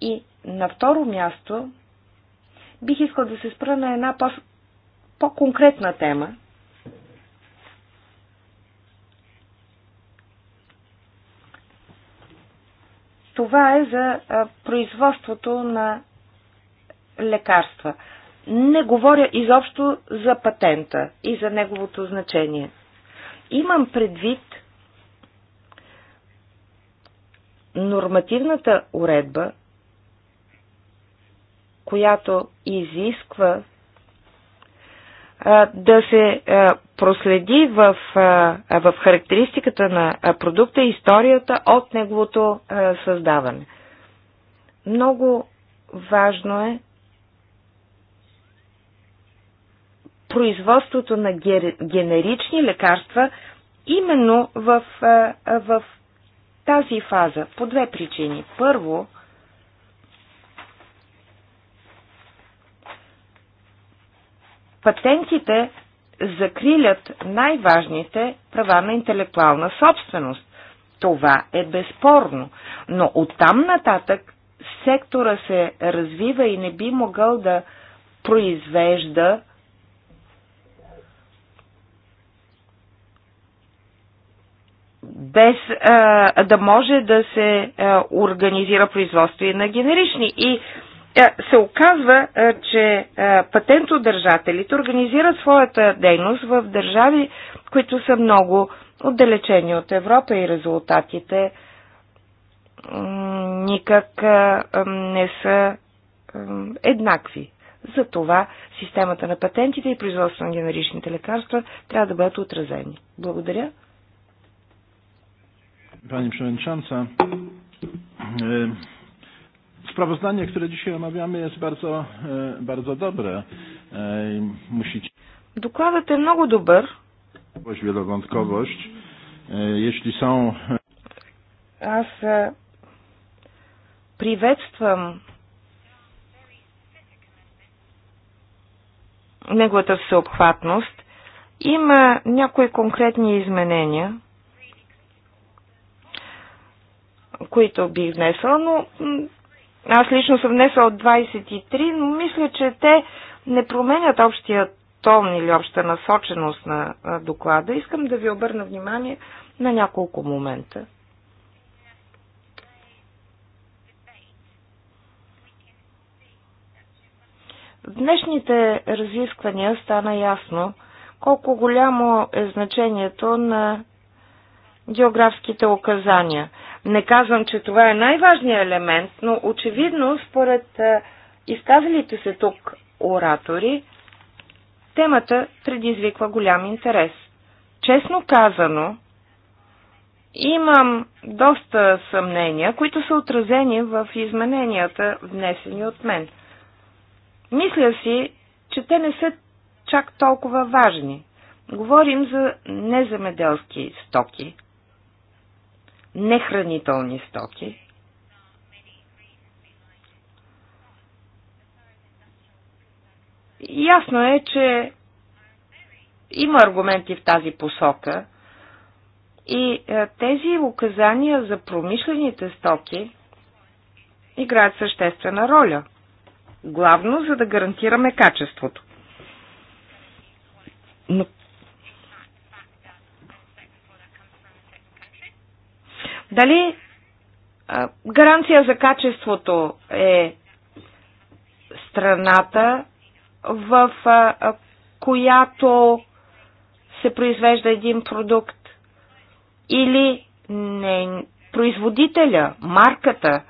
И на второ място бих искал да се спра на една по- по-конкретна тема, Това е за производството на лекарства. Не говоря изобщо за патента и за неговото значение. Имам предвид нормативната уредба, която изисква да се проследи в, в характеристиката на продукта историята от неговото създаване. Много важно е производството на генерични лекарства именно в, в тази фаза по две причини. Първо, Патентите закрилят най-важните права на интелектуална собственост. Това е безспорно, но оттам нататък сектора се развива и не би могъл да произвежда без а, да може да се а, организира производство и на генерични. И е, се оказва, е, че е, патентодържателите организират своята дейност в държави, които са много отдалечени от Европа и резултатите никак не са еднакви. Затова системата на патентите и производство на генеричните лекарства трябва да бъдат отразени. Благодаря. Пани Przewodnicząca, Sprawozdanie, które dzisiaj omawiamy, jest bardzo, e, bardzo dobre. E, musicie. Докладът е много добър. Wielowątkowość. Jeśli są... Аз е, приветствам неговата всеобхватност. Има някои конкретни изменения, които бих внесла, но аз лично съм внесла от 23, но мисля, че те не променят общия тон или обща насоченост на доклада. Искам да ви обърна внимание на няколко момента. В днешните разисквания стана ясно колко голямо е значението на географските указания. Не казвам, че това е най-важният елемент, но очевидно, според изказалите се тук оратори, темата предизвиква голям интерес. Честно казано, имам доста съмнения, които са отразени в измененията, внесени от мен. Мисля си, че те не са чак толкова важни. Говорим за неземеделски стоки, нехранителни стоки. Ясно е, че има аргументи в тази посока и е, тези указания за промишлените стоки играят съществена роля, главно за да гарантираме качеството. Но Дали гаранция за качеството е страната, в която се произвежда един продукт или не, производителя, марката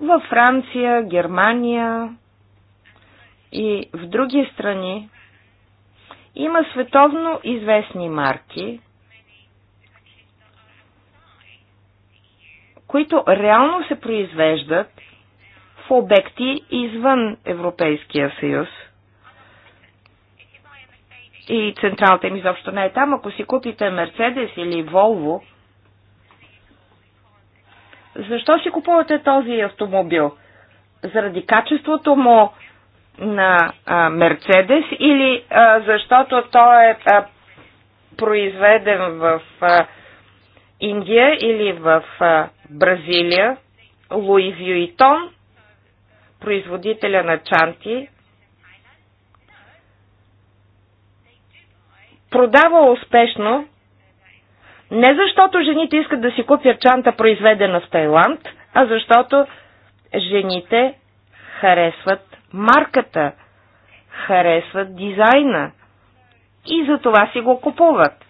във Франция, Германия и в други страни има световно известни марки, които реално се произвеждат в обекти извън Европейския съюз. И централата им изобщо не е там. Ако си купите Мерцедес или Волво, защо си купувате този автомобил? Заради качеството му на Мерцедес или а, защото той е а, произведен в а, Индия или в Бразилия, Луи Вюитон, производителя на чанти, продава успешно не защото жените искат да си купят чанта произведена в Тайланд, а защото жените харесват марката, харесват дизайна и за това си го купуват.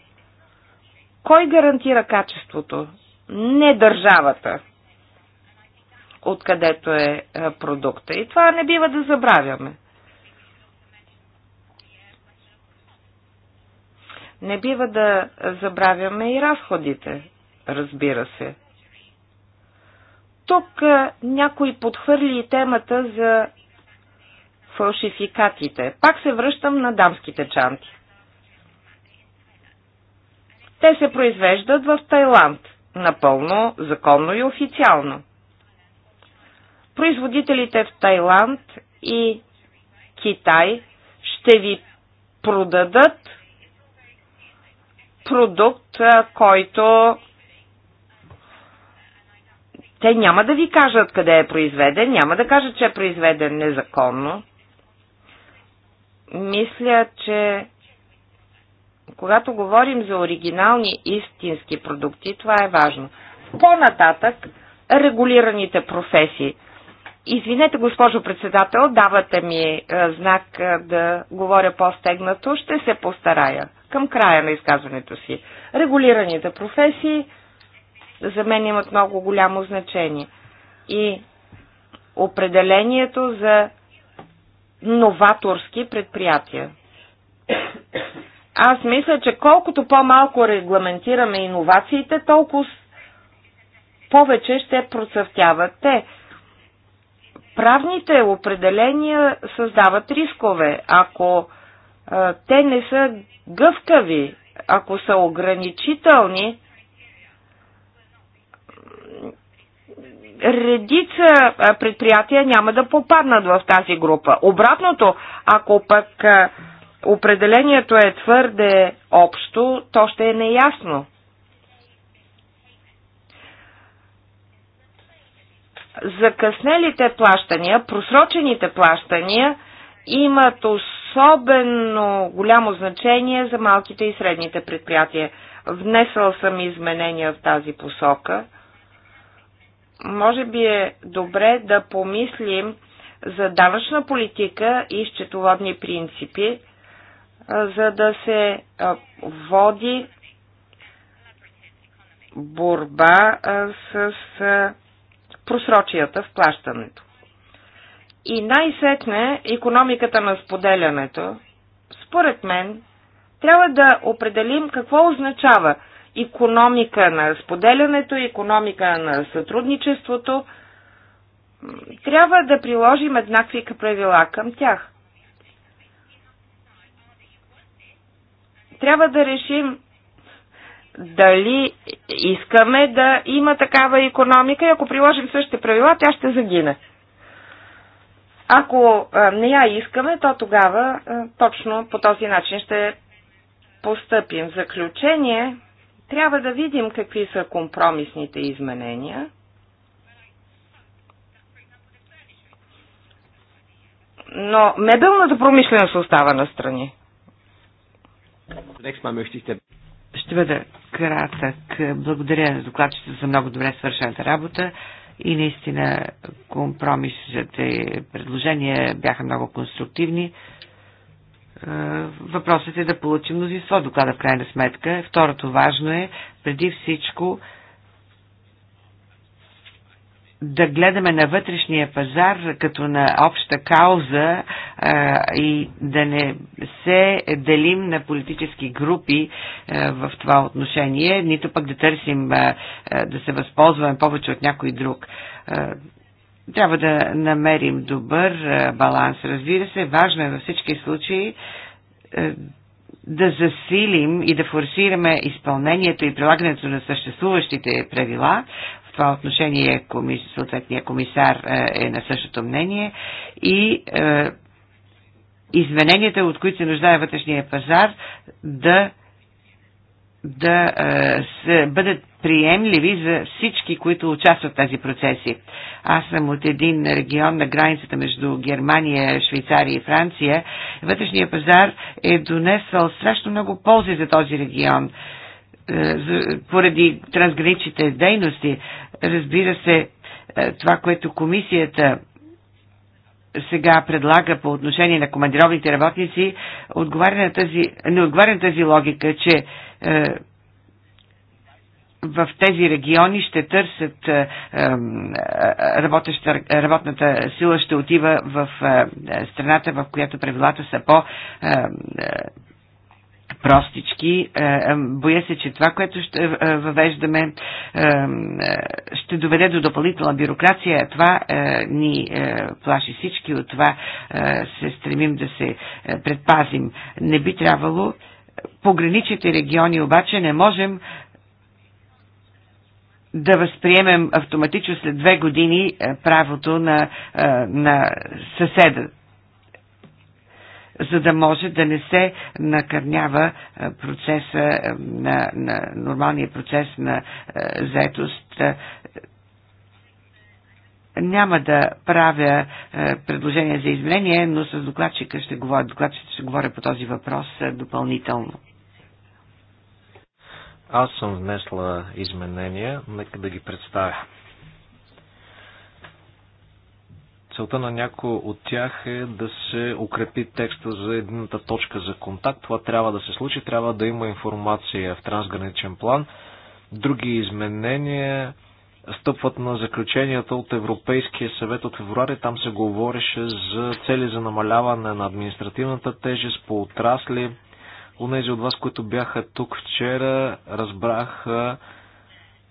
Кой гарантира качеството? Не държавата, откъдето е, е продукта. И това не бива да забравяме. Не бива да забравяме и разходите, разбира се. Тук е, някой подхвърли и темата за фалшификатите. Пак се връщам на дамските чанти. Те се произвеждат в Тайланд, напълно законно и официално. Производителите в Тайланд и Китай ще ви продадат продукт, който те няма да ви кажат къде е произведен, няма да кажат, че е произведен незаконно. Мисля, че когато говорим за оригинални истински продукти, това е важно. По-нататък, регулираните професии. Извинете, госпожо председател, давате ми е, знак е, да говоря по-стегнато. Ще се постарая към края на изказването си. Регулираните професии за мен имат много голямо значение. И определението за новаторски предприятия. Аз мисля, че колкото по-малко регламентираме иновациите, толкова повече ще процъфтяват те. Правните определения създават рискове. Ако а, те не са гъвкави, ако са ограничителни, редица предприятия няма да попаднат в тази група. Обратното, ако пък а, определението е твърде общо, то ще е неясно. Закъснелите плащания, просрочените плащания имат особено голямо значение за малките и средните предприятия. Внесъл съм изменения в тази посока. Може би е добре да помислим за данъчна политика и счетоводни принципи, за да се води борба с просрочията в плащането. И най-сетне економиката на споделянето, според мен, трябва да определим какво означава економика на споделянето, економика на сътрудничеството. Трябва да приложим еднакви правила към тях. Трябва да решим дали искаме да има такава економика и ако приложим същите правила, тя ще загине. Ако не я искаме, то тогава точно по този начин ще постъпим. В заключение, трябва да видим какви са компромисните изменения. Но мебелната промишленост остава на страни. Ще бъда кратък. Благодаря на докладчите за много добре свършената работа и наистина компромисите предложения бяха много конструктивни. Е, въпросът е да получим мнозинство доклада в крайна сметка. Второто важно е преди всичко да гледаме на вътрешния пазар като на обща кауза а, и да не се делим на политически групи а, в това отношение, нито пък да търсим а, а, да се възползваме повече от някой друг. А, трябва да намерим добър а, баланс. Разбира се, важно е във всички случаи а, да засилим и да форсираме изпълнението и прилагането на съществуващите правила, това отношение комис... съответния комисар е, е на същото мнение и е, измененията, от които се нуждае вътрешния пазар, да, да е, се, бъдат приемливи за всички, които участват в тези процеси. Аз съм от един регион на границата между Германия, Швейцария и Франция. Вътрешния пазар е донесъл страшно много ползи за този регион е, поради трансграничните дейности, Разбира се, е, това, което комисията сега предлага по отношение на командировните работници, отговаря на тази, не отговаря на тази логика, че е, в тези региони ще търсят е, работеща, работната сила, ще отива в страната, в която правилата са по- простички. Е, е, боя се, че това, което ще е, въвеждаме, ще доведе до допълнителна бюрокрация. Това ни плаши всички, от това се стремим да се предпазим. Не би трябвало пограничните региони обаче не можем да възприемем автоматично след две години правото на, на съседа за да може да не се накърнява е, процеса е, на, на нормалния процес на е, заетост няма да правя предложение за изменение, но с докладчика ще говоря, докладчика ще говоря по този въпрос допълнително. Аз съм внесла изменения, нека да ги представя. Целта на някои от тях е да се укрепи текста за едната точка за контакт. Това трябва да се случи, трябва да има информация в трансграничен план. Други изменения стъпват на заключенията от Европейския съвет от февруари. Там се говореше за цели за намаляване на административната тежест по отрасли. Унези от вас, които бяха тук вчера, разбраха,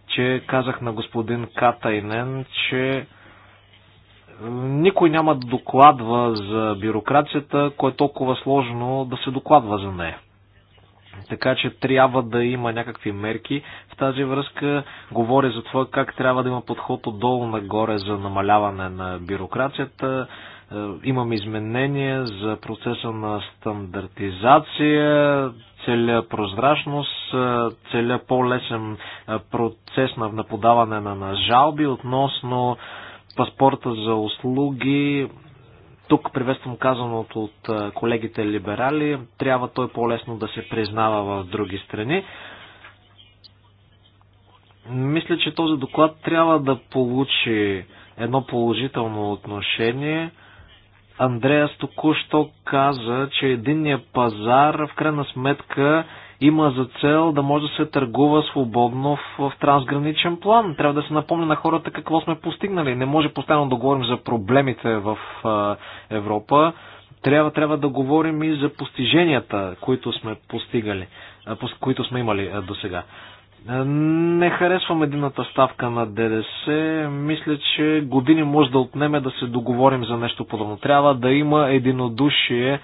че казах на господин Катайнен, че никой няма да докладва за бюрокрацията, кое е толкова сложно да се докладва за нея. Така че трябва да има някакви мерки. В тази връзка говоря за това как трябва да има подход отдолу нагоре за намаляване на бюрокрацията. Е, имам изменения за процеса на стандартизация, целя прозрачност, е, целя по-лесен е, процес на подаване на жалби относно паспорта за услуги. Тук приветствам казаното от колегите либерали. Трябва той по-лесно да се признава в други страни. Мисля, че този доклад трябва да получи едно положително отношение. Андреас току-що каза, че единния пазар в крайна сметка има за цел да може да се търгува свободно в трансграничен план. Трябва да се напомня на хората какво сме постигнали. Не може постоянно да говорим за проблемите в Европа. Трябва, трябва да говорим и за постиженията, които сме постигали, които сме имали до сега. Не харесвам едината ставка на ДДС. Мисля, че години може да отнеме да се договорим за нещо подобно. Трябва да има единодушие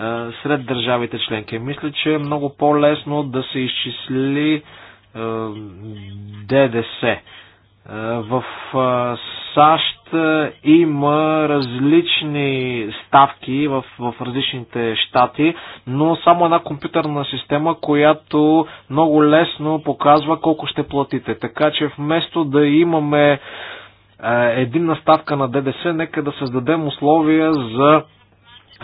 е, сред държавите членки. Мисля, че е много по-лесно да се изчисли е, ДДС. Е, в САЩ има различни ставки в, в различните щати, но само една компютърна система, която много лесно показва колко ще платите. Така че вместо да имаме единна ставка на ДДС, нека да създадем условия за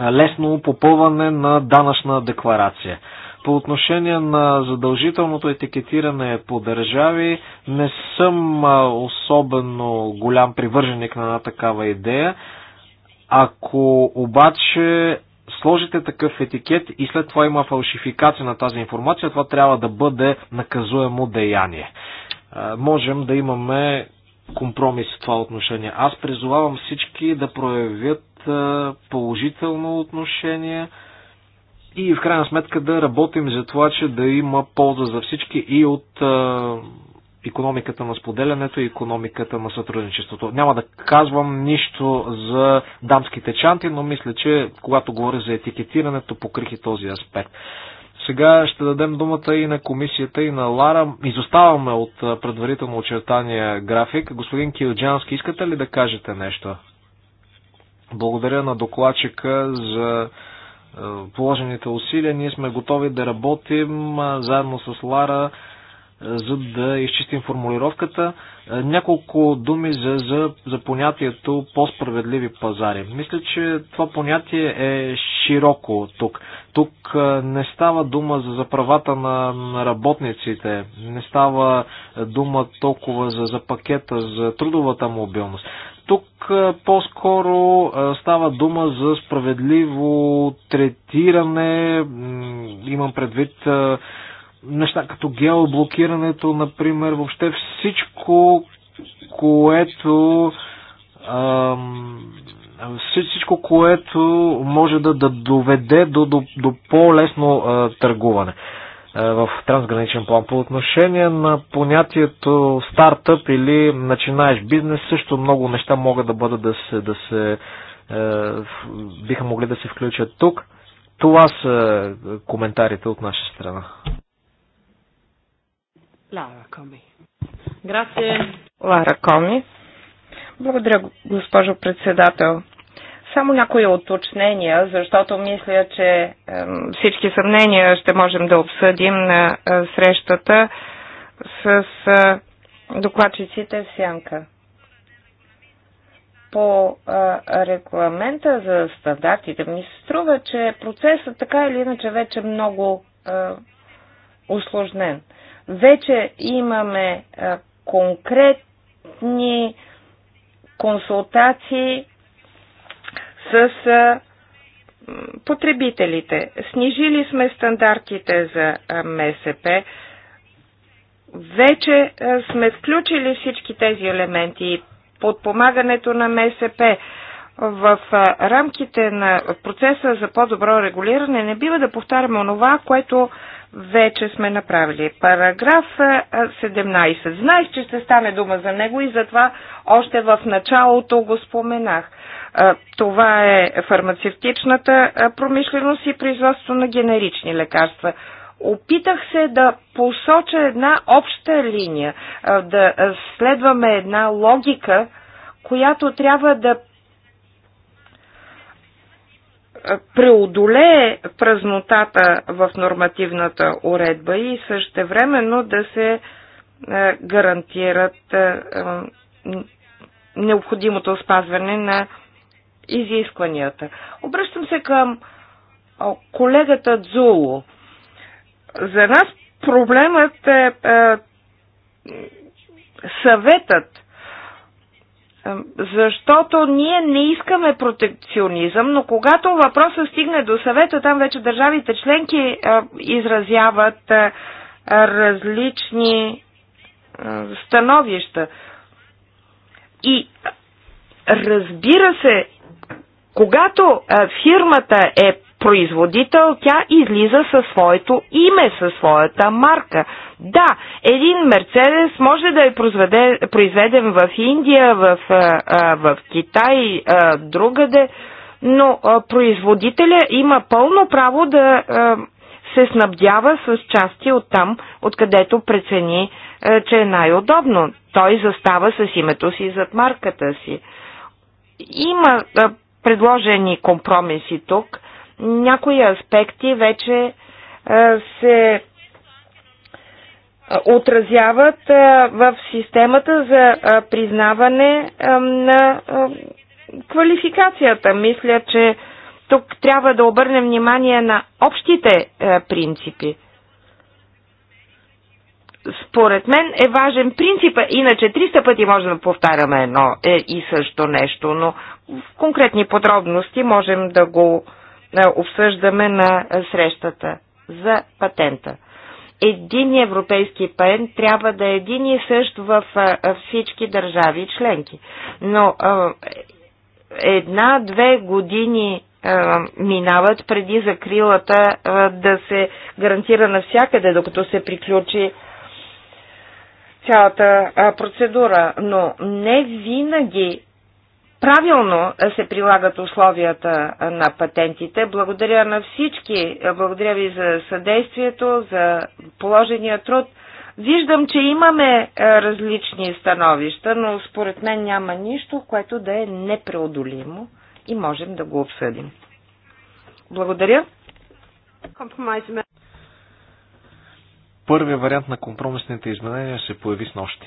лесно попълване на данъчна декларация. По отношение на задължителното етикетиране по държави, не съм особено голям привърженик на една такава идея. Ако обаче сложите такъв етикет и след това има фалшификация на тази информация, това трябва да бъде наказуемо деяние. Можем да имаме компромис в това отношение. Аз призовавам всички да проявят положително отношение и в крайна сметка да работим за това, че да има полза за всички и от економиката на споделянето и економиката на сътрудничеството. Няма да казвам нищо за дамските чанти, но мисля, че когато говоря за етикетирането, покрихи този аспект. Сега ще дадем думата и на комисията, и на Лара. Изоставаме от предварително очертания график. Господин Килджански, искате ли да кажете нещо? Благодаря на докладчика за е, положените усилия. Ние сме готови да работим е, заедно с Лара, е, за да изчистим формулировката. Няколко думи за, за, за понятието по-справедливи пазари. Мисля, че това понятие е широко тук. Тук не става дума за, за правата на, на работниците, не става дума толкова за, за пакета, за трудовата мобилност. Тук по-скоро става дума за справедливо третиране, имам предвид неща като геоблокирането, например, въобще всичко, което всичко, което може да, да доведе до, до, до по-лесно търгуване. Е, в трансграничен план. По отношение на понятието стартъп или начинаеш бизнес, също много неща могат да бъдат да се, да се е, биха могли да се включат тук. Това са коментарите от наша страна. Лара Коми. Грация. Лара Коми. Благодаря, госпожо председател. Само някои уточнения, защото мисля, че всички съмнения ще можем да обсъдим на е, срещата с е, докладчиците в Сянка. По е, регламента за стандартите ми се струва, че процесът така или иначе вече много усложнен. Вече имаме конкретни консултации с потребителите. Снижили сме стандартите за МСП. Вече сме включили всички тези елементи и подпомагането на МСП в рамките на процеса за по-добро регулиране не бива да повтаряме онова, което вече сме направили. Параграф 17. Знаех, че ще стане дума за него и затова още в началото го споменах. Това е фармацевтичната промишленост и производство на генерични лекарства. Опитах се да посоча една обща линия, да следваме една логика, която трябва да преодолее празнотата в нормативната уредба и същевременно да се е, гарантират е, е, необходимото спазване на изискванията. Обръщам се към колегата Дзуло. За нас проблемът е съветът защото ние не искаме протекционизъм, но когато въпросът стигне до съвета, там вече държавите членки изразяват различни становища. И разбира се, когато фирмата е производител, тя излиза със своето име, със своята марка. Да, един Мерцедес може да е произведен в Индия, в, в Китай, другаде, но производителя има пълно право да се снабдява с части от там, откъдето прецени, че е най-удобно. Той застава с името си зад марката си. Има предложени компромиси тук – някои аспекти вече е, се е, отразяват е, в системата за признаване на квалификацията. Мисля, че тук трябва да обърнем внимание на общите принципи. Според мен е важен принцип, иначе 300 пъти може да повтаряме едно и също нещо, но в конкретни подробности можем да го е, обсъждаме на е, срещата за патента. Един европейски патент трябва да е един и същ в е, всички държави членки. Но една-две години минават преди закрилата да се гарантира навсякъде, докато се приключи цялата процедура. Но не винаги правилно се прилагат условията на патентите. Благодаря на всички. Благодаря ви за съдействието, за положения труд. Виждам, че имаме е, различни становища, но според мен няма нищо, което да е непреодолимо и можем да го обсъдим. Благодаря. Първият вариант на компромисните изменения се появи с нощи.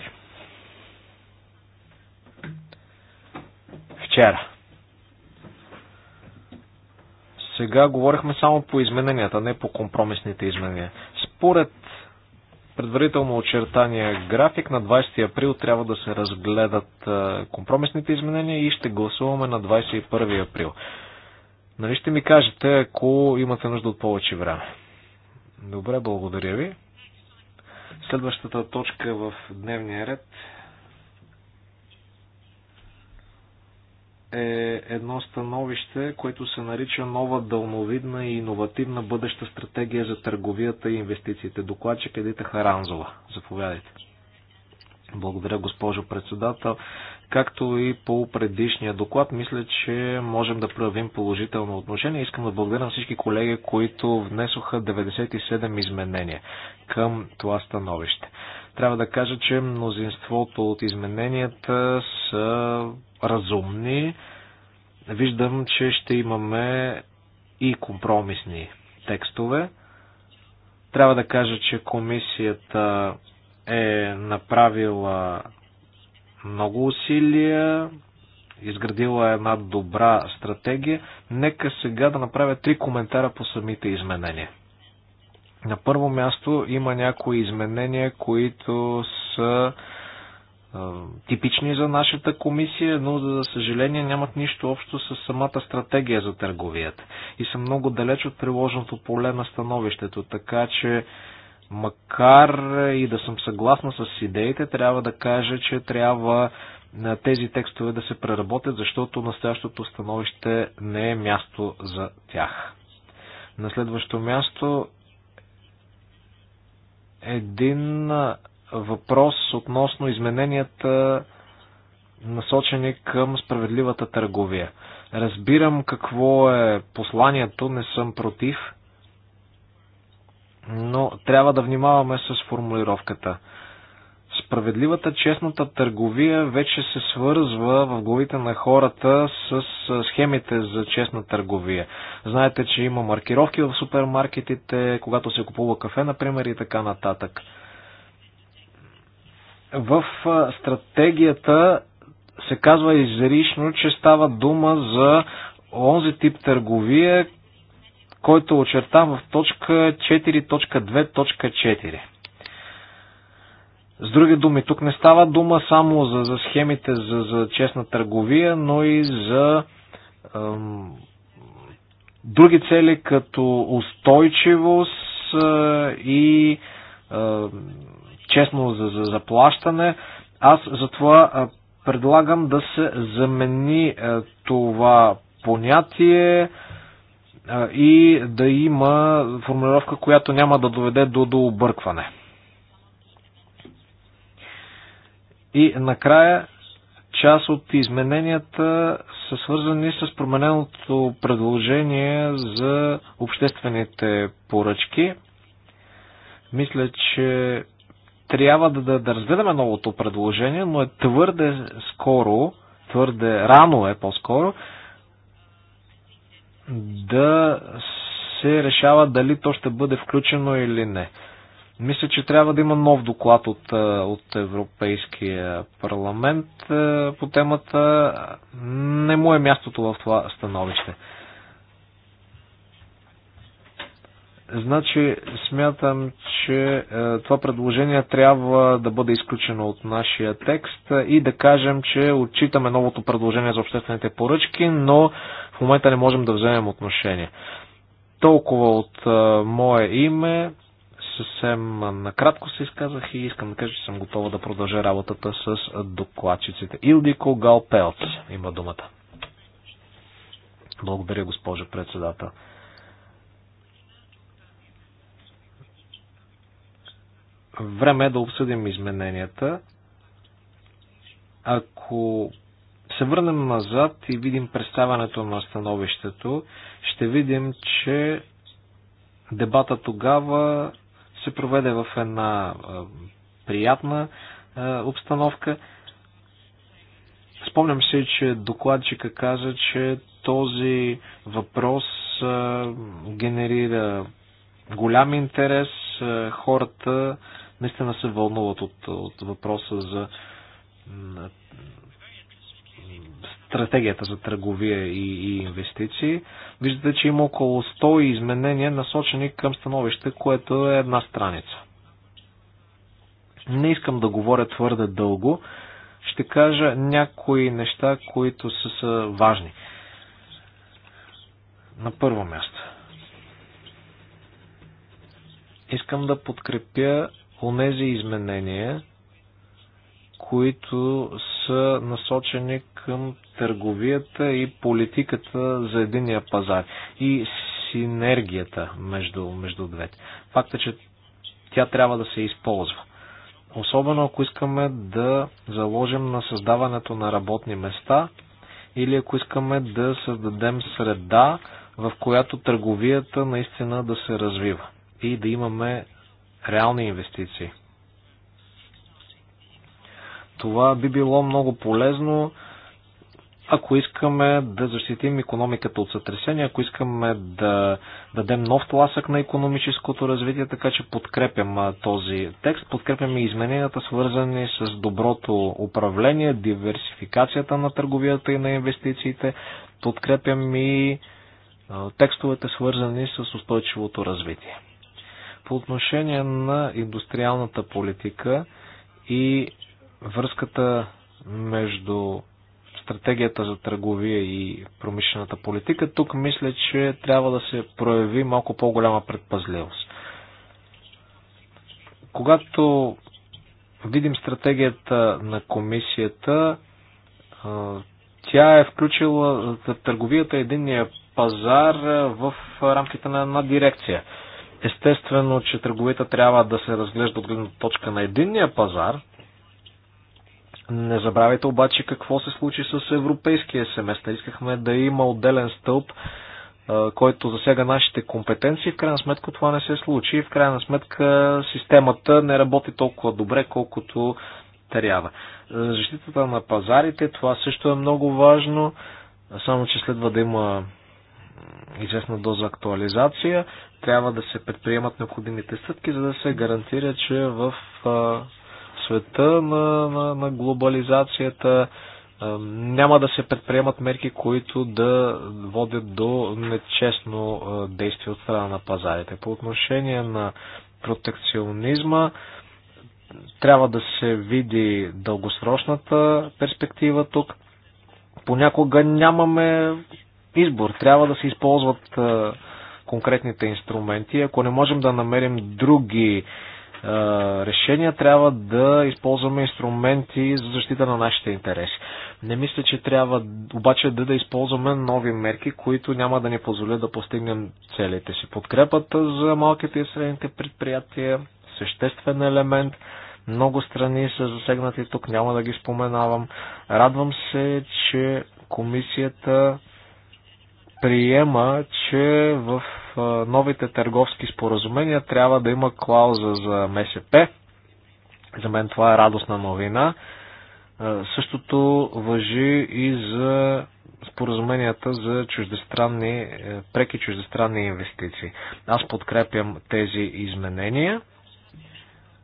вчера. Сега говорихме само по измененията, не по компромисните изменения. Според предварително очертания график на 20 април трябва да се разгледат компромисните изменения и ще гласуваме на 21 април. Нали ще ми кажете, ако имате нужда от повече време? Добре, благодаря ви. Следващата точка в дневния ред е едно становище, което се нарича нова дълновидна и иновативна бъдеща стратегия за търговията и инвестициите. Докладчик Едита Харанзова. Заповядайте. Благодаря, госпожо председател. Както и по предишния доклад, мисля, че можем да проявим положително отношение. Искам да благодаря на всички колеги, които внесоха 97 изменения към това становище. Трябва да кажа, че мнозинството от измененията са разумни. Виждам, че ще имаме и компромисни текстове. Трябва да кажа, че комисията е направила много усилия, изградила една добра стратегия. Нека сега да направя три коментара по самите изменения. На първо място има някои изменения, които са типични за нашата комисия, но за съжаление нямат нищо общо с самата стратегия за търговията. И са много далеч от приложеното поле на становището, така че макар и да съм съгласна с идеите, трябва да кажа, че трябва на тези текстове да се преработят, защото настоящото становище не е място за тях. На следващо място един въпрос относно измененията насочени към справедливата търговия. Разбирам какво е посланието, не съм против, но трябва да внимаваме с формулировката справедливата, честната търговия вече се свързва в главите на хората с схемите за честна търговия. Знаете, че има маркировки в супермаркетите, когато се купува кафе, например, и така нататък. В стратегията се казва изрично, че става дума за онзи тип търговия, който очертава в точка 4.2.4. С други думи, тук не става дума само за, за схемите за, за честна търговия, но и за ем, други цели като устойчивост е, и е, честно за, за заплащане. Аз затова е, предлагам да се замени е, това понятие е, и да има формулировка, която няма да доведе до, до объркване. И накрая, част от измененията са свързани с промененото предложение за обществените поръчки. Мисля, че трябва да, да, да разгледаме новото предложение, но е твърде скоро, твърде рано е по-скоро, да се решава дали то ще бъде включено или не. Мисля, че трябва да има нов доклад от, от Европейския парламент по темата. Не му е мястото в това становище. Значи, смятам, че е, това предложение трябва да бъде изключено от нашия текст и да кажем, че отчитаме новото предложение за обществените поръчки, но в момента не можем да вземем отношение. Толкова от е, мое име съвсем накратко се изказах и искам да кажа, че съм готова да продължа работата с докладчиците. Илдико Галпелц има думата. Благодаря, госпожо председател. Време е да обсъдим измененията. Ако се върнем назад и видим представянето на становището, ще видим, че дебата тогава се проведе в една приятна обстановка. Спомням се, че докладчика каза, че този въпрос генерира голям интерес. Хората наистина се вълнуват от, от въпроса за стратегията за търговия и, и инвестиции. Виждате, че има около 100 изменения насочени към становище, което е една страница. Не искам да говоря твърде дълго. Ще кажа някои неща, които са, са важни. На първо място. Искам да подкрепя онези изменения, които са насочени към търговията и политиката за единия пазар и синергията между, между двете. Факта, е, че тя трябва да се използва. Особено ако искаме да заложим на създаването на работни места или ако искаме да създадем среда, в която търговията наистина да се развива и да имаме реални инвестиции. Това би било много полезно ако искаме да защитим економиката от сътресения, ако искаме да дадем нов тласък на економическото развитие, така че подкрепям този текст, подкрепям и измененията свързани с доброто управление, диверсификацията на търговията и на инвестициите, подкрепям и текстовете свързани с устойчивото развитие. По отношение на индустриалната политика и връзката между стратегията за търговия и промишлената политика, тук мисля, че трябва да се прояви малко по-голяма предпазливост. Когато видим стратегията на комисията, тя е включила търговията единния пазар в рамките на една дирекция. Естествено, че търговията трябва да се разглежда от гледна точка на единния пазар, не забравяйте обаче какво се случи с европейския семестър. Искахме да има отделен стълб, който засяга нашите компетенции. В крайна сметка това не се случи. В крайна сметка системата не работи толкова добре, колкото трябва. Защитата на пазарите, това също е много важно, само че следва да има известна доза актуализация. Трябва да се предприемат необходимите стъпки, за да се гарантира, че в света на, на, на глобализацията. Няма да се предприемат мерки, които да водят до нечестно действие от страна на пазарите. По отношение на протекционизма, трябва да се види дългосрочната перспектива тук. Понякога нямаме избор. Трябва да се използват конкретните инструменти. Ако не можем да намерим други решения, трябва да използваме инструменти за защита на нашите интереси. Не мисля, че трябва обаче да, да използваме нови мерки, които няма да ни позволят да постигнем целите си. Подкрепата за малките и средните предприятия, е съществен елемент, много страни са засегнати тук, няма да ги споменавам. Радвам се, че комисията приема, че в новите търговски споразумения трябва да има клауза за МСП. За мен това е радостна новина. Същото въжи и за споразуменията за чуждестранни, е, преки чуждестранни инвестиции. Аз подкрепям тези изменения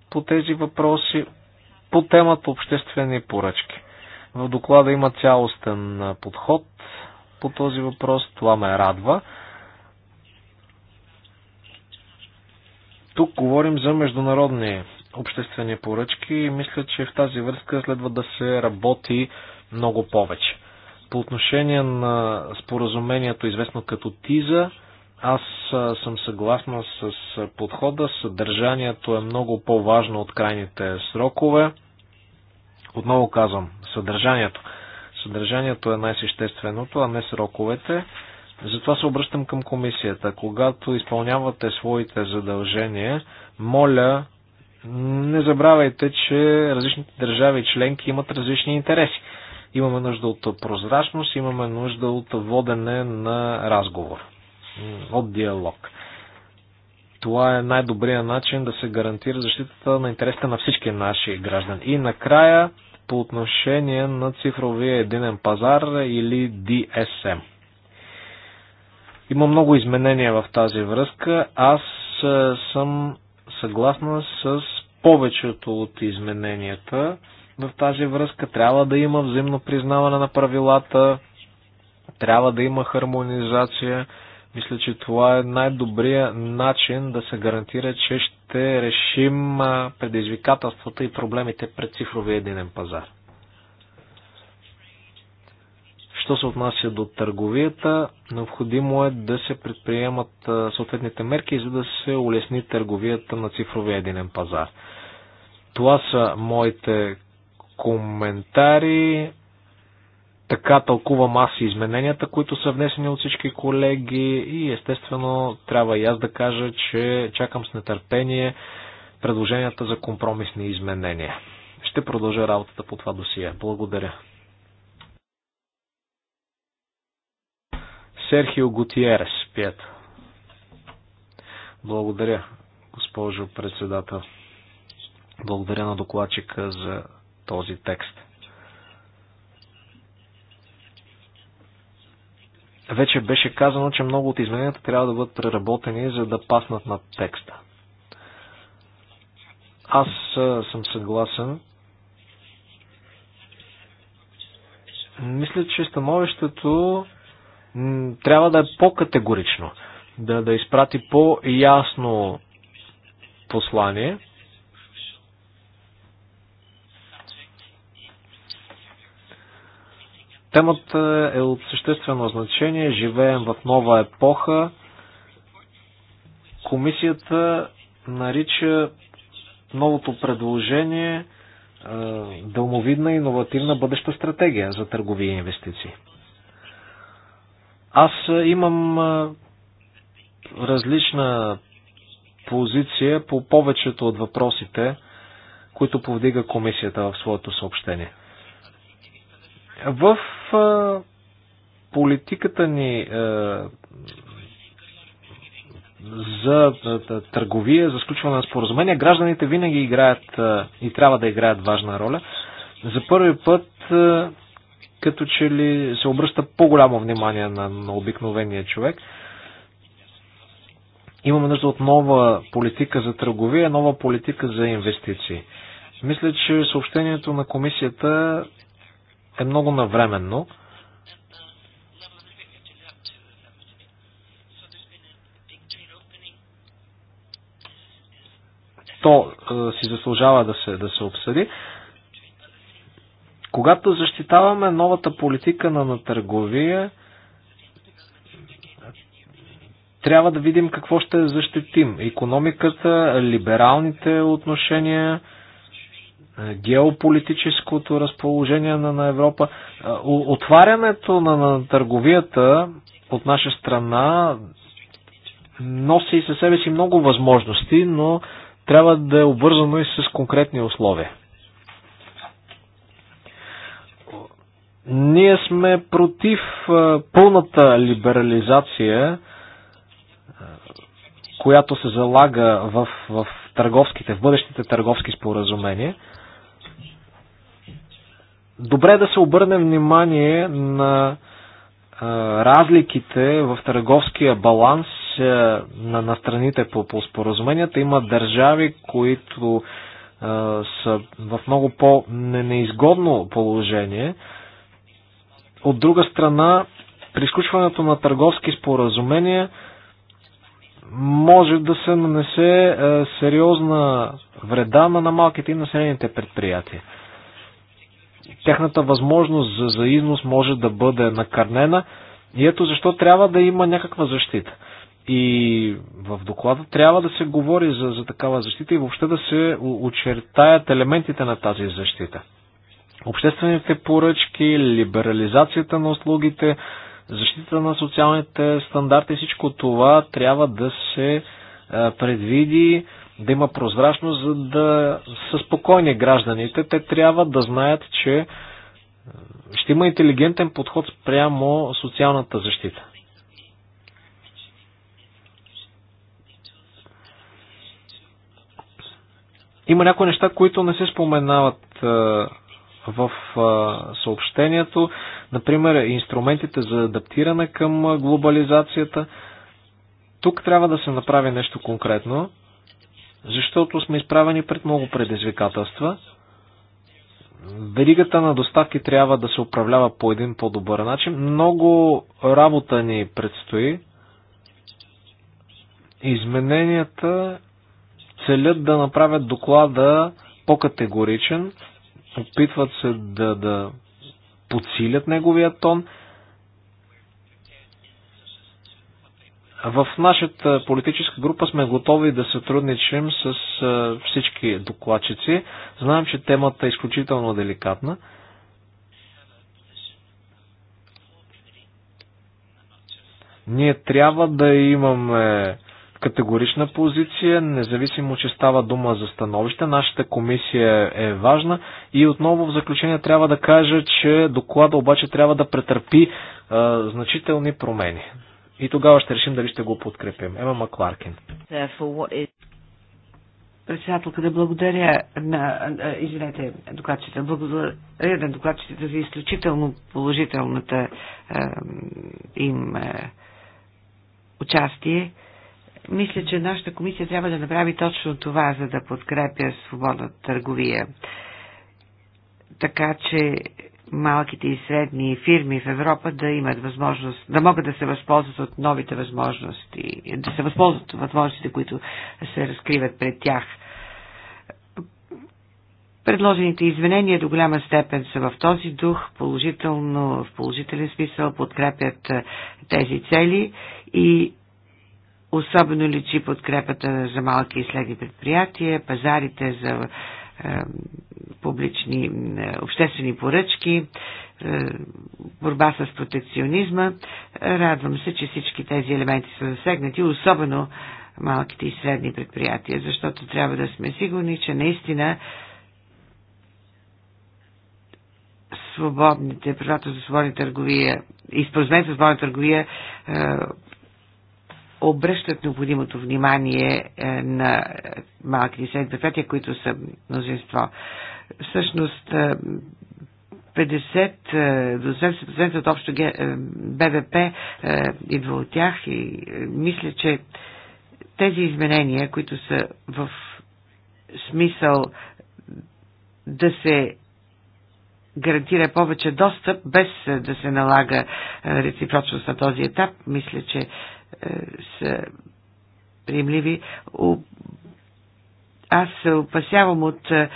по тези въпроси, по темата обществени поръчки. В доклада има цялостен подход по този въпрос, това ме радва. Тук говорим за международни обществени поръчки и мисля, че в тази връзка следва да се работи много повече. По отношение на споразумението, известно като ТИЗА, аз съм съгласна с подхода. Съдържанието е много по-важно от крайните срокове. Отново казвам, съдържанието. Съдържанието е най-същественото, а не сроковете. Затова се обръщам към комисията. Когато изпълнявате своите задължения, моля, не забравяйте, че различните държави и членки имат различни интереси. Имаме нужда от прозрачност, имаме нужда от водене на разговор, от диалог. Това е най-добрият начин да се гарантира защитата на интересите на всички наши граждани. И накрая, по отношение на цифровия единен пазар или DSM. Има много изменения в тази връзка. Аз е, съм съгласна с повечето от измененията в тази връзка. Трябва да има взаимно признаване на правилата, трябва да има хармонизация. Мисля, че това е най-добрият начин да се гарантира, че ще решим е, предизвикателствата и проблемите пред цифровия единен пазар. Що се отнася до търговията, необходимо е да се предприемат съответните мерки, за да се улесни търговията на цифровия единен пазар. Това са моите коментари. Така тълкувам аз и измененията, които са внесени от всички колеги и естествено трябва и аз да кажа, че чакам с нетърпение предложенията за компромисни изменения. Ще продължа работата по това досие. Благодаря. Серхио Гутиерес, пият. Благодаря, госпожо председател. Благодаря на докладчика за този текст. Вече беше казано, че много от измененията трябва да бъдат преработени, за да паснат на текста. Аз съм съгласен. Мисля, че становището трябва да е по-категорично, да, да изпрати по-ясно послание. Темата е от съществено значение. Живеем в нова епоха. Комисията нарича новото предложение дълмовидна иновативна бъдеща стратегия за търговия и инвестиции. Аз имам различна позиция по повечето от въпросите, които повдига комисията в своето съобщение. В политиката ни за търговия, за сключване на споразумения, гражданите винаги играят и трябва да играят важна роля. За първи път като че ли се обръща по-голямо внимание на, на обикновения човек. Имаме нужда от нова политика за търговия, нова политика за инвестиции. Мисля, че съобщението на комисията е много навременно. То е, си заслужава да се, да се обсъди. Когато защитаваме новата политика на, търговия, трябва да видим какво ще защитим. Економиката, либералните отношения, геополитическото разположение на, Европа. Отварянето на, на търговията от наша страна носи със себе си много възможности, но трябва да е обвързано и с конкретни условия. Ние сме против пълната либерализация, която се залага в, в търговските, в бъдещите търговски споразумения. Добре е да се обърне внимание на разликите в търговския баланс на, на страните по, по споразуменията. Има държави, които са в много по-неизгодно положение. От друга страна, при изключването на търговски споразумения може да се нанесе е, сериозна вреда на малките и населените предприятия. Тяхната възможност за, за износ може да бъде накърнена и ето защо трябва да има някаква защита. И в доклада трябва да се говори за, за такава защита и въобще да се очертаят елементите на тази защита обществените поръчки, либерализацията на услугите, защита на социалните стандарти, всичко това трябва да се е, предвиди, да има прозрачност, за да са спокойни гражданите. Те трябва да знаят, че е, ще има интелигентен подход спрямо социалната защита. Има някои неща, които не се споменават е, в съобщението, например инструментите за адаптиране към глобализацията. Тук трябва да се направи нещо конкретно, защото сме изправени пред много предизвикателства. Веригата на доставки трябва да се управлява по един по-добър начин. Много работа ни предстои. Измененията целят да направят доклада по-категоричен, опитват се да, да подсилят неговия тон. В нашата политическа група сме готови да сътрудничим с всички докладчици. Знаем, че темата е изключително деликатна. Ние трябва да имаме категорична позиция, независимо, че става дума за становище. Нашата комисия е важна и отново в заключение трябва да кажа, че доклада обаче трябва да претърпи а, значителни промени. И тогава ще решим дали ще го подкрепим. Ема Макларкин. Председателка, да благодаря на, извинете, докладчета, благодаря на докладчета за изключително положителната им е, участие. Мисля, че нашата комисия трябва да направи точно това, за да подкрепя свободна търговия. Така че малките и средни фирми в Европа да имат възможност, да могат да се възползват от новите възможности, да се възползват от възможностите, които се разкриват пред тях. Предложените изменения до голяма степен са в този дух, положително, в положителен смисъл подкрепят тези цели и Особено личи подкрепата за малки и средни предприятия, пазарите за е, публични е, обществени поръчки, е, борба с протекционизма. Радвам се, че всички тези елементи са засегнати, особено малките и средни предприятия, защото трябва да сме сигурни, че наистина свободните, правата за свободна търговия и за свободна търговия е, обръщат необходимото внимание е, на малките и средни предприятия, които са мнозинство. Всъщност, 50 е, е, до 70% от общо БВП идва от тях и мисля, че тези изменения, които са в смисъл да се гарантира повече достъп, без да се налага реципрочност на този етап, мисля, че са приемливи. Аз се опасявам от е, е,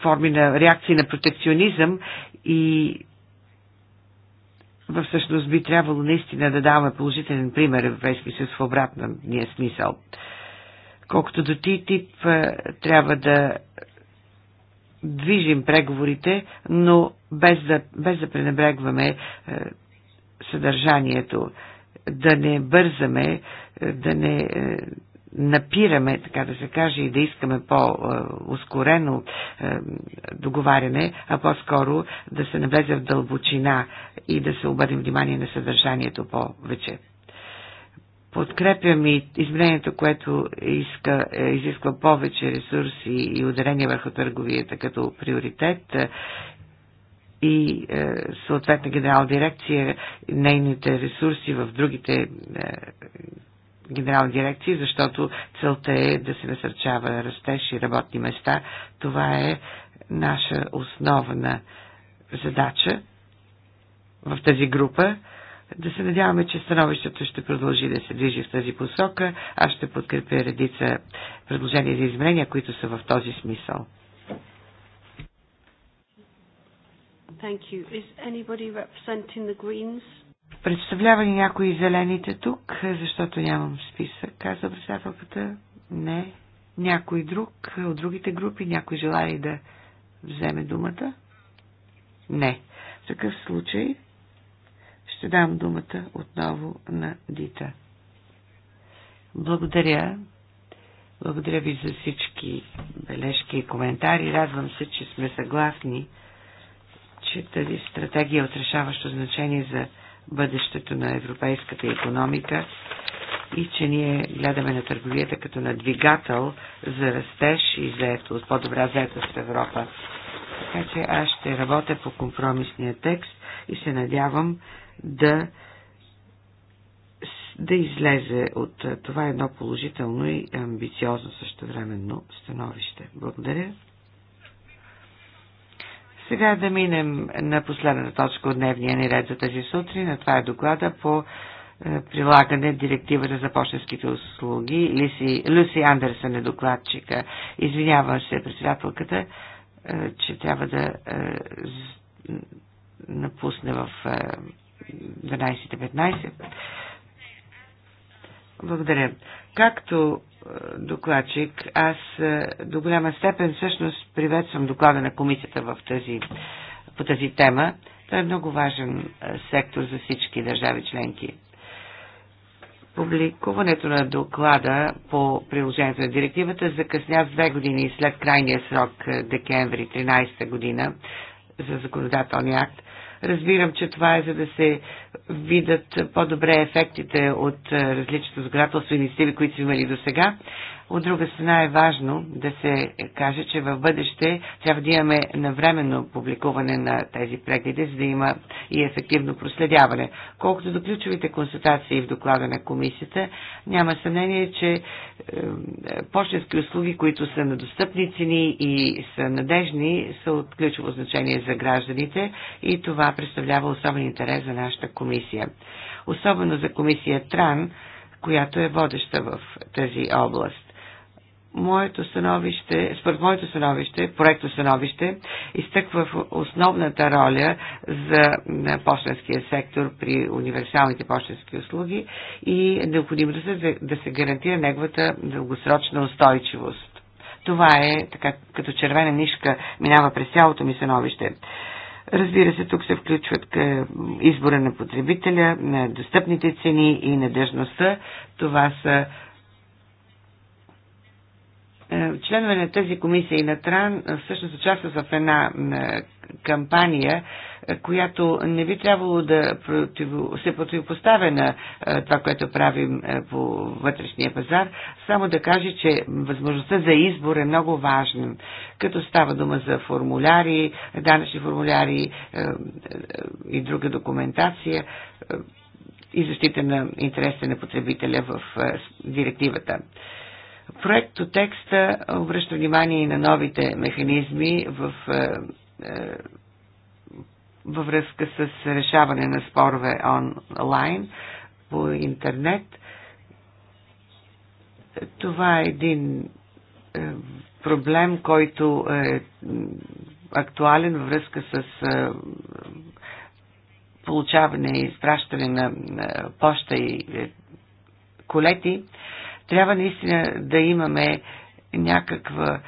форми на реакции на протекционизъм и всъщност би трябвало наистина да даваме положителен пример Европейски съюз в ние смисъл. Колкото до тип е, трябва да движим преговорите, но без да, без да пренебрегваме е, съдържанието, да не бързаме, да не е, напираме, така да се каже, и да искаме по-ускорено е, договаряне, а по-скоро да се навлезе в дълбочина и да се обърнем внимание на съдържанието повече. Подкрепям и изменението, което иска, е, изисква повече ресурси и ударение върху търговията като приоритет и е, съответна генерал дирекция, нейните ресурси в другите е, генерални дирекции, защото целта е да се насърчава растеж и работни места. Това е наша основна задача в тази група. Да се надяваме, че становището ще продължи да се движи в тази посока. Аз ще подкрепя редица предложения за изменения, които са в този смисъл. Thank you. Is anybody representing the Greens? Представлява ли някои зелените тук, защото нямам списък, каза председателката? Не. Някой друг от другите групи, някой желая да вземе думата? Не. В такъв случай ще дам думата отново на Дита. Благодаря. Благодаря ви за всички бележки и коментари. Радвам се, че сме съгласни че тази стратегия е от решаващо значение за бъдещето на европейската економика и че ние гледаме на търговията като на двигател за растеж и заетост, по-добра заетост в Европа. Така че аз ще работя по компромисния текст и се надявам да да излезе от това едно положително и амбициозно същевременно становище. Благодаря. Сега да минем на последната точка от дневния ни ред за тази сутрин, това е доклада по е, прилагане директивата за почтенските услуги. Лиси, Люси Андерсън е докладчика. Извинявам се, председателката, е, че трябва да е, напусне в 12.15. Благодаря. Както докладчик. Аз е, до голяма степен всъщност приветствам доклада на комисията в тази, по тази тема. Той е много важен е, сектор за всички държави членки. Публикуването на доклада по приложението на директивата закъсня с две години след крайния срок е, декември 13 година за законодателния акт, Разбирам, че това е за да се видят по-добре ефектите от различното законодателство и инициативи, които са имали до сега. От друга страна е важно да се каже, че в бъдеще трябва да имаме навременно публикуване на тези прегледи, за да има и ефективно проследяване. Колкото до ключовите консултации в доклада на комисията, няма съмнение, че е, почтенски услуги, които са на достъпни цени и са надежни, са от ключово значение за гражданите и това представлява особен интерес за нашата комисия. Особено за комисия ТРАН, която е водеща в тази област моето становище, според моето становище, проекто становище, изтъква в основната роля за почтенския сектор при универсалните почтенски услуги и е необходимостта да, да се гарантира неговата дългосрочна устойчивост. Това е, така като червена нишка, минава през цялото ми становище. Разбира се, тук се включват е, избора на потребителя, на достъпните цени и надежността. Това са е, членове на тази комисия и на Тран е, всъщност участват в една е, кампания, която не би трябвало да се противопоставя на това, което правим по вътрешния пазар, само да каже, че възможността за избор е много важна, като става дума за формуляри, данъчни формуляри и друга документация и защита на интересите на потребителя в директивата. Проекто текста обръща внимание и на новите механизми в, е, е, във връзка с решаване на спорове онлайн по интернет. Това е един е, проблем, който е актуален във връзка с получаване и изпращане на поща и колети. Трябва наистина да имаме някаква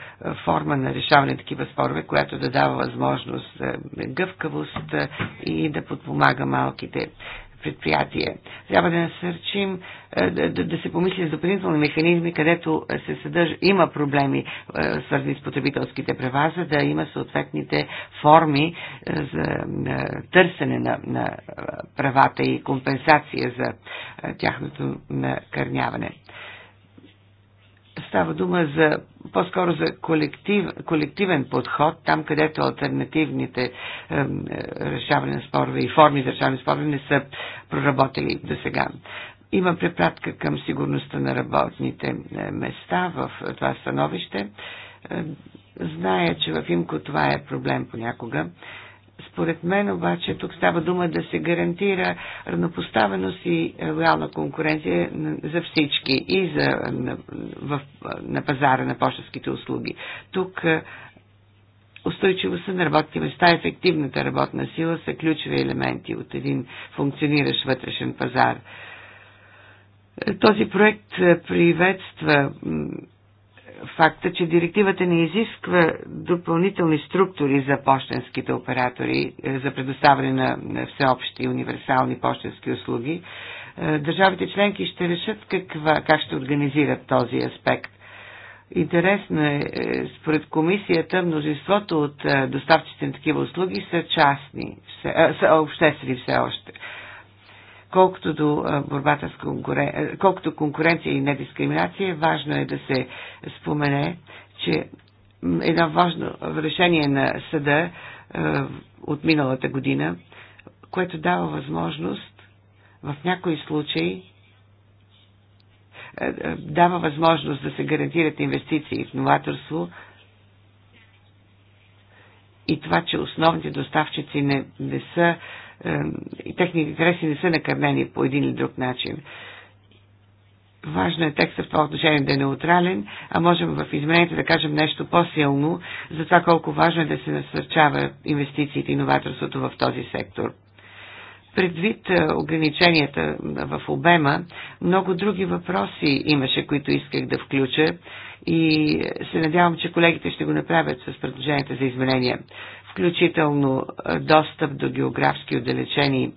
форма на решаване на такива спорове, която да дава възможност за е, гъвкавост е, и да подпомага малките предприятия. Трябва да насърчим е, да, да, да се помисли за допълнителни механизми, където се съдържа, има проблеми, свързани с потребителските права, за да има съответните форми за търсене на, на правата и компенсация за тяхното накърняване. Става дума за по-скоро за колектив, колективен подход, там където альтернативните е, решаване на спорове и форми за решаване на спорове не са проработили до сега. Има препратка към сигурността на работните е, места в това становище. Е, зная, че в Имко това е проблем понякога. Според мен обаче тук става дума да се гарантира равнопоставеност и реална конкуренция за всички и за, на, в, на пазара на почтовските услуги. Тук е, устойчивостта на работните места, ефективната работна сила са ключови елементи от един функциониращ вътрешен пазар. Е, този проект е, приветства факта, че директивата не изисква допълнителни структури за почтенските оператори е, за предоставяне на всеобщи и универсални почтенски услуги. Е, държавите членки ще решат каква, как ще организират този аспект. Интересно е, е според комисията, множеството от доставчите на такива услуги са частни, са, са обществени все още. Колкото до борбата с конкурен... Е, колкото конкуренция и недискриминация, важно е да се спомене, че едно важно решение на съда е, от миналата година, което дава възможност в някои случаи е, дава възможност да се гарантират инвестиции в новаторство и това, че основните доставчици не, не са и техните интереси не са накърнени по един или друг начин. Важно е текстът в това отношение да е неутрален, а можем в изменението да кажем нещо по-силно за това колко важно е да се насърчава инвестициите и новаторството в този сектор. Предвид е, ограниченията в обема, много други въпроси имаше, които исках да включа и се надявам, че колегите ще го направят с предложенията за изменения включително достъп до географски отдалечени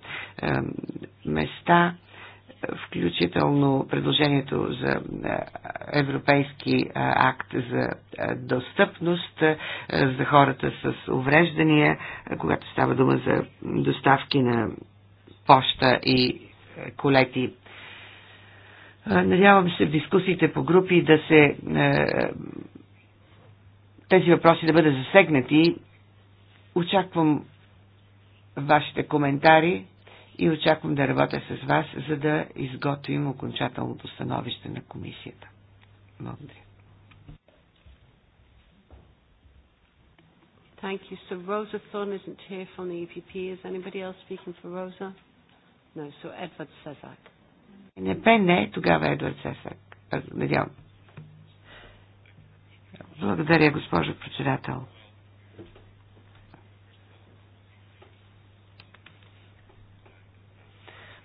места, включително предложението за европейски акт за достъпност за хората с увреждания, когато става дума за доставки на поща и колети. Надявам се в дискусиите по групи да се тези въпроси да бъдат засегнати Очаквам вашите коментари и очаквам да работя с вас, за да изготвим окончателното становище на комисията. Благодаря. Thank you. So Rosa Thorn isn't here from the EPP. Is anybody else speaking for Rosa? No, so Edward Sezak. Не, бе, не, тогава Едвард Сесак. Надявам. Е, Благодаря, госпожо председател.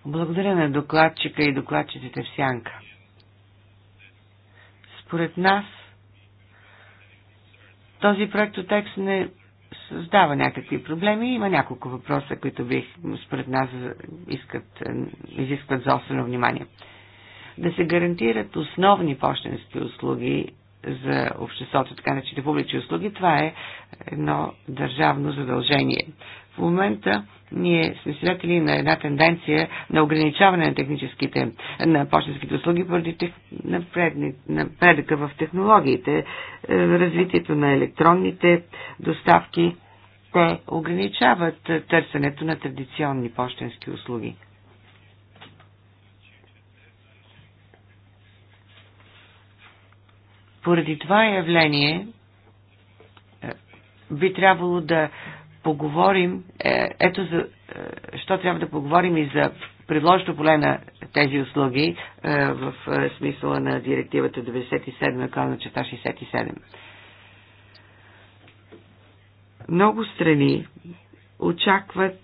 Благодаря на докладчика и докладчиците в сянка. Според нас този проект от текст не създава някакви проблеми. Има няколко въпроса, които бих, според нас, искат, изискват заострено внимание. Да се гарантират основни почтенски услуги за обществото, така начините публични услуги, това е едно държавно задължение. В момента ние сме свидетели на една тенденция на ограничаване на техническите, на почтенските услуги поради тех, напредъка в технологиите, е, развитието на електронните доставки. Те ограничават търсенето на традиционни почтенски услуги. Поради това явление е, би трябвало да поговорим, е, ето за, е, що трябва да поговорим и за предложено поле на тези услуги в смисъла на директивата 97, на чета 67. Много страни очакват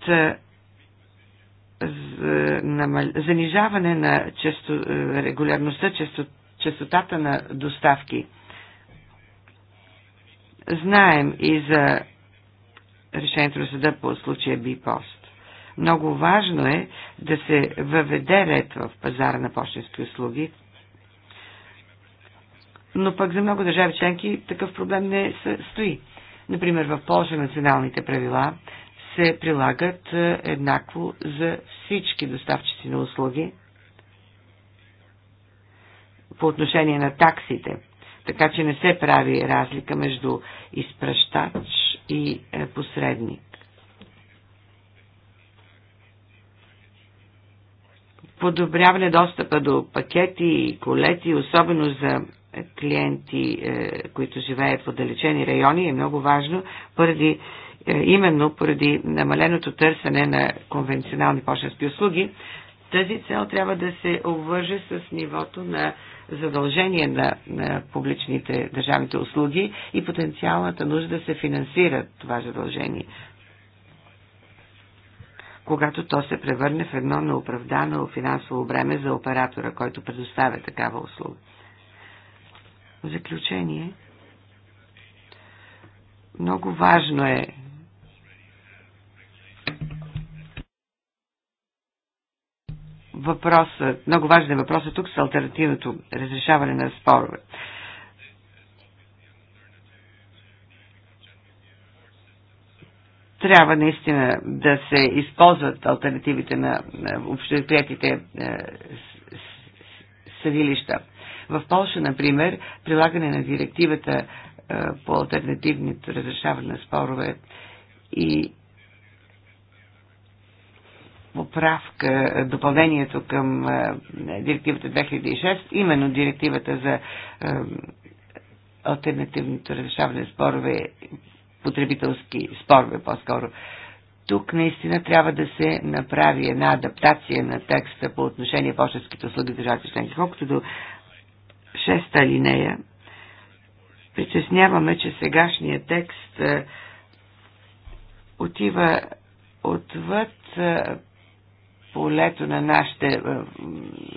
занижаване на често, регулярността, често, частотата на доставки. Знаем и за решението на съда по случая Бипост. Много важно е да се въведе ред в пазара на почтенски услуги, но пък за много държави членки такъв проблем не стои. Например, в Польша националните правила се прилагат е, еднакво за всички доставчици на услуги – по отношение на таксите. Така че не се прави разлика между изпращач и е, посредник. Подобряване достъпа до пакети и колети, особено за клиенти, е, които живеят в отдалечени райони, е много важно, поради, е, именно поради намаленото търсене на конвенционални почтенски услуги. Тази цел трябва да се обвърже с нивото на задължение на, на публичните държавните услуги и потенциалната нужда да се финансира това задължение когато то се превърне в едно неоправдано финансово бреме за оператора, който предоставя такава услуга. В заключение, много важно е въпроса, много важен е тук с альтернативното разрешаване на спорове. Трябва наистина да се използват альтернативите на общоприятите е, съдилища. В Польша, например, прилагане на директивата е, по альтернативното разрешаване на спорове и поправка, допълнението към е, директивата 2006, именно директивата за е, альтернативното разрешаване на спорове, потребителски спорове по-скоро. Тук наистина трябва да се направи една адаптация на текста по отношение почтенските услуги държавите членки. Колкото до шеста линея, притесняваме, че сегашният текст е, отива отвъд полето на нашите, е,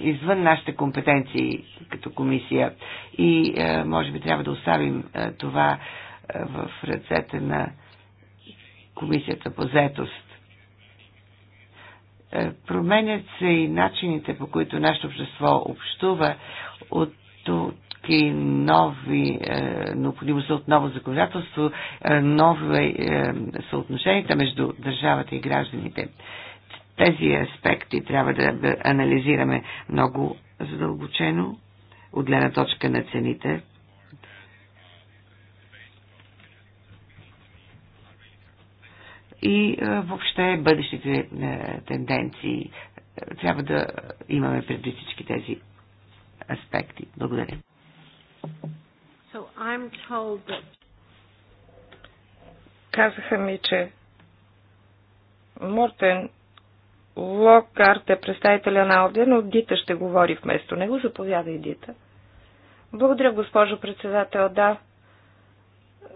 извън нашите компетенции като комисия и е, може би трябва да оставим е, това в ръцете на комисията по заетост. Променят се и начините, по които нашето общество общува от и нови, е, необходимост от ново законодателство, е, нови е, съотношенията между държавата и гражданите. Е, тези аспекти трябва да анализираме много задълбочено от гледна точка на цените. И въобще бъдещите тенденции. Трябва да имаме преди всички тези аспекти. Благодаря. So I'm told that... Казаха ми, че Мортен Локарт е представителя на Алдия, но Дита ще говори вместо него. Заповядай, Дита. Благодаря, госпожо председател. Да,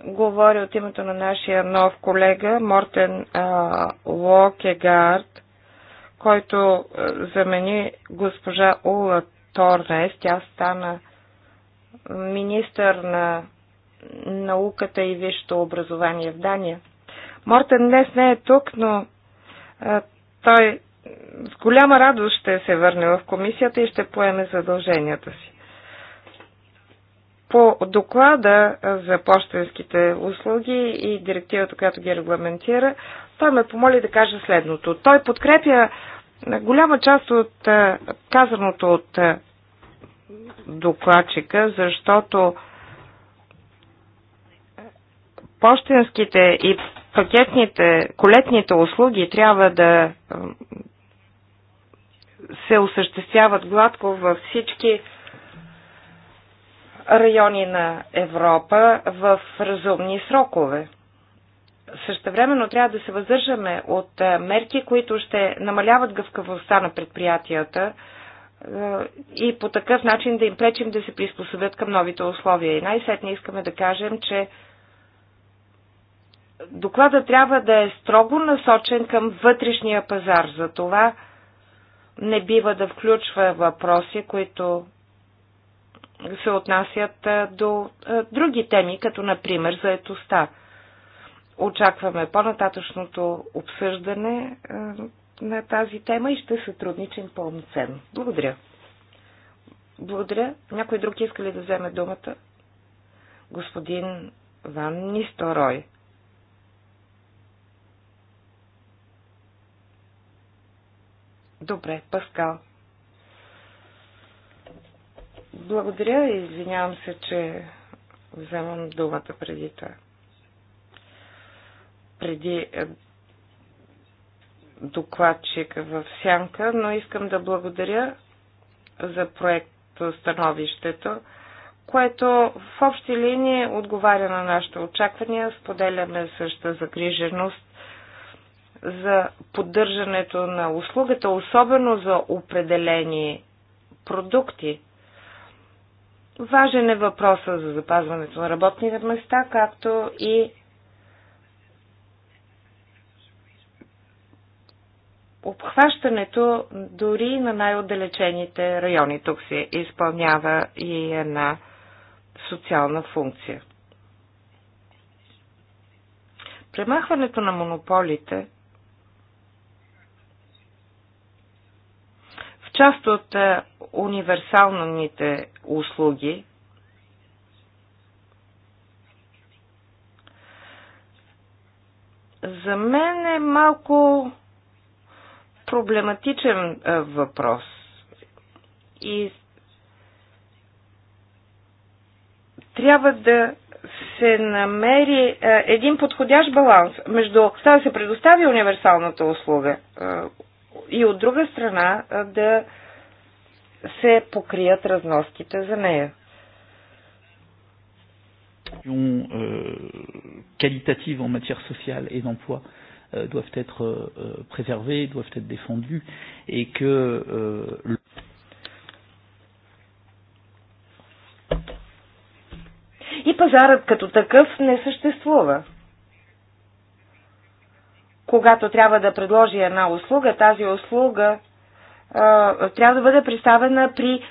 говоря от името на нашия нов колега Мортен а, Локегард, който замени госпожа Ула Торнес. Тя стана министър на науката и висшето образование в Дания. Мортен днес не е тук, но а, той с голяма радост ще се върне в комисията и ще поеме задълженията си. По доклада за почтенските услуги и директивата, която ги регламентира, той ме помоли да кажа следното. Той подкрепя голяма част от казаното от докладчика, защото почтенските и пакетните, колетните услуги трябва да се осъществяват гладко във всички райони на Европа в разумни срокове. Същевременно трябва да се въздържаме от мерки, които ще намаляват гъвкавостта на предприятията и по такъв начин да им пречим да се приспособят към новите условия. И най-сетне искаме да кажем, че доклада трябва да е строго насочен към вътрешния пазар. За това не бива да включва въпроси, които се отнасят до други теми, като например заетостта. Очакваме по-нататъчното обсъждане на тази тема и ще сътрудничим пълноценно. Благодаря. Благодаря. Някой друг иска ли да вземе думата? Господин Ван Нисторой. Добре, Паскал. Благодаря и извинявам се, че вземам думата преди това. Преди е, докладчика в сянка, но искам да благодаря за проект становището, което в общи линии отговаря на нашите очаквания. Споделяме същата загриженост за поддържането на услугата, особено за определени продукти. Важен е въпросът за запазването на работните места, както и обхващането дори на най-отдалечените райони. Тук се изпълнява и една социална функция. Премахването на монополите – Част от е, универсалните услуги за мен е малко проблематичен е, въпрос. И трябва да се намери е, един подходящ баланс между това да се предостави универсалната услуга и от друга страна да се покрият разноските за нея. qualitative en matière sociale et d'emploi euh, doivent être euh, préservées, doivent être défendues et que euh, le... И пазарът като такъв не съществува когато трябва да предложи една услуга, тази услуга а, трябва да бъде представена при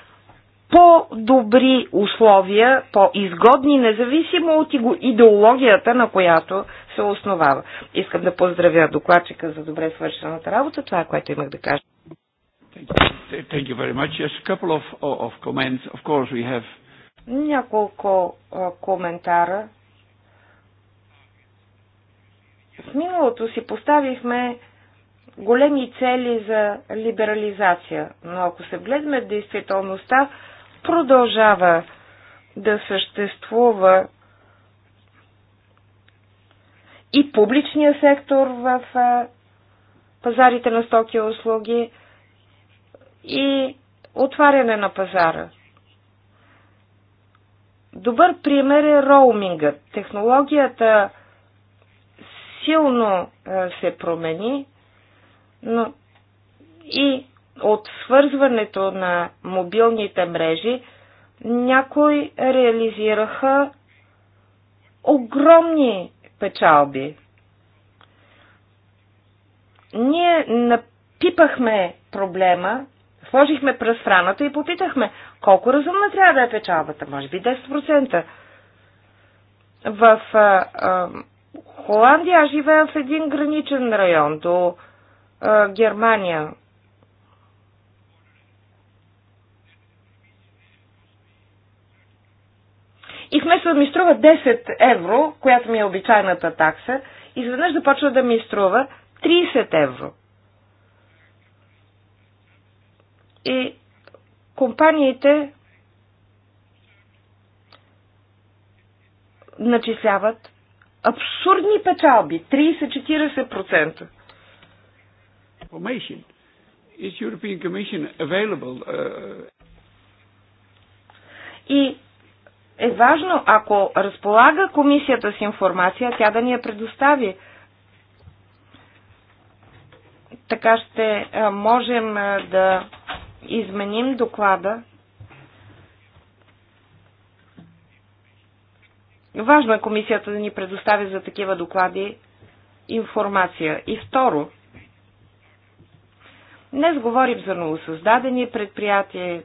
по-добри условия, по-изгодни, независимо от идеологията, на която се основава. Искам да поздравя докладчика за добре свършената работа. Това е което имах да кажа. Thank you very much. Yes, a couple of, of comments. Of course, we have... Няколко uh, коментара. В миналото си поставихме големи цели за либерализация, но ако се вгледаме в действителността, продължава да съществува и публичния сектор в пазарите на стоки и услуги и отваряне на пазара. Добър пример е роумингът. Технологията силно се промени, но и от свързването на мобилните мрежи някои реализираха огромни печалби. Ние напипахме проблема, сложихме през в и попитахме колко разумна трябва да е печалбата, може би 10%. В а, а, Холандия, аз живея в един граничен район до а, Германия. И вместо да ми струва 10 евро, която ми е обичайната такса, изведнъж започва да ми струва 30 евро. И компаниите начисляват абсурдни печалби 30-40%. Uh, И е важно, ако разполага комисията с информация, тя да ни я предостави. Така ще можем да изменим доклада Важно е комисията да ни предоставя за такива доклади информация. И второ, днес говорим за новосъздадени предприятия,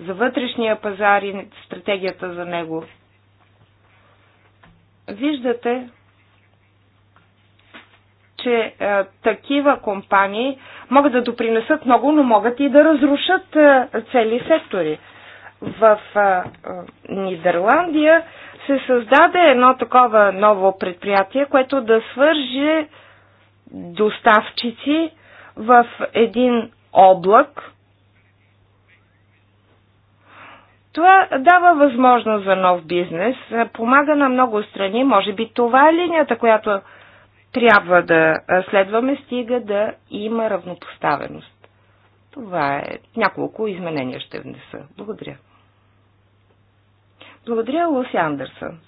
за вътрешния пазар и стратегията за него. Виждате, че е, такива компании могат да допринесат много, но могат и да разрушат е, цели сектори. В е, е, Нидерландия се създаде едно такова ново предприятие, което да свърже доставчици в един облак. Това дава възможност за нов бизнес, помага на много страни, може би това е линията, която трябва да следваме, стига да има равнопоставеност. Това е. Няколко изменения ще внеса. Благодаря. Благодаря, Лъс Андерсън.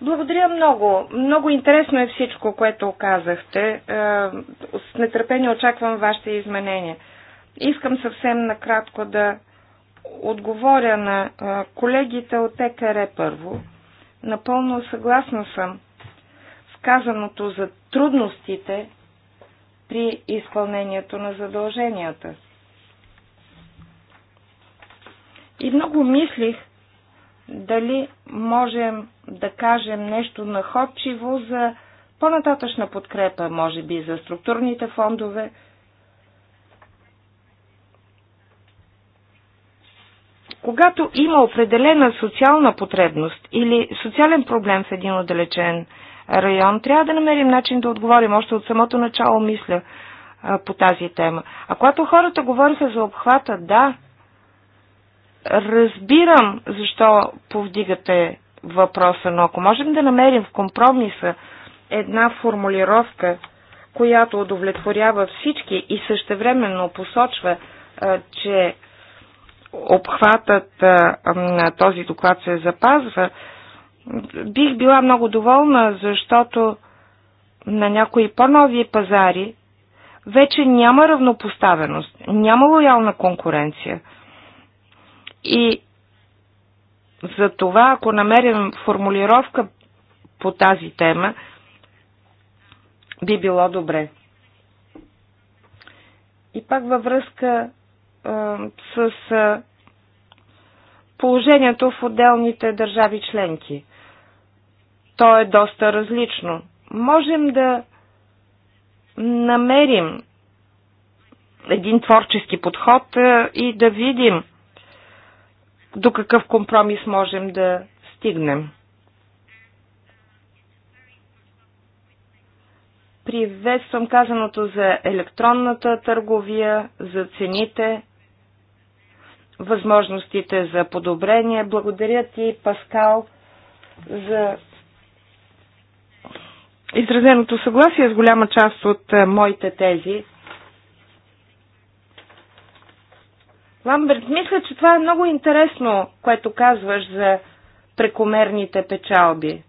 Благодаря много. Много интересно е всичко, което казахте. Е, с нетърпение очаквам вашите изменения. Искам съвсем накратко да отговоря на е, колегите от ЕКР първо. Напълно съгласна съм с казаното за трудностите при изпълнението на задълженията. И много мислих дали можем да кажем нещо находчиво за по-нататъчна подкрепа, може би за структурните фондове. Когато има определена социална потребност или социален проблем в един отдалечен район, трябва да намерим начин да отговорим. Още от самото начало мисля по тази тема. А когато хората говориха за обхвата, да, разбирам защо повдигате въпроса, но ако можем да намерим в компромиса една формулировка, която удовлетворява всички и същевременно посочва, че обхватът на този доклад се запазва, бих била много доволна, защото на някои по-нови пазари вече няма равнопоставеност, няма лоялна конкуренция – и за това, ако намерим формулировка по тази тема, би било добре. И пак във връзка с положението в отделните държави членки. То е доста различно. Можем да намерим един творчески подход и да видим до какъв компромис можем да стигнем. Приветствам казаното за електронната търговия, за цените, възможностите за подобрение. Благодаря ти, Паскал, за изразеното съгласие с голяма част от е, моите тези. Ламберт, мисля, че това е много интересно, което казваш за прекомерните печалби.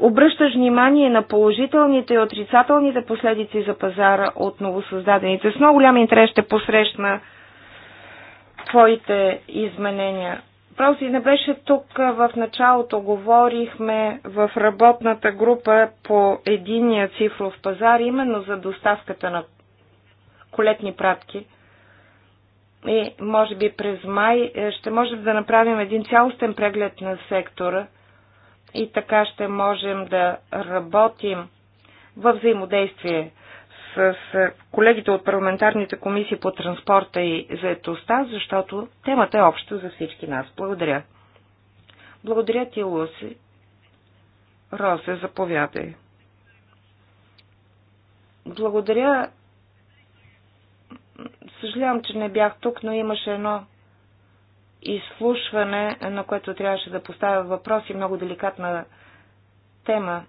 Обръщаш внимание на положителните и отрицателните последици за пазара от новосъздадените. С много голям интерес ще посрещна твоите изменения. и не беше тук в началото. Говорихме в работната група по единия цифров пазар, именно за доставката на колетни пратки – и може би през май е, ще можем да направим един цялостен преглед на сектора и така ще можем да работим във взаимодействие с колегите от парламентарните комисии по транспорта и заетостта, защото темата е обща за всички нас. Благодаря. Благодаря ти, Луси. Росе, заповядай. Благодаря Съжалявам, че не бях тук, но имаше едно изслушване, на което трябваше да поставя въпроси, много деликатна тема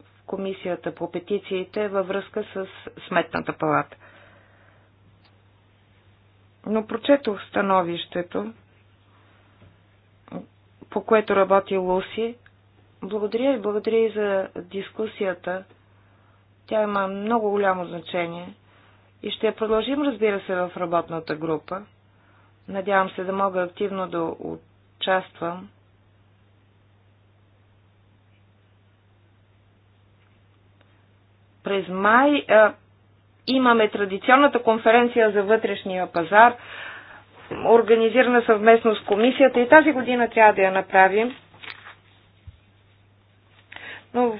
в Комисията по петициите във връзка с Сметната палата. Но прочетох становището, по което работи Луси. Благодаря и благодаря и за дискусията. Тя има много голямо значение. И ще продължим, разбира се, в работната група. Надявам се да мога активно да участвам през май а, имаме традиционната конференция за вътрешния пазар, организирана съвместно с комисията и тази година трябва да я направим. Но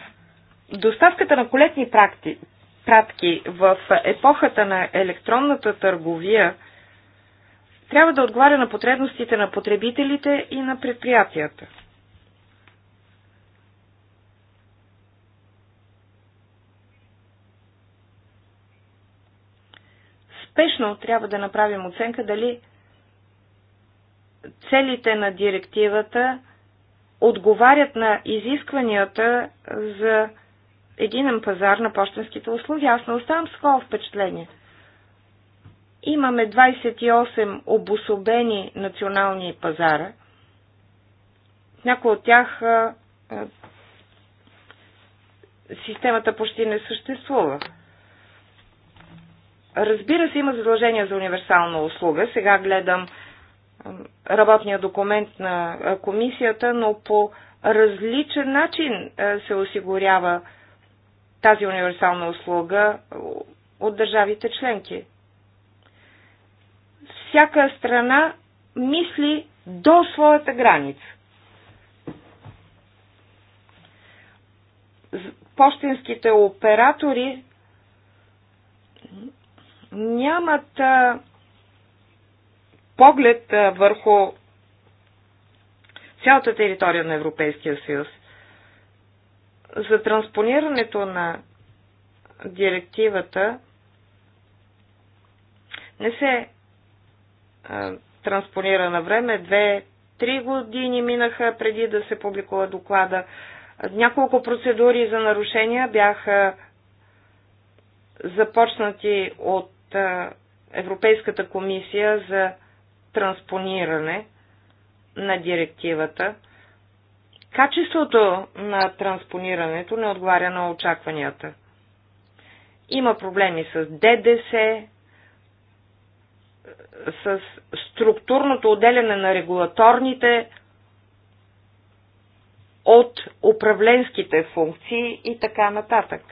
доставката на колетни практики пратки в епохата на електронната търговия трябва да отговаря на потребностите на потребителите и на предприятията. Спешно трябва да направим оценка дали целите на директивата отговарят на изискванията за единен пазар на почтенските услуги. Аз не оставам с такова впечатление. Имаме 28 обособени национални пазара. Някои от тях а, а, системата почти не съществува. Разбира се, има задължения за универсална услуга. Сега гледам работния документ на комисията, но по различен начин се осигурява тази универсална услуга от държавите членки. Всяка страна мисли до своята граница. Пощенските оператори нямат а, поглед а, върху цялата територия на Европейския съюз. За транспонирането на директивата не се а, транспонира на време. Две-три години минаха преди да се публикува доклада. Няколко процедури за нарушения бяха започнати от а, Европейската комисия за транспониране на директивата – Качеството на транспонирането не отговаря на очакванията. Има проблеми с ДДС, с структурното отделяне на регулаторните от управленските функции и така нататък.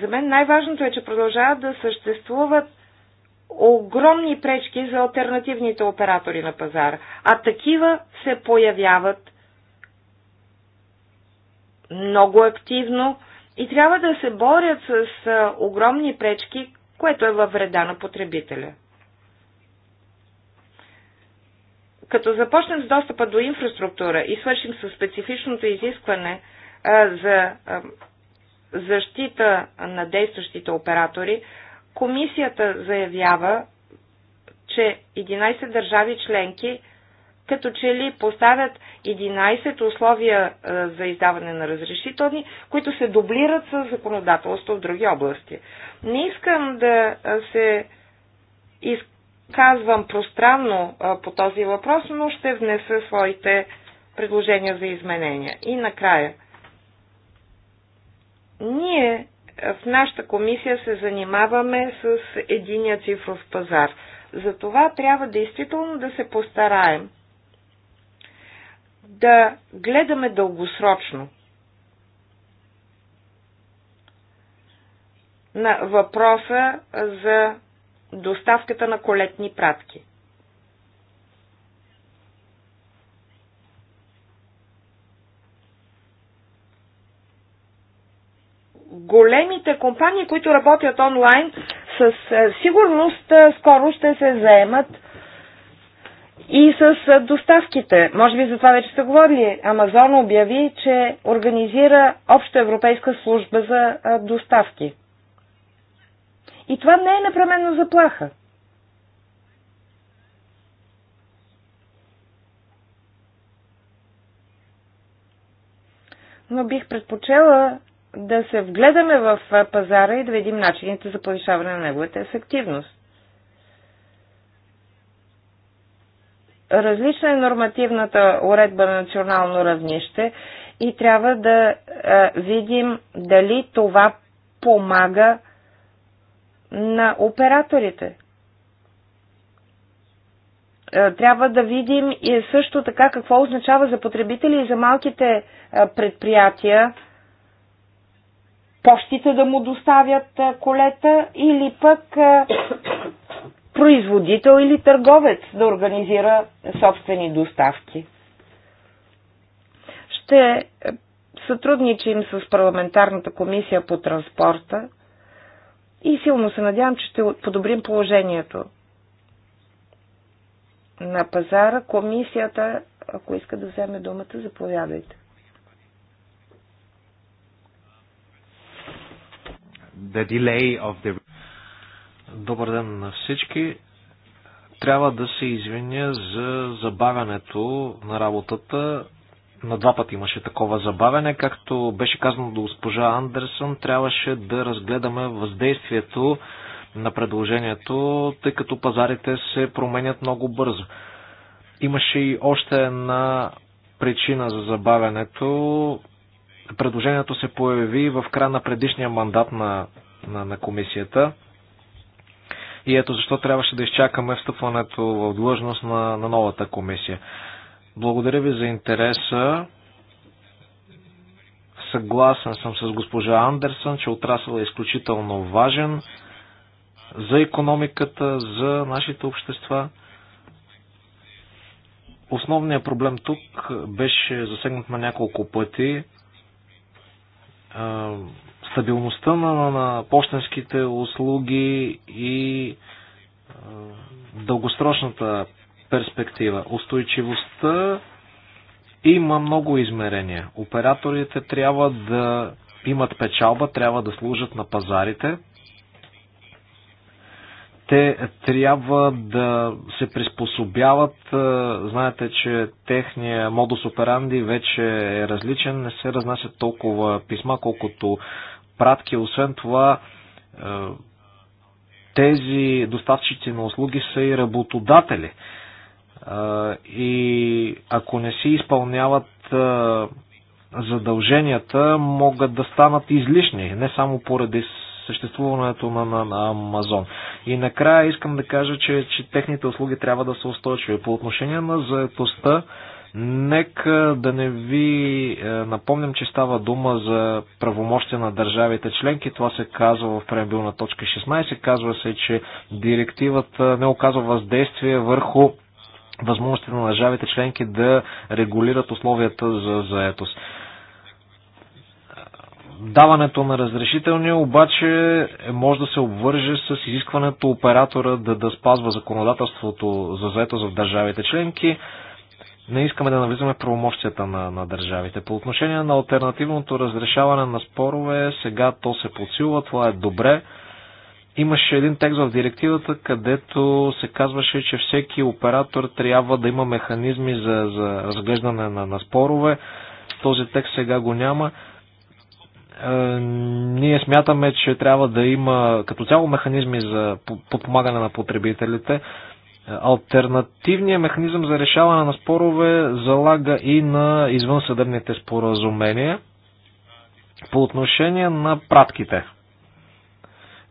За мен най-важното е, че продължават да съществуват огромни пречки за альтернативните оператори на пазара, а такива се появяват много активно и трябва да се борят с огромни пречки, което е във вреда на потребителя. Като започнем с достъпа до инфраструктура и свършим с специфичното изискване за защита на действащите оператори, Комисията заявява, че 11 държави членки като че ли поставят 11 условия е, за издаване на разрешителни, които се дублират с законодателство в други области. Не искам да се изказвам пространно е, по този въпрос, но ще внеса своите предложения за изменения. И накрая. Ние в нашата комисия се занимаваме с единия цифров пазар. За това трябва действително да се постараем да гледаме дългосрочно на въпроса за доставката на колетни пратки. големите компании, които работят онлайн, с е, сигурност е, скоро ще се заемат и с е, доставките. Може би за това вече сте говорили. Амазон обяви, че организира Обща европейска служба за доставки. И това не е непременно заплаха. Но бих предпочела да се вгледаме в пазара и да видим начините за повишаване на неговата ефективност. Различна е нормативната уредба на национално равнище и трябва да видим дали това помага на операторите. Трябва да видим и също така какво означава за потребители и за малките предприятия почтите да му доставят колета или пък производител или търговец да организира собствени доставки. Ще е, сътрудничим с парламентарната комисия по транспорта и силно се надявам, че ще подобрим положението на пазара. Комисията, ако иска да вземе думата, заповядайте. the delay of the... Добър ден на всички. Трябва да се извиня за забавянето на работата. На два пъти имаше такова забавяне. Както беше казано до госпожа Андерсън, трябваше да разгледаме въздействието на предложението, тъй като пазарите се променят много бързо. Имаше и още една причина за забавянето Предложението се появи в края на предишния мандат на, на, на комисията. И ето защо трябваше да изчакаме встъпването в длъжност на, на новата комисия. Благодаря ви за интереса. Съгласен съм с госпожа Андерсън, че отрасъл е изключително важен за економиката, за нашите общества. Основният проблем тук беше засегнат на няколко пъти стабилността на, на, на почтенските услуги и дългосрочната перспектива. Устойчивостта има много измерения. Операторите трябва да имат печалба, трябва да служат на пазарите, те трябва да се приспособяват. Е, знаете, че техния модус операнди вече е различен. Не се разнасят толкова писма, колкото пратки. Освен това, е, тези доставчици на услуги са и работодатели. Е, и ако не си изпълняват задълженията, могат да станат излишни, не само поради съществуването на, на, на Амазон. И накрая искам да кажа, че, че техните услуги трябва да са устойчиви. По отношение на заетостта, Нека да не ви е, напомням, че става дума за правомощия на държавите членки. Това се казва в преамбилна точка 16. Казва се, че директивата не оказва въздействие върху възможностите на държавите членки да регулират условията за заетост даването на разрешителния обаче е, може да се обвърже с изискването оператора да, да спазва законодателството за заето в държавите членки. Не искаме да навлизаме правомощията на, на държавите. По отношение на альтернативното разрешаване на спорове, сега то се подсилва, това е добре. Имаше един текст в директивата, където се казваше, че всеки оператор трябва да има механизми за, за разглеждане на, на спорове. Този текст сега го няма. Е, ние смятаме, че трябва да има като цяло механизми за подпомагане на потребителите. Е, Альтернативният механизъм за решаване на спорове залага и на извънсъдебните споразумения по отношение на пратките.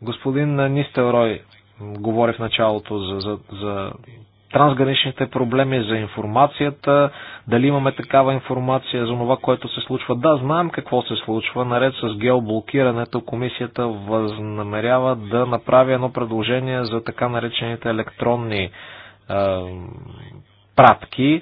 Господин Нистелрой говори в началото за, за, за трансграничните проблеми, за информацията, дали имаме такава информация за това, което се случва. Да, знаем какво се случва. Наред с геоблокирането, комисията възнамерява да направи едно предложение за така наречените електронни е, пратки.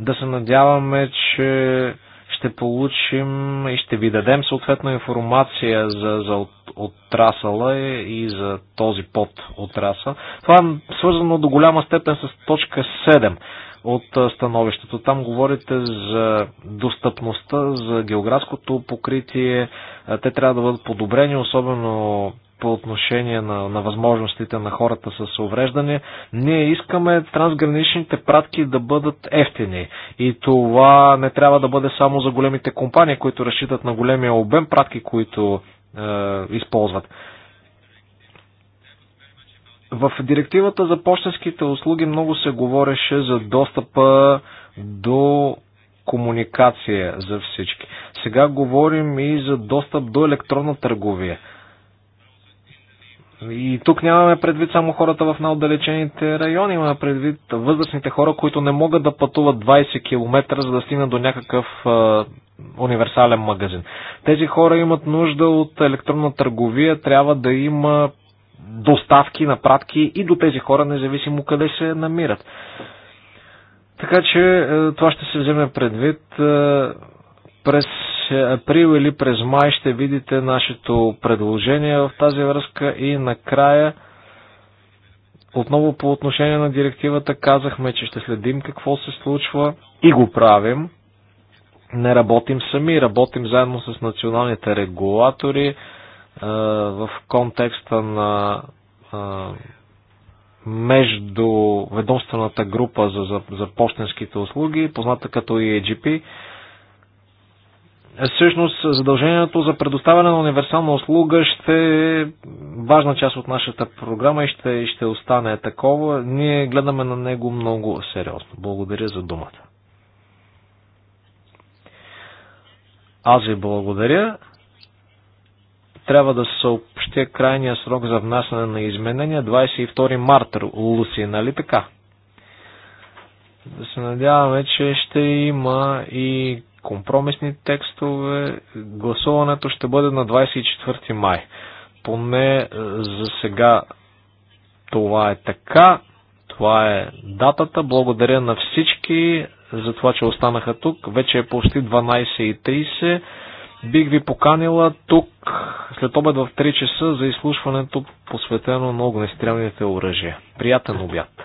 Да се надяваме, че ще получим и ще ви дадем съответно информация за, за отрасъла и за този под отрасъл. Това е свързано до голяма степен с точка 7 от становището. Там говорите за достъпността, за географското покритие. Те трябва да бъдат подобрени, особено по отношение на, на възможностите на хората с увреждане. Ние искаме трансграничните пратки да бъдат ефтини. И това не трябва да бъде само за големите компании, които разчитат на големия обем пратки, които е, използват. В директивата за почтенските услуги много се говореше за достъпа до комуникация за всички. Сега говорим и за достъп до електронна търговия. И тук нямаме предвид само хората в най-отдалечените райони, имаме предвид възрастните хора, които не могат да пътуват 20 км, за да стигнат до някакъв а, универсален магазин. Тези хора имат нужда от електронна търговия, трябва да има доставки на пратки и до тези хора, независимо къде се намират. Така че е, това ще се вземе предвид. Е, през април или през май ще видите нашето предложение в тази връзка и накрая отново по отношение на директивата казахме, че ще следим какво се случва и го правим. Не работим сами, работим заедно с националните регулатори е, в контекста на е, между ведомствената група за, за, за почтенските услуги, позната като EAGP. Е, всъщност задължението за предоставяне на универсална услуга ще е важна част от нашата програма и ще, ще остане такова. Ние гледаме на него много сериозно. Благодаря за думата. Аз ви благодаря. Трябва да съобщя крайния срок за внасяне на изменения 22 марта, Луси, нали така? Да се надяваме, че ще има и компромисни текстове. Гласуването ще бъде на 24 май. Поне е, за сега това е така. Това е датата. Благодаря на всички за това, че останаха тук. Вече е почти 12.30. Бих ви поканила тук след обед в 3 часа за изслушването посветено на огнестрелните оръжия. Приятен обяд!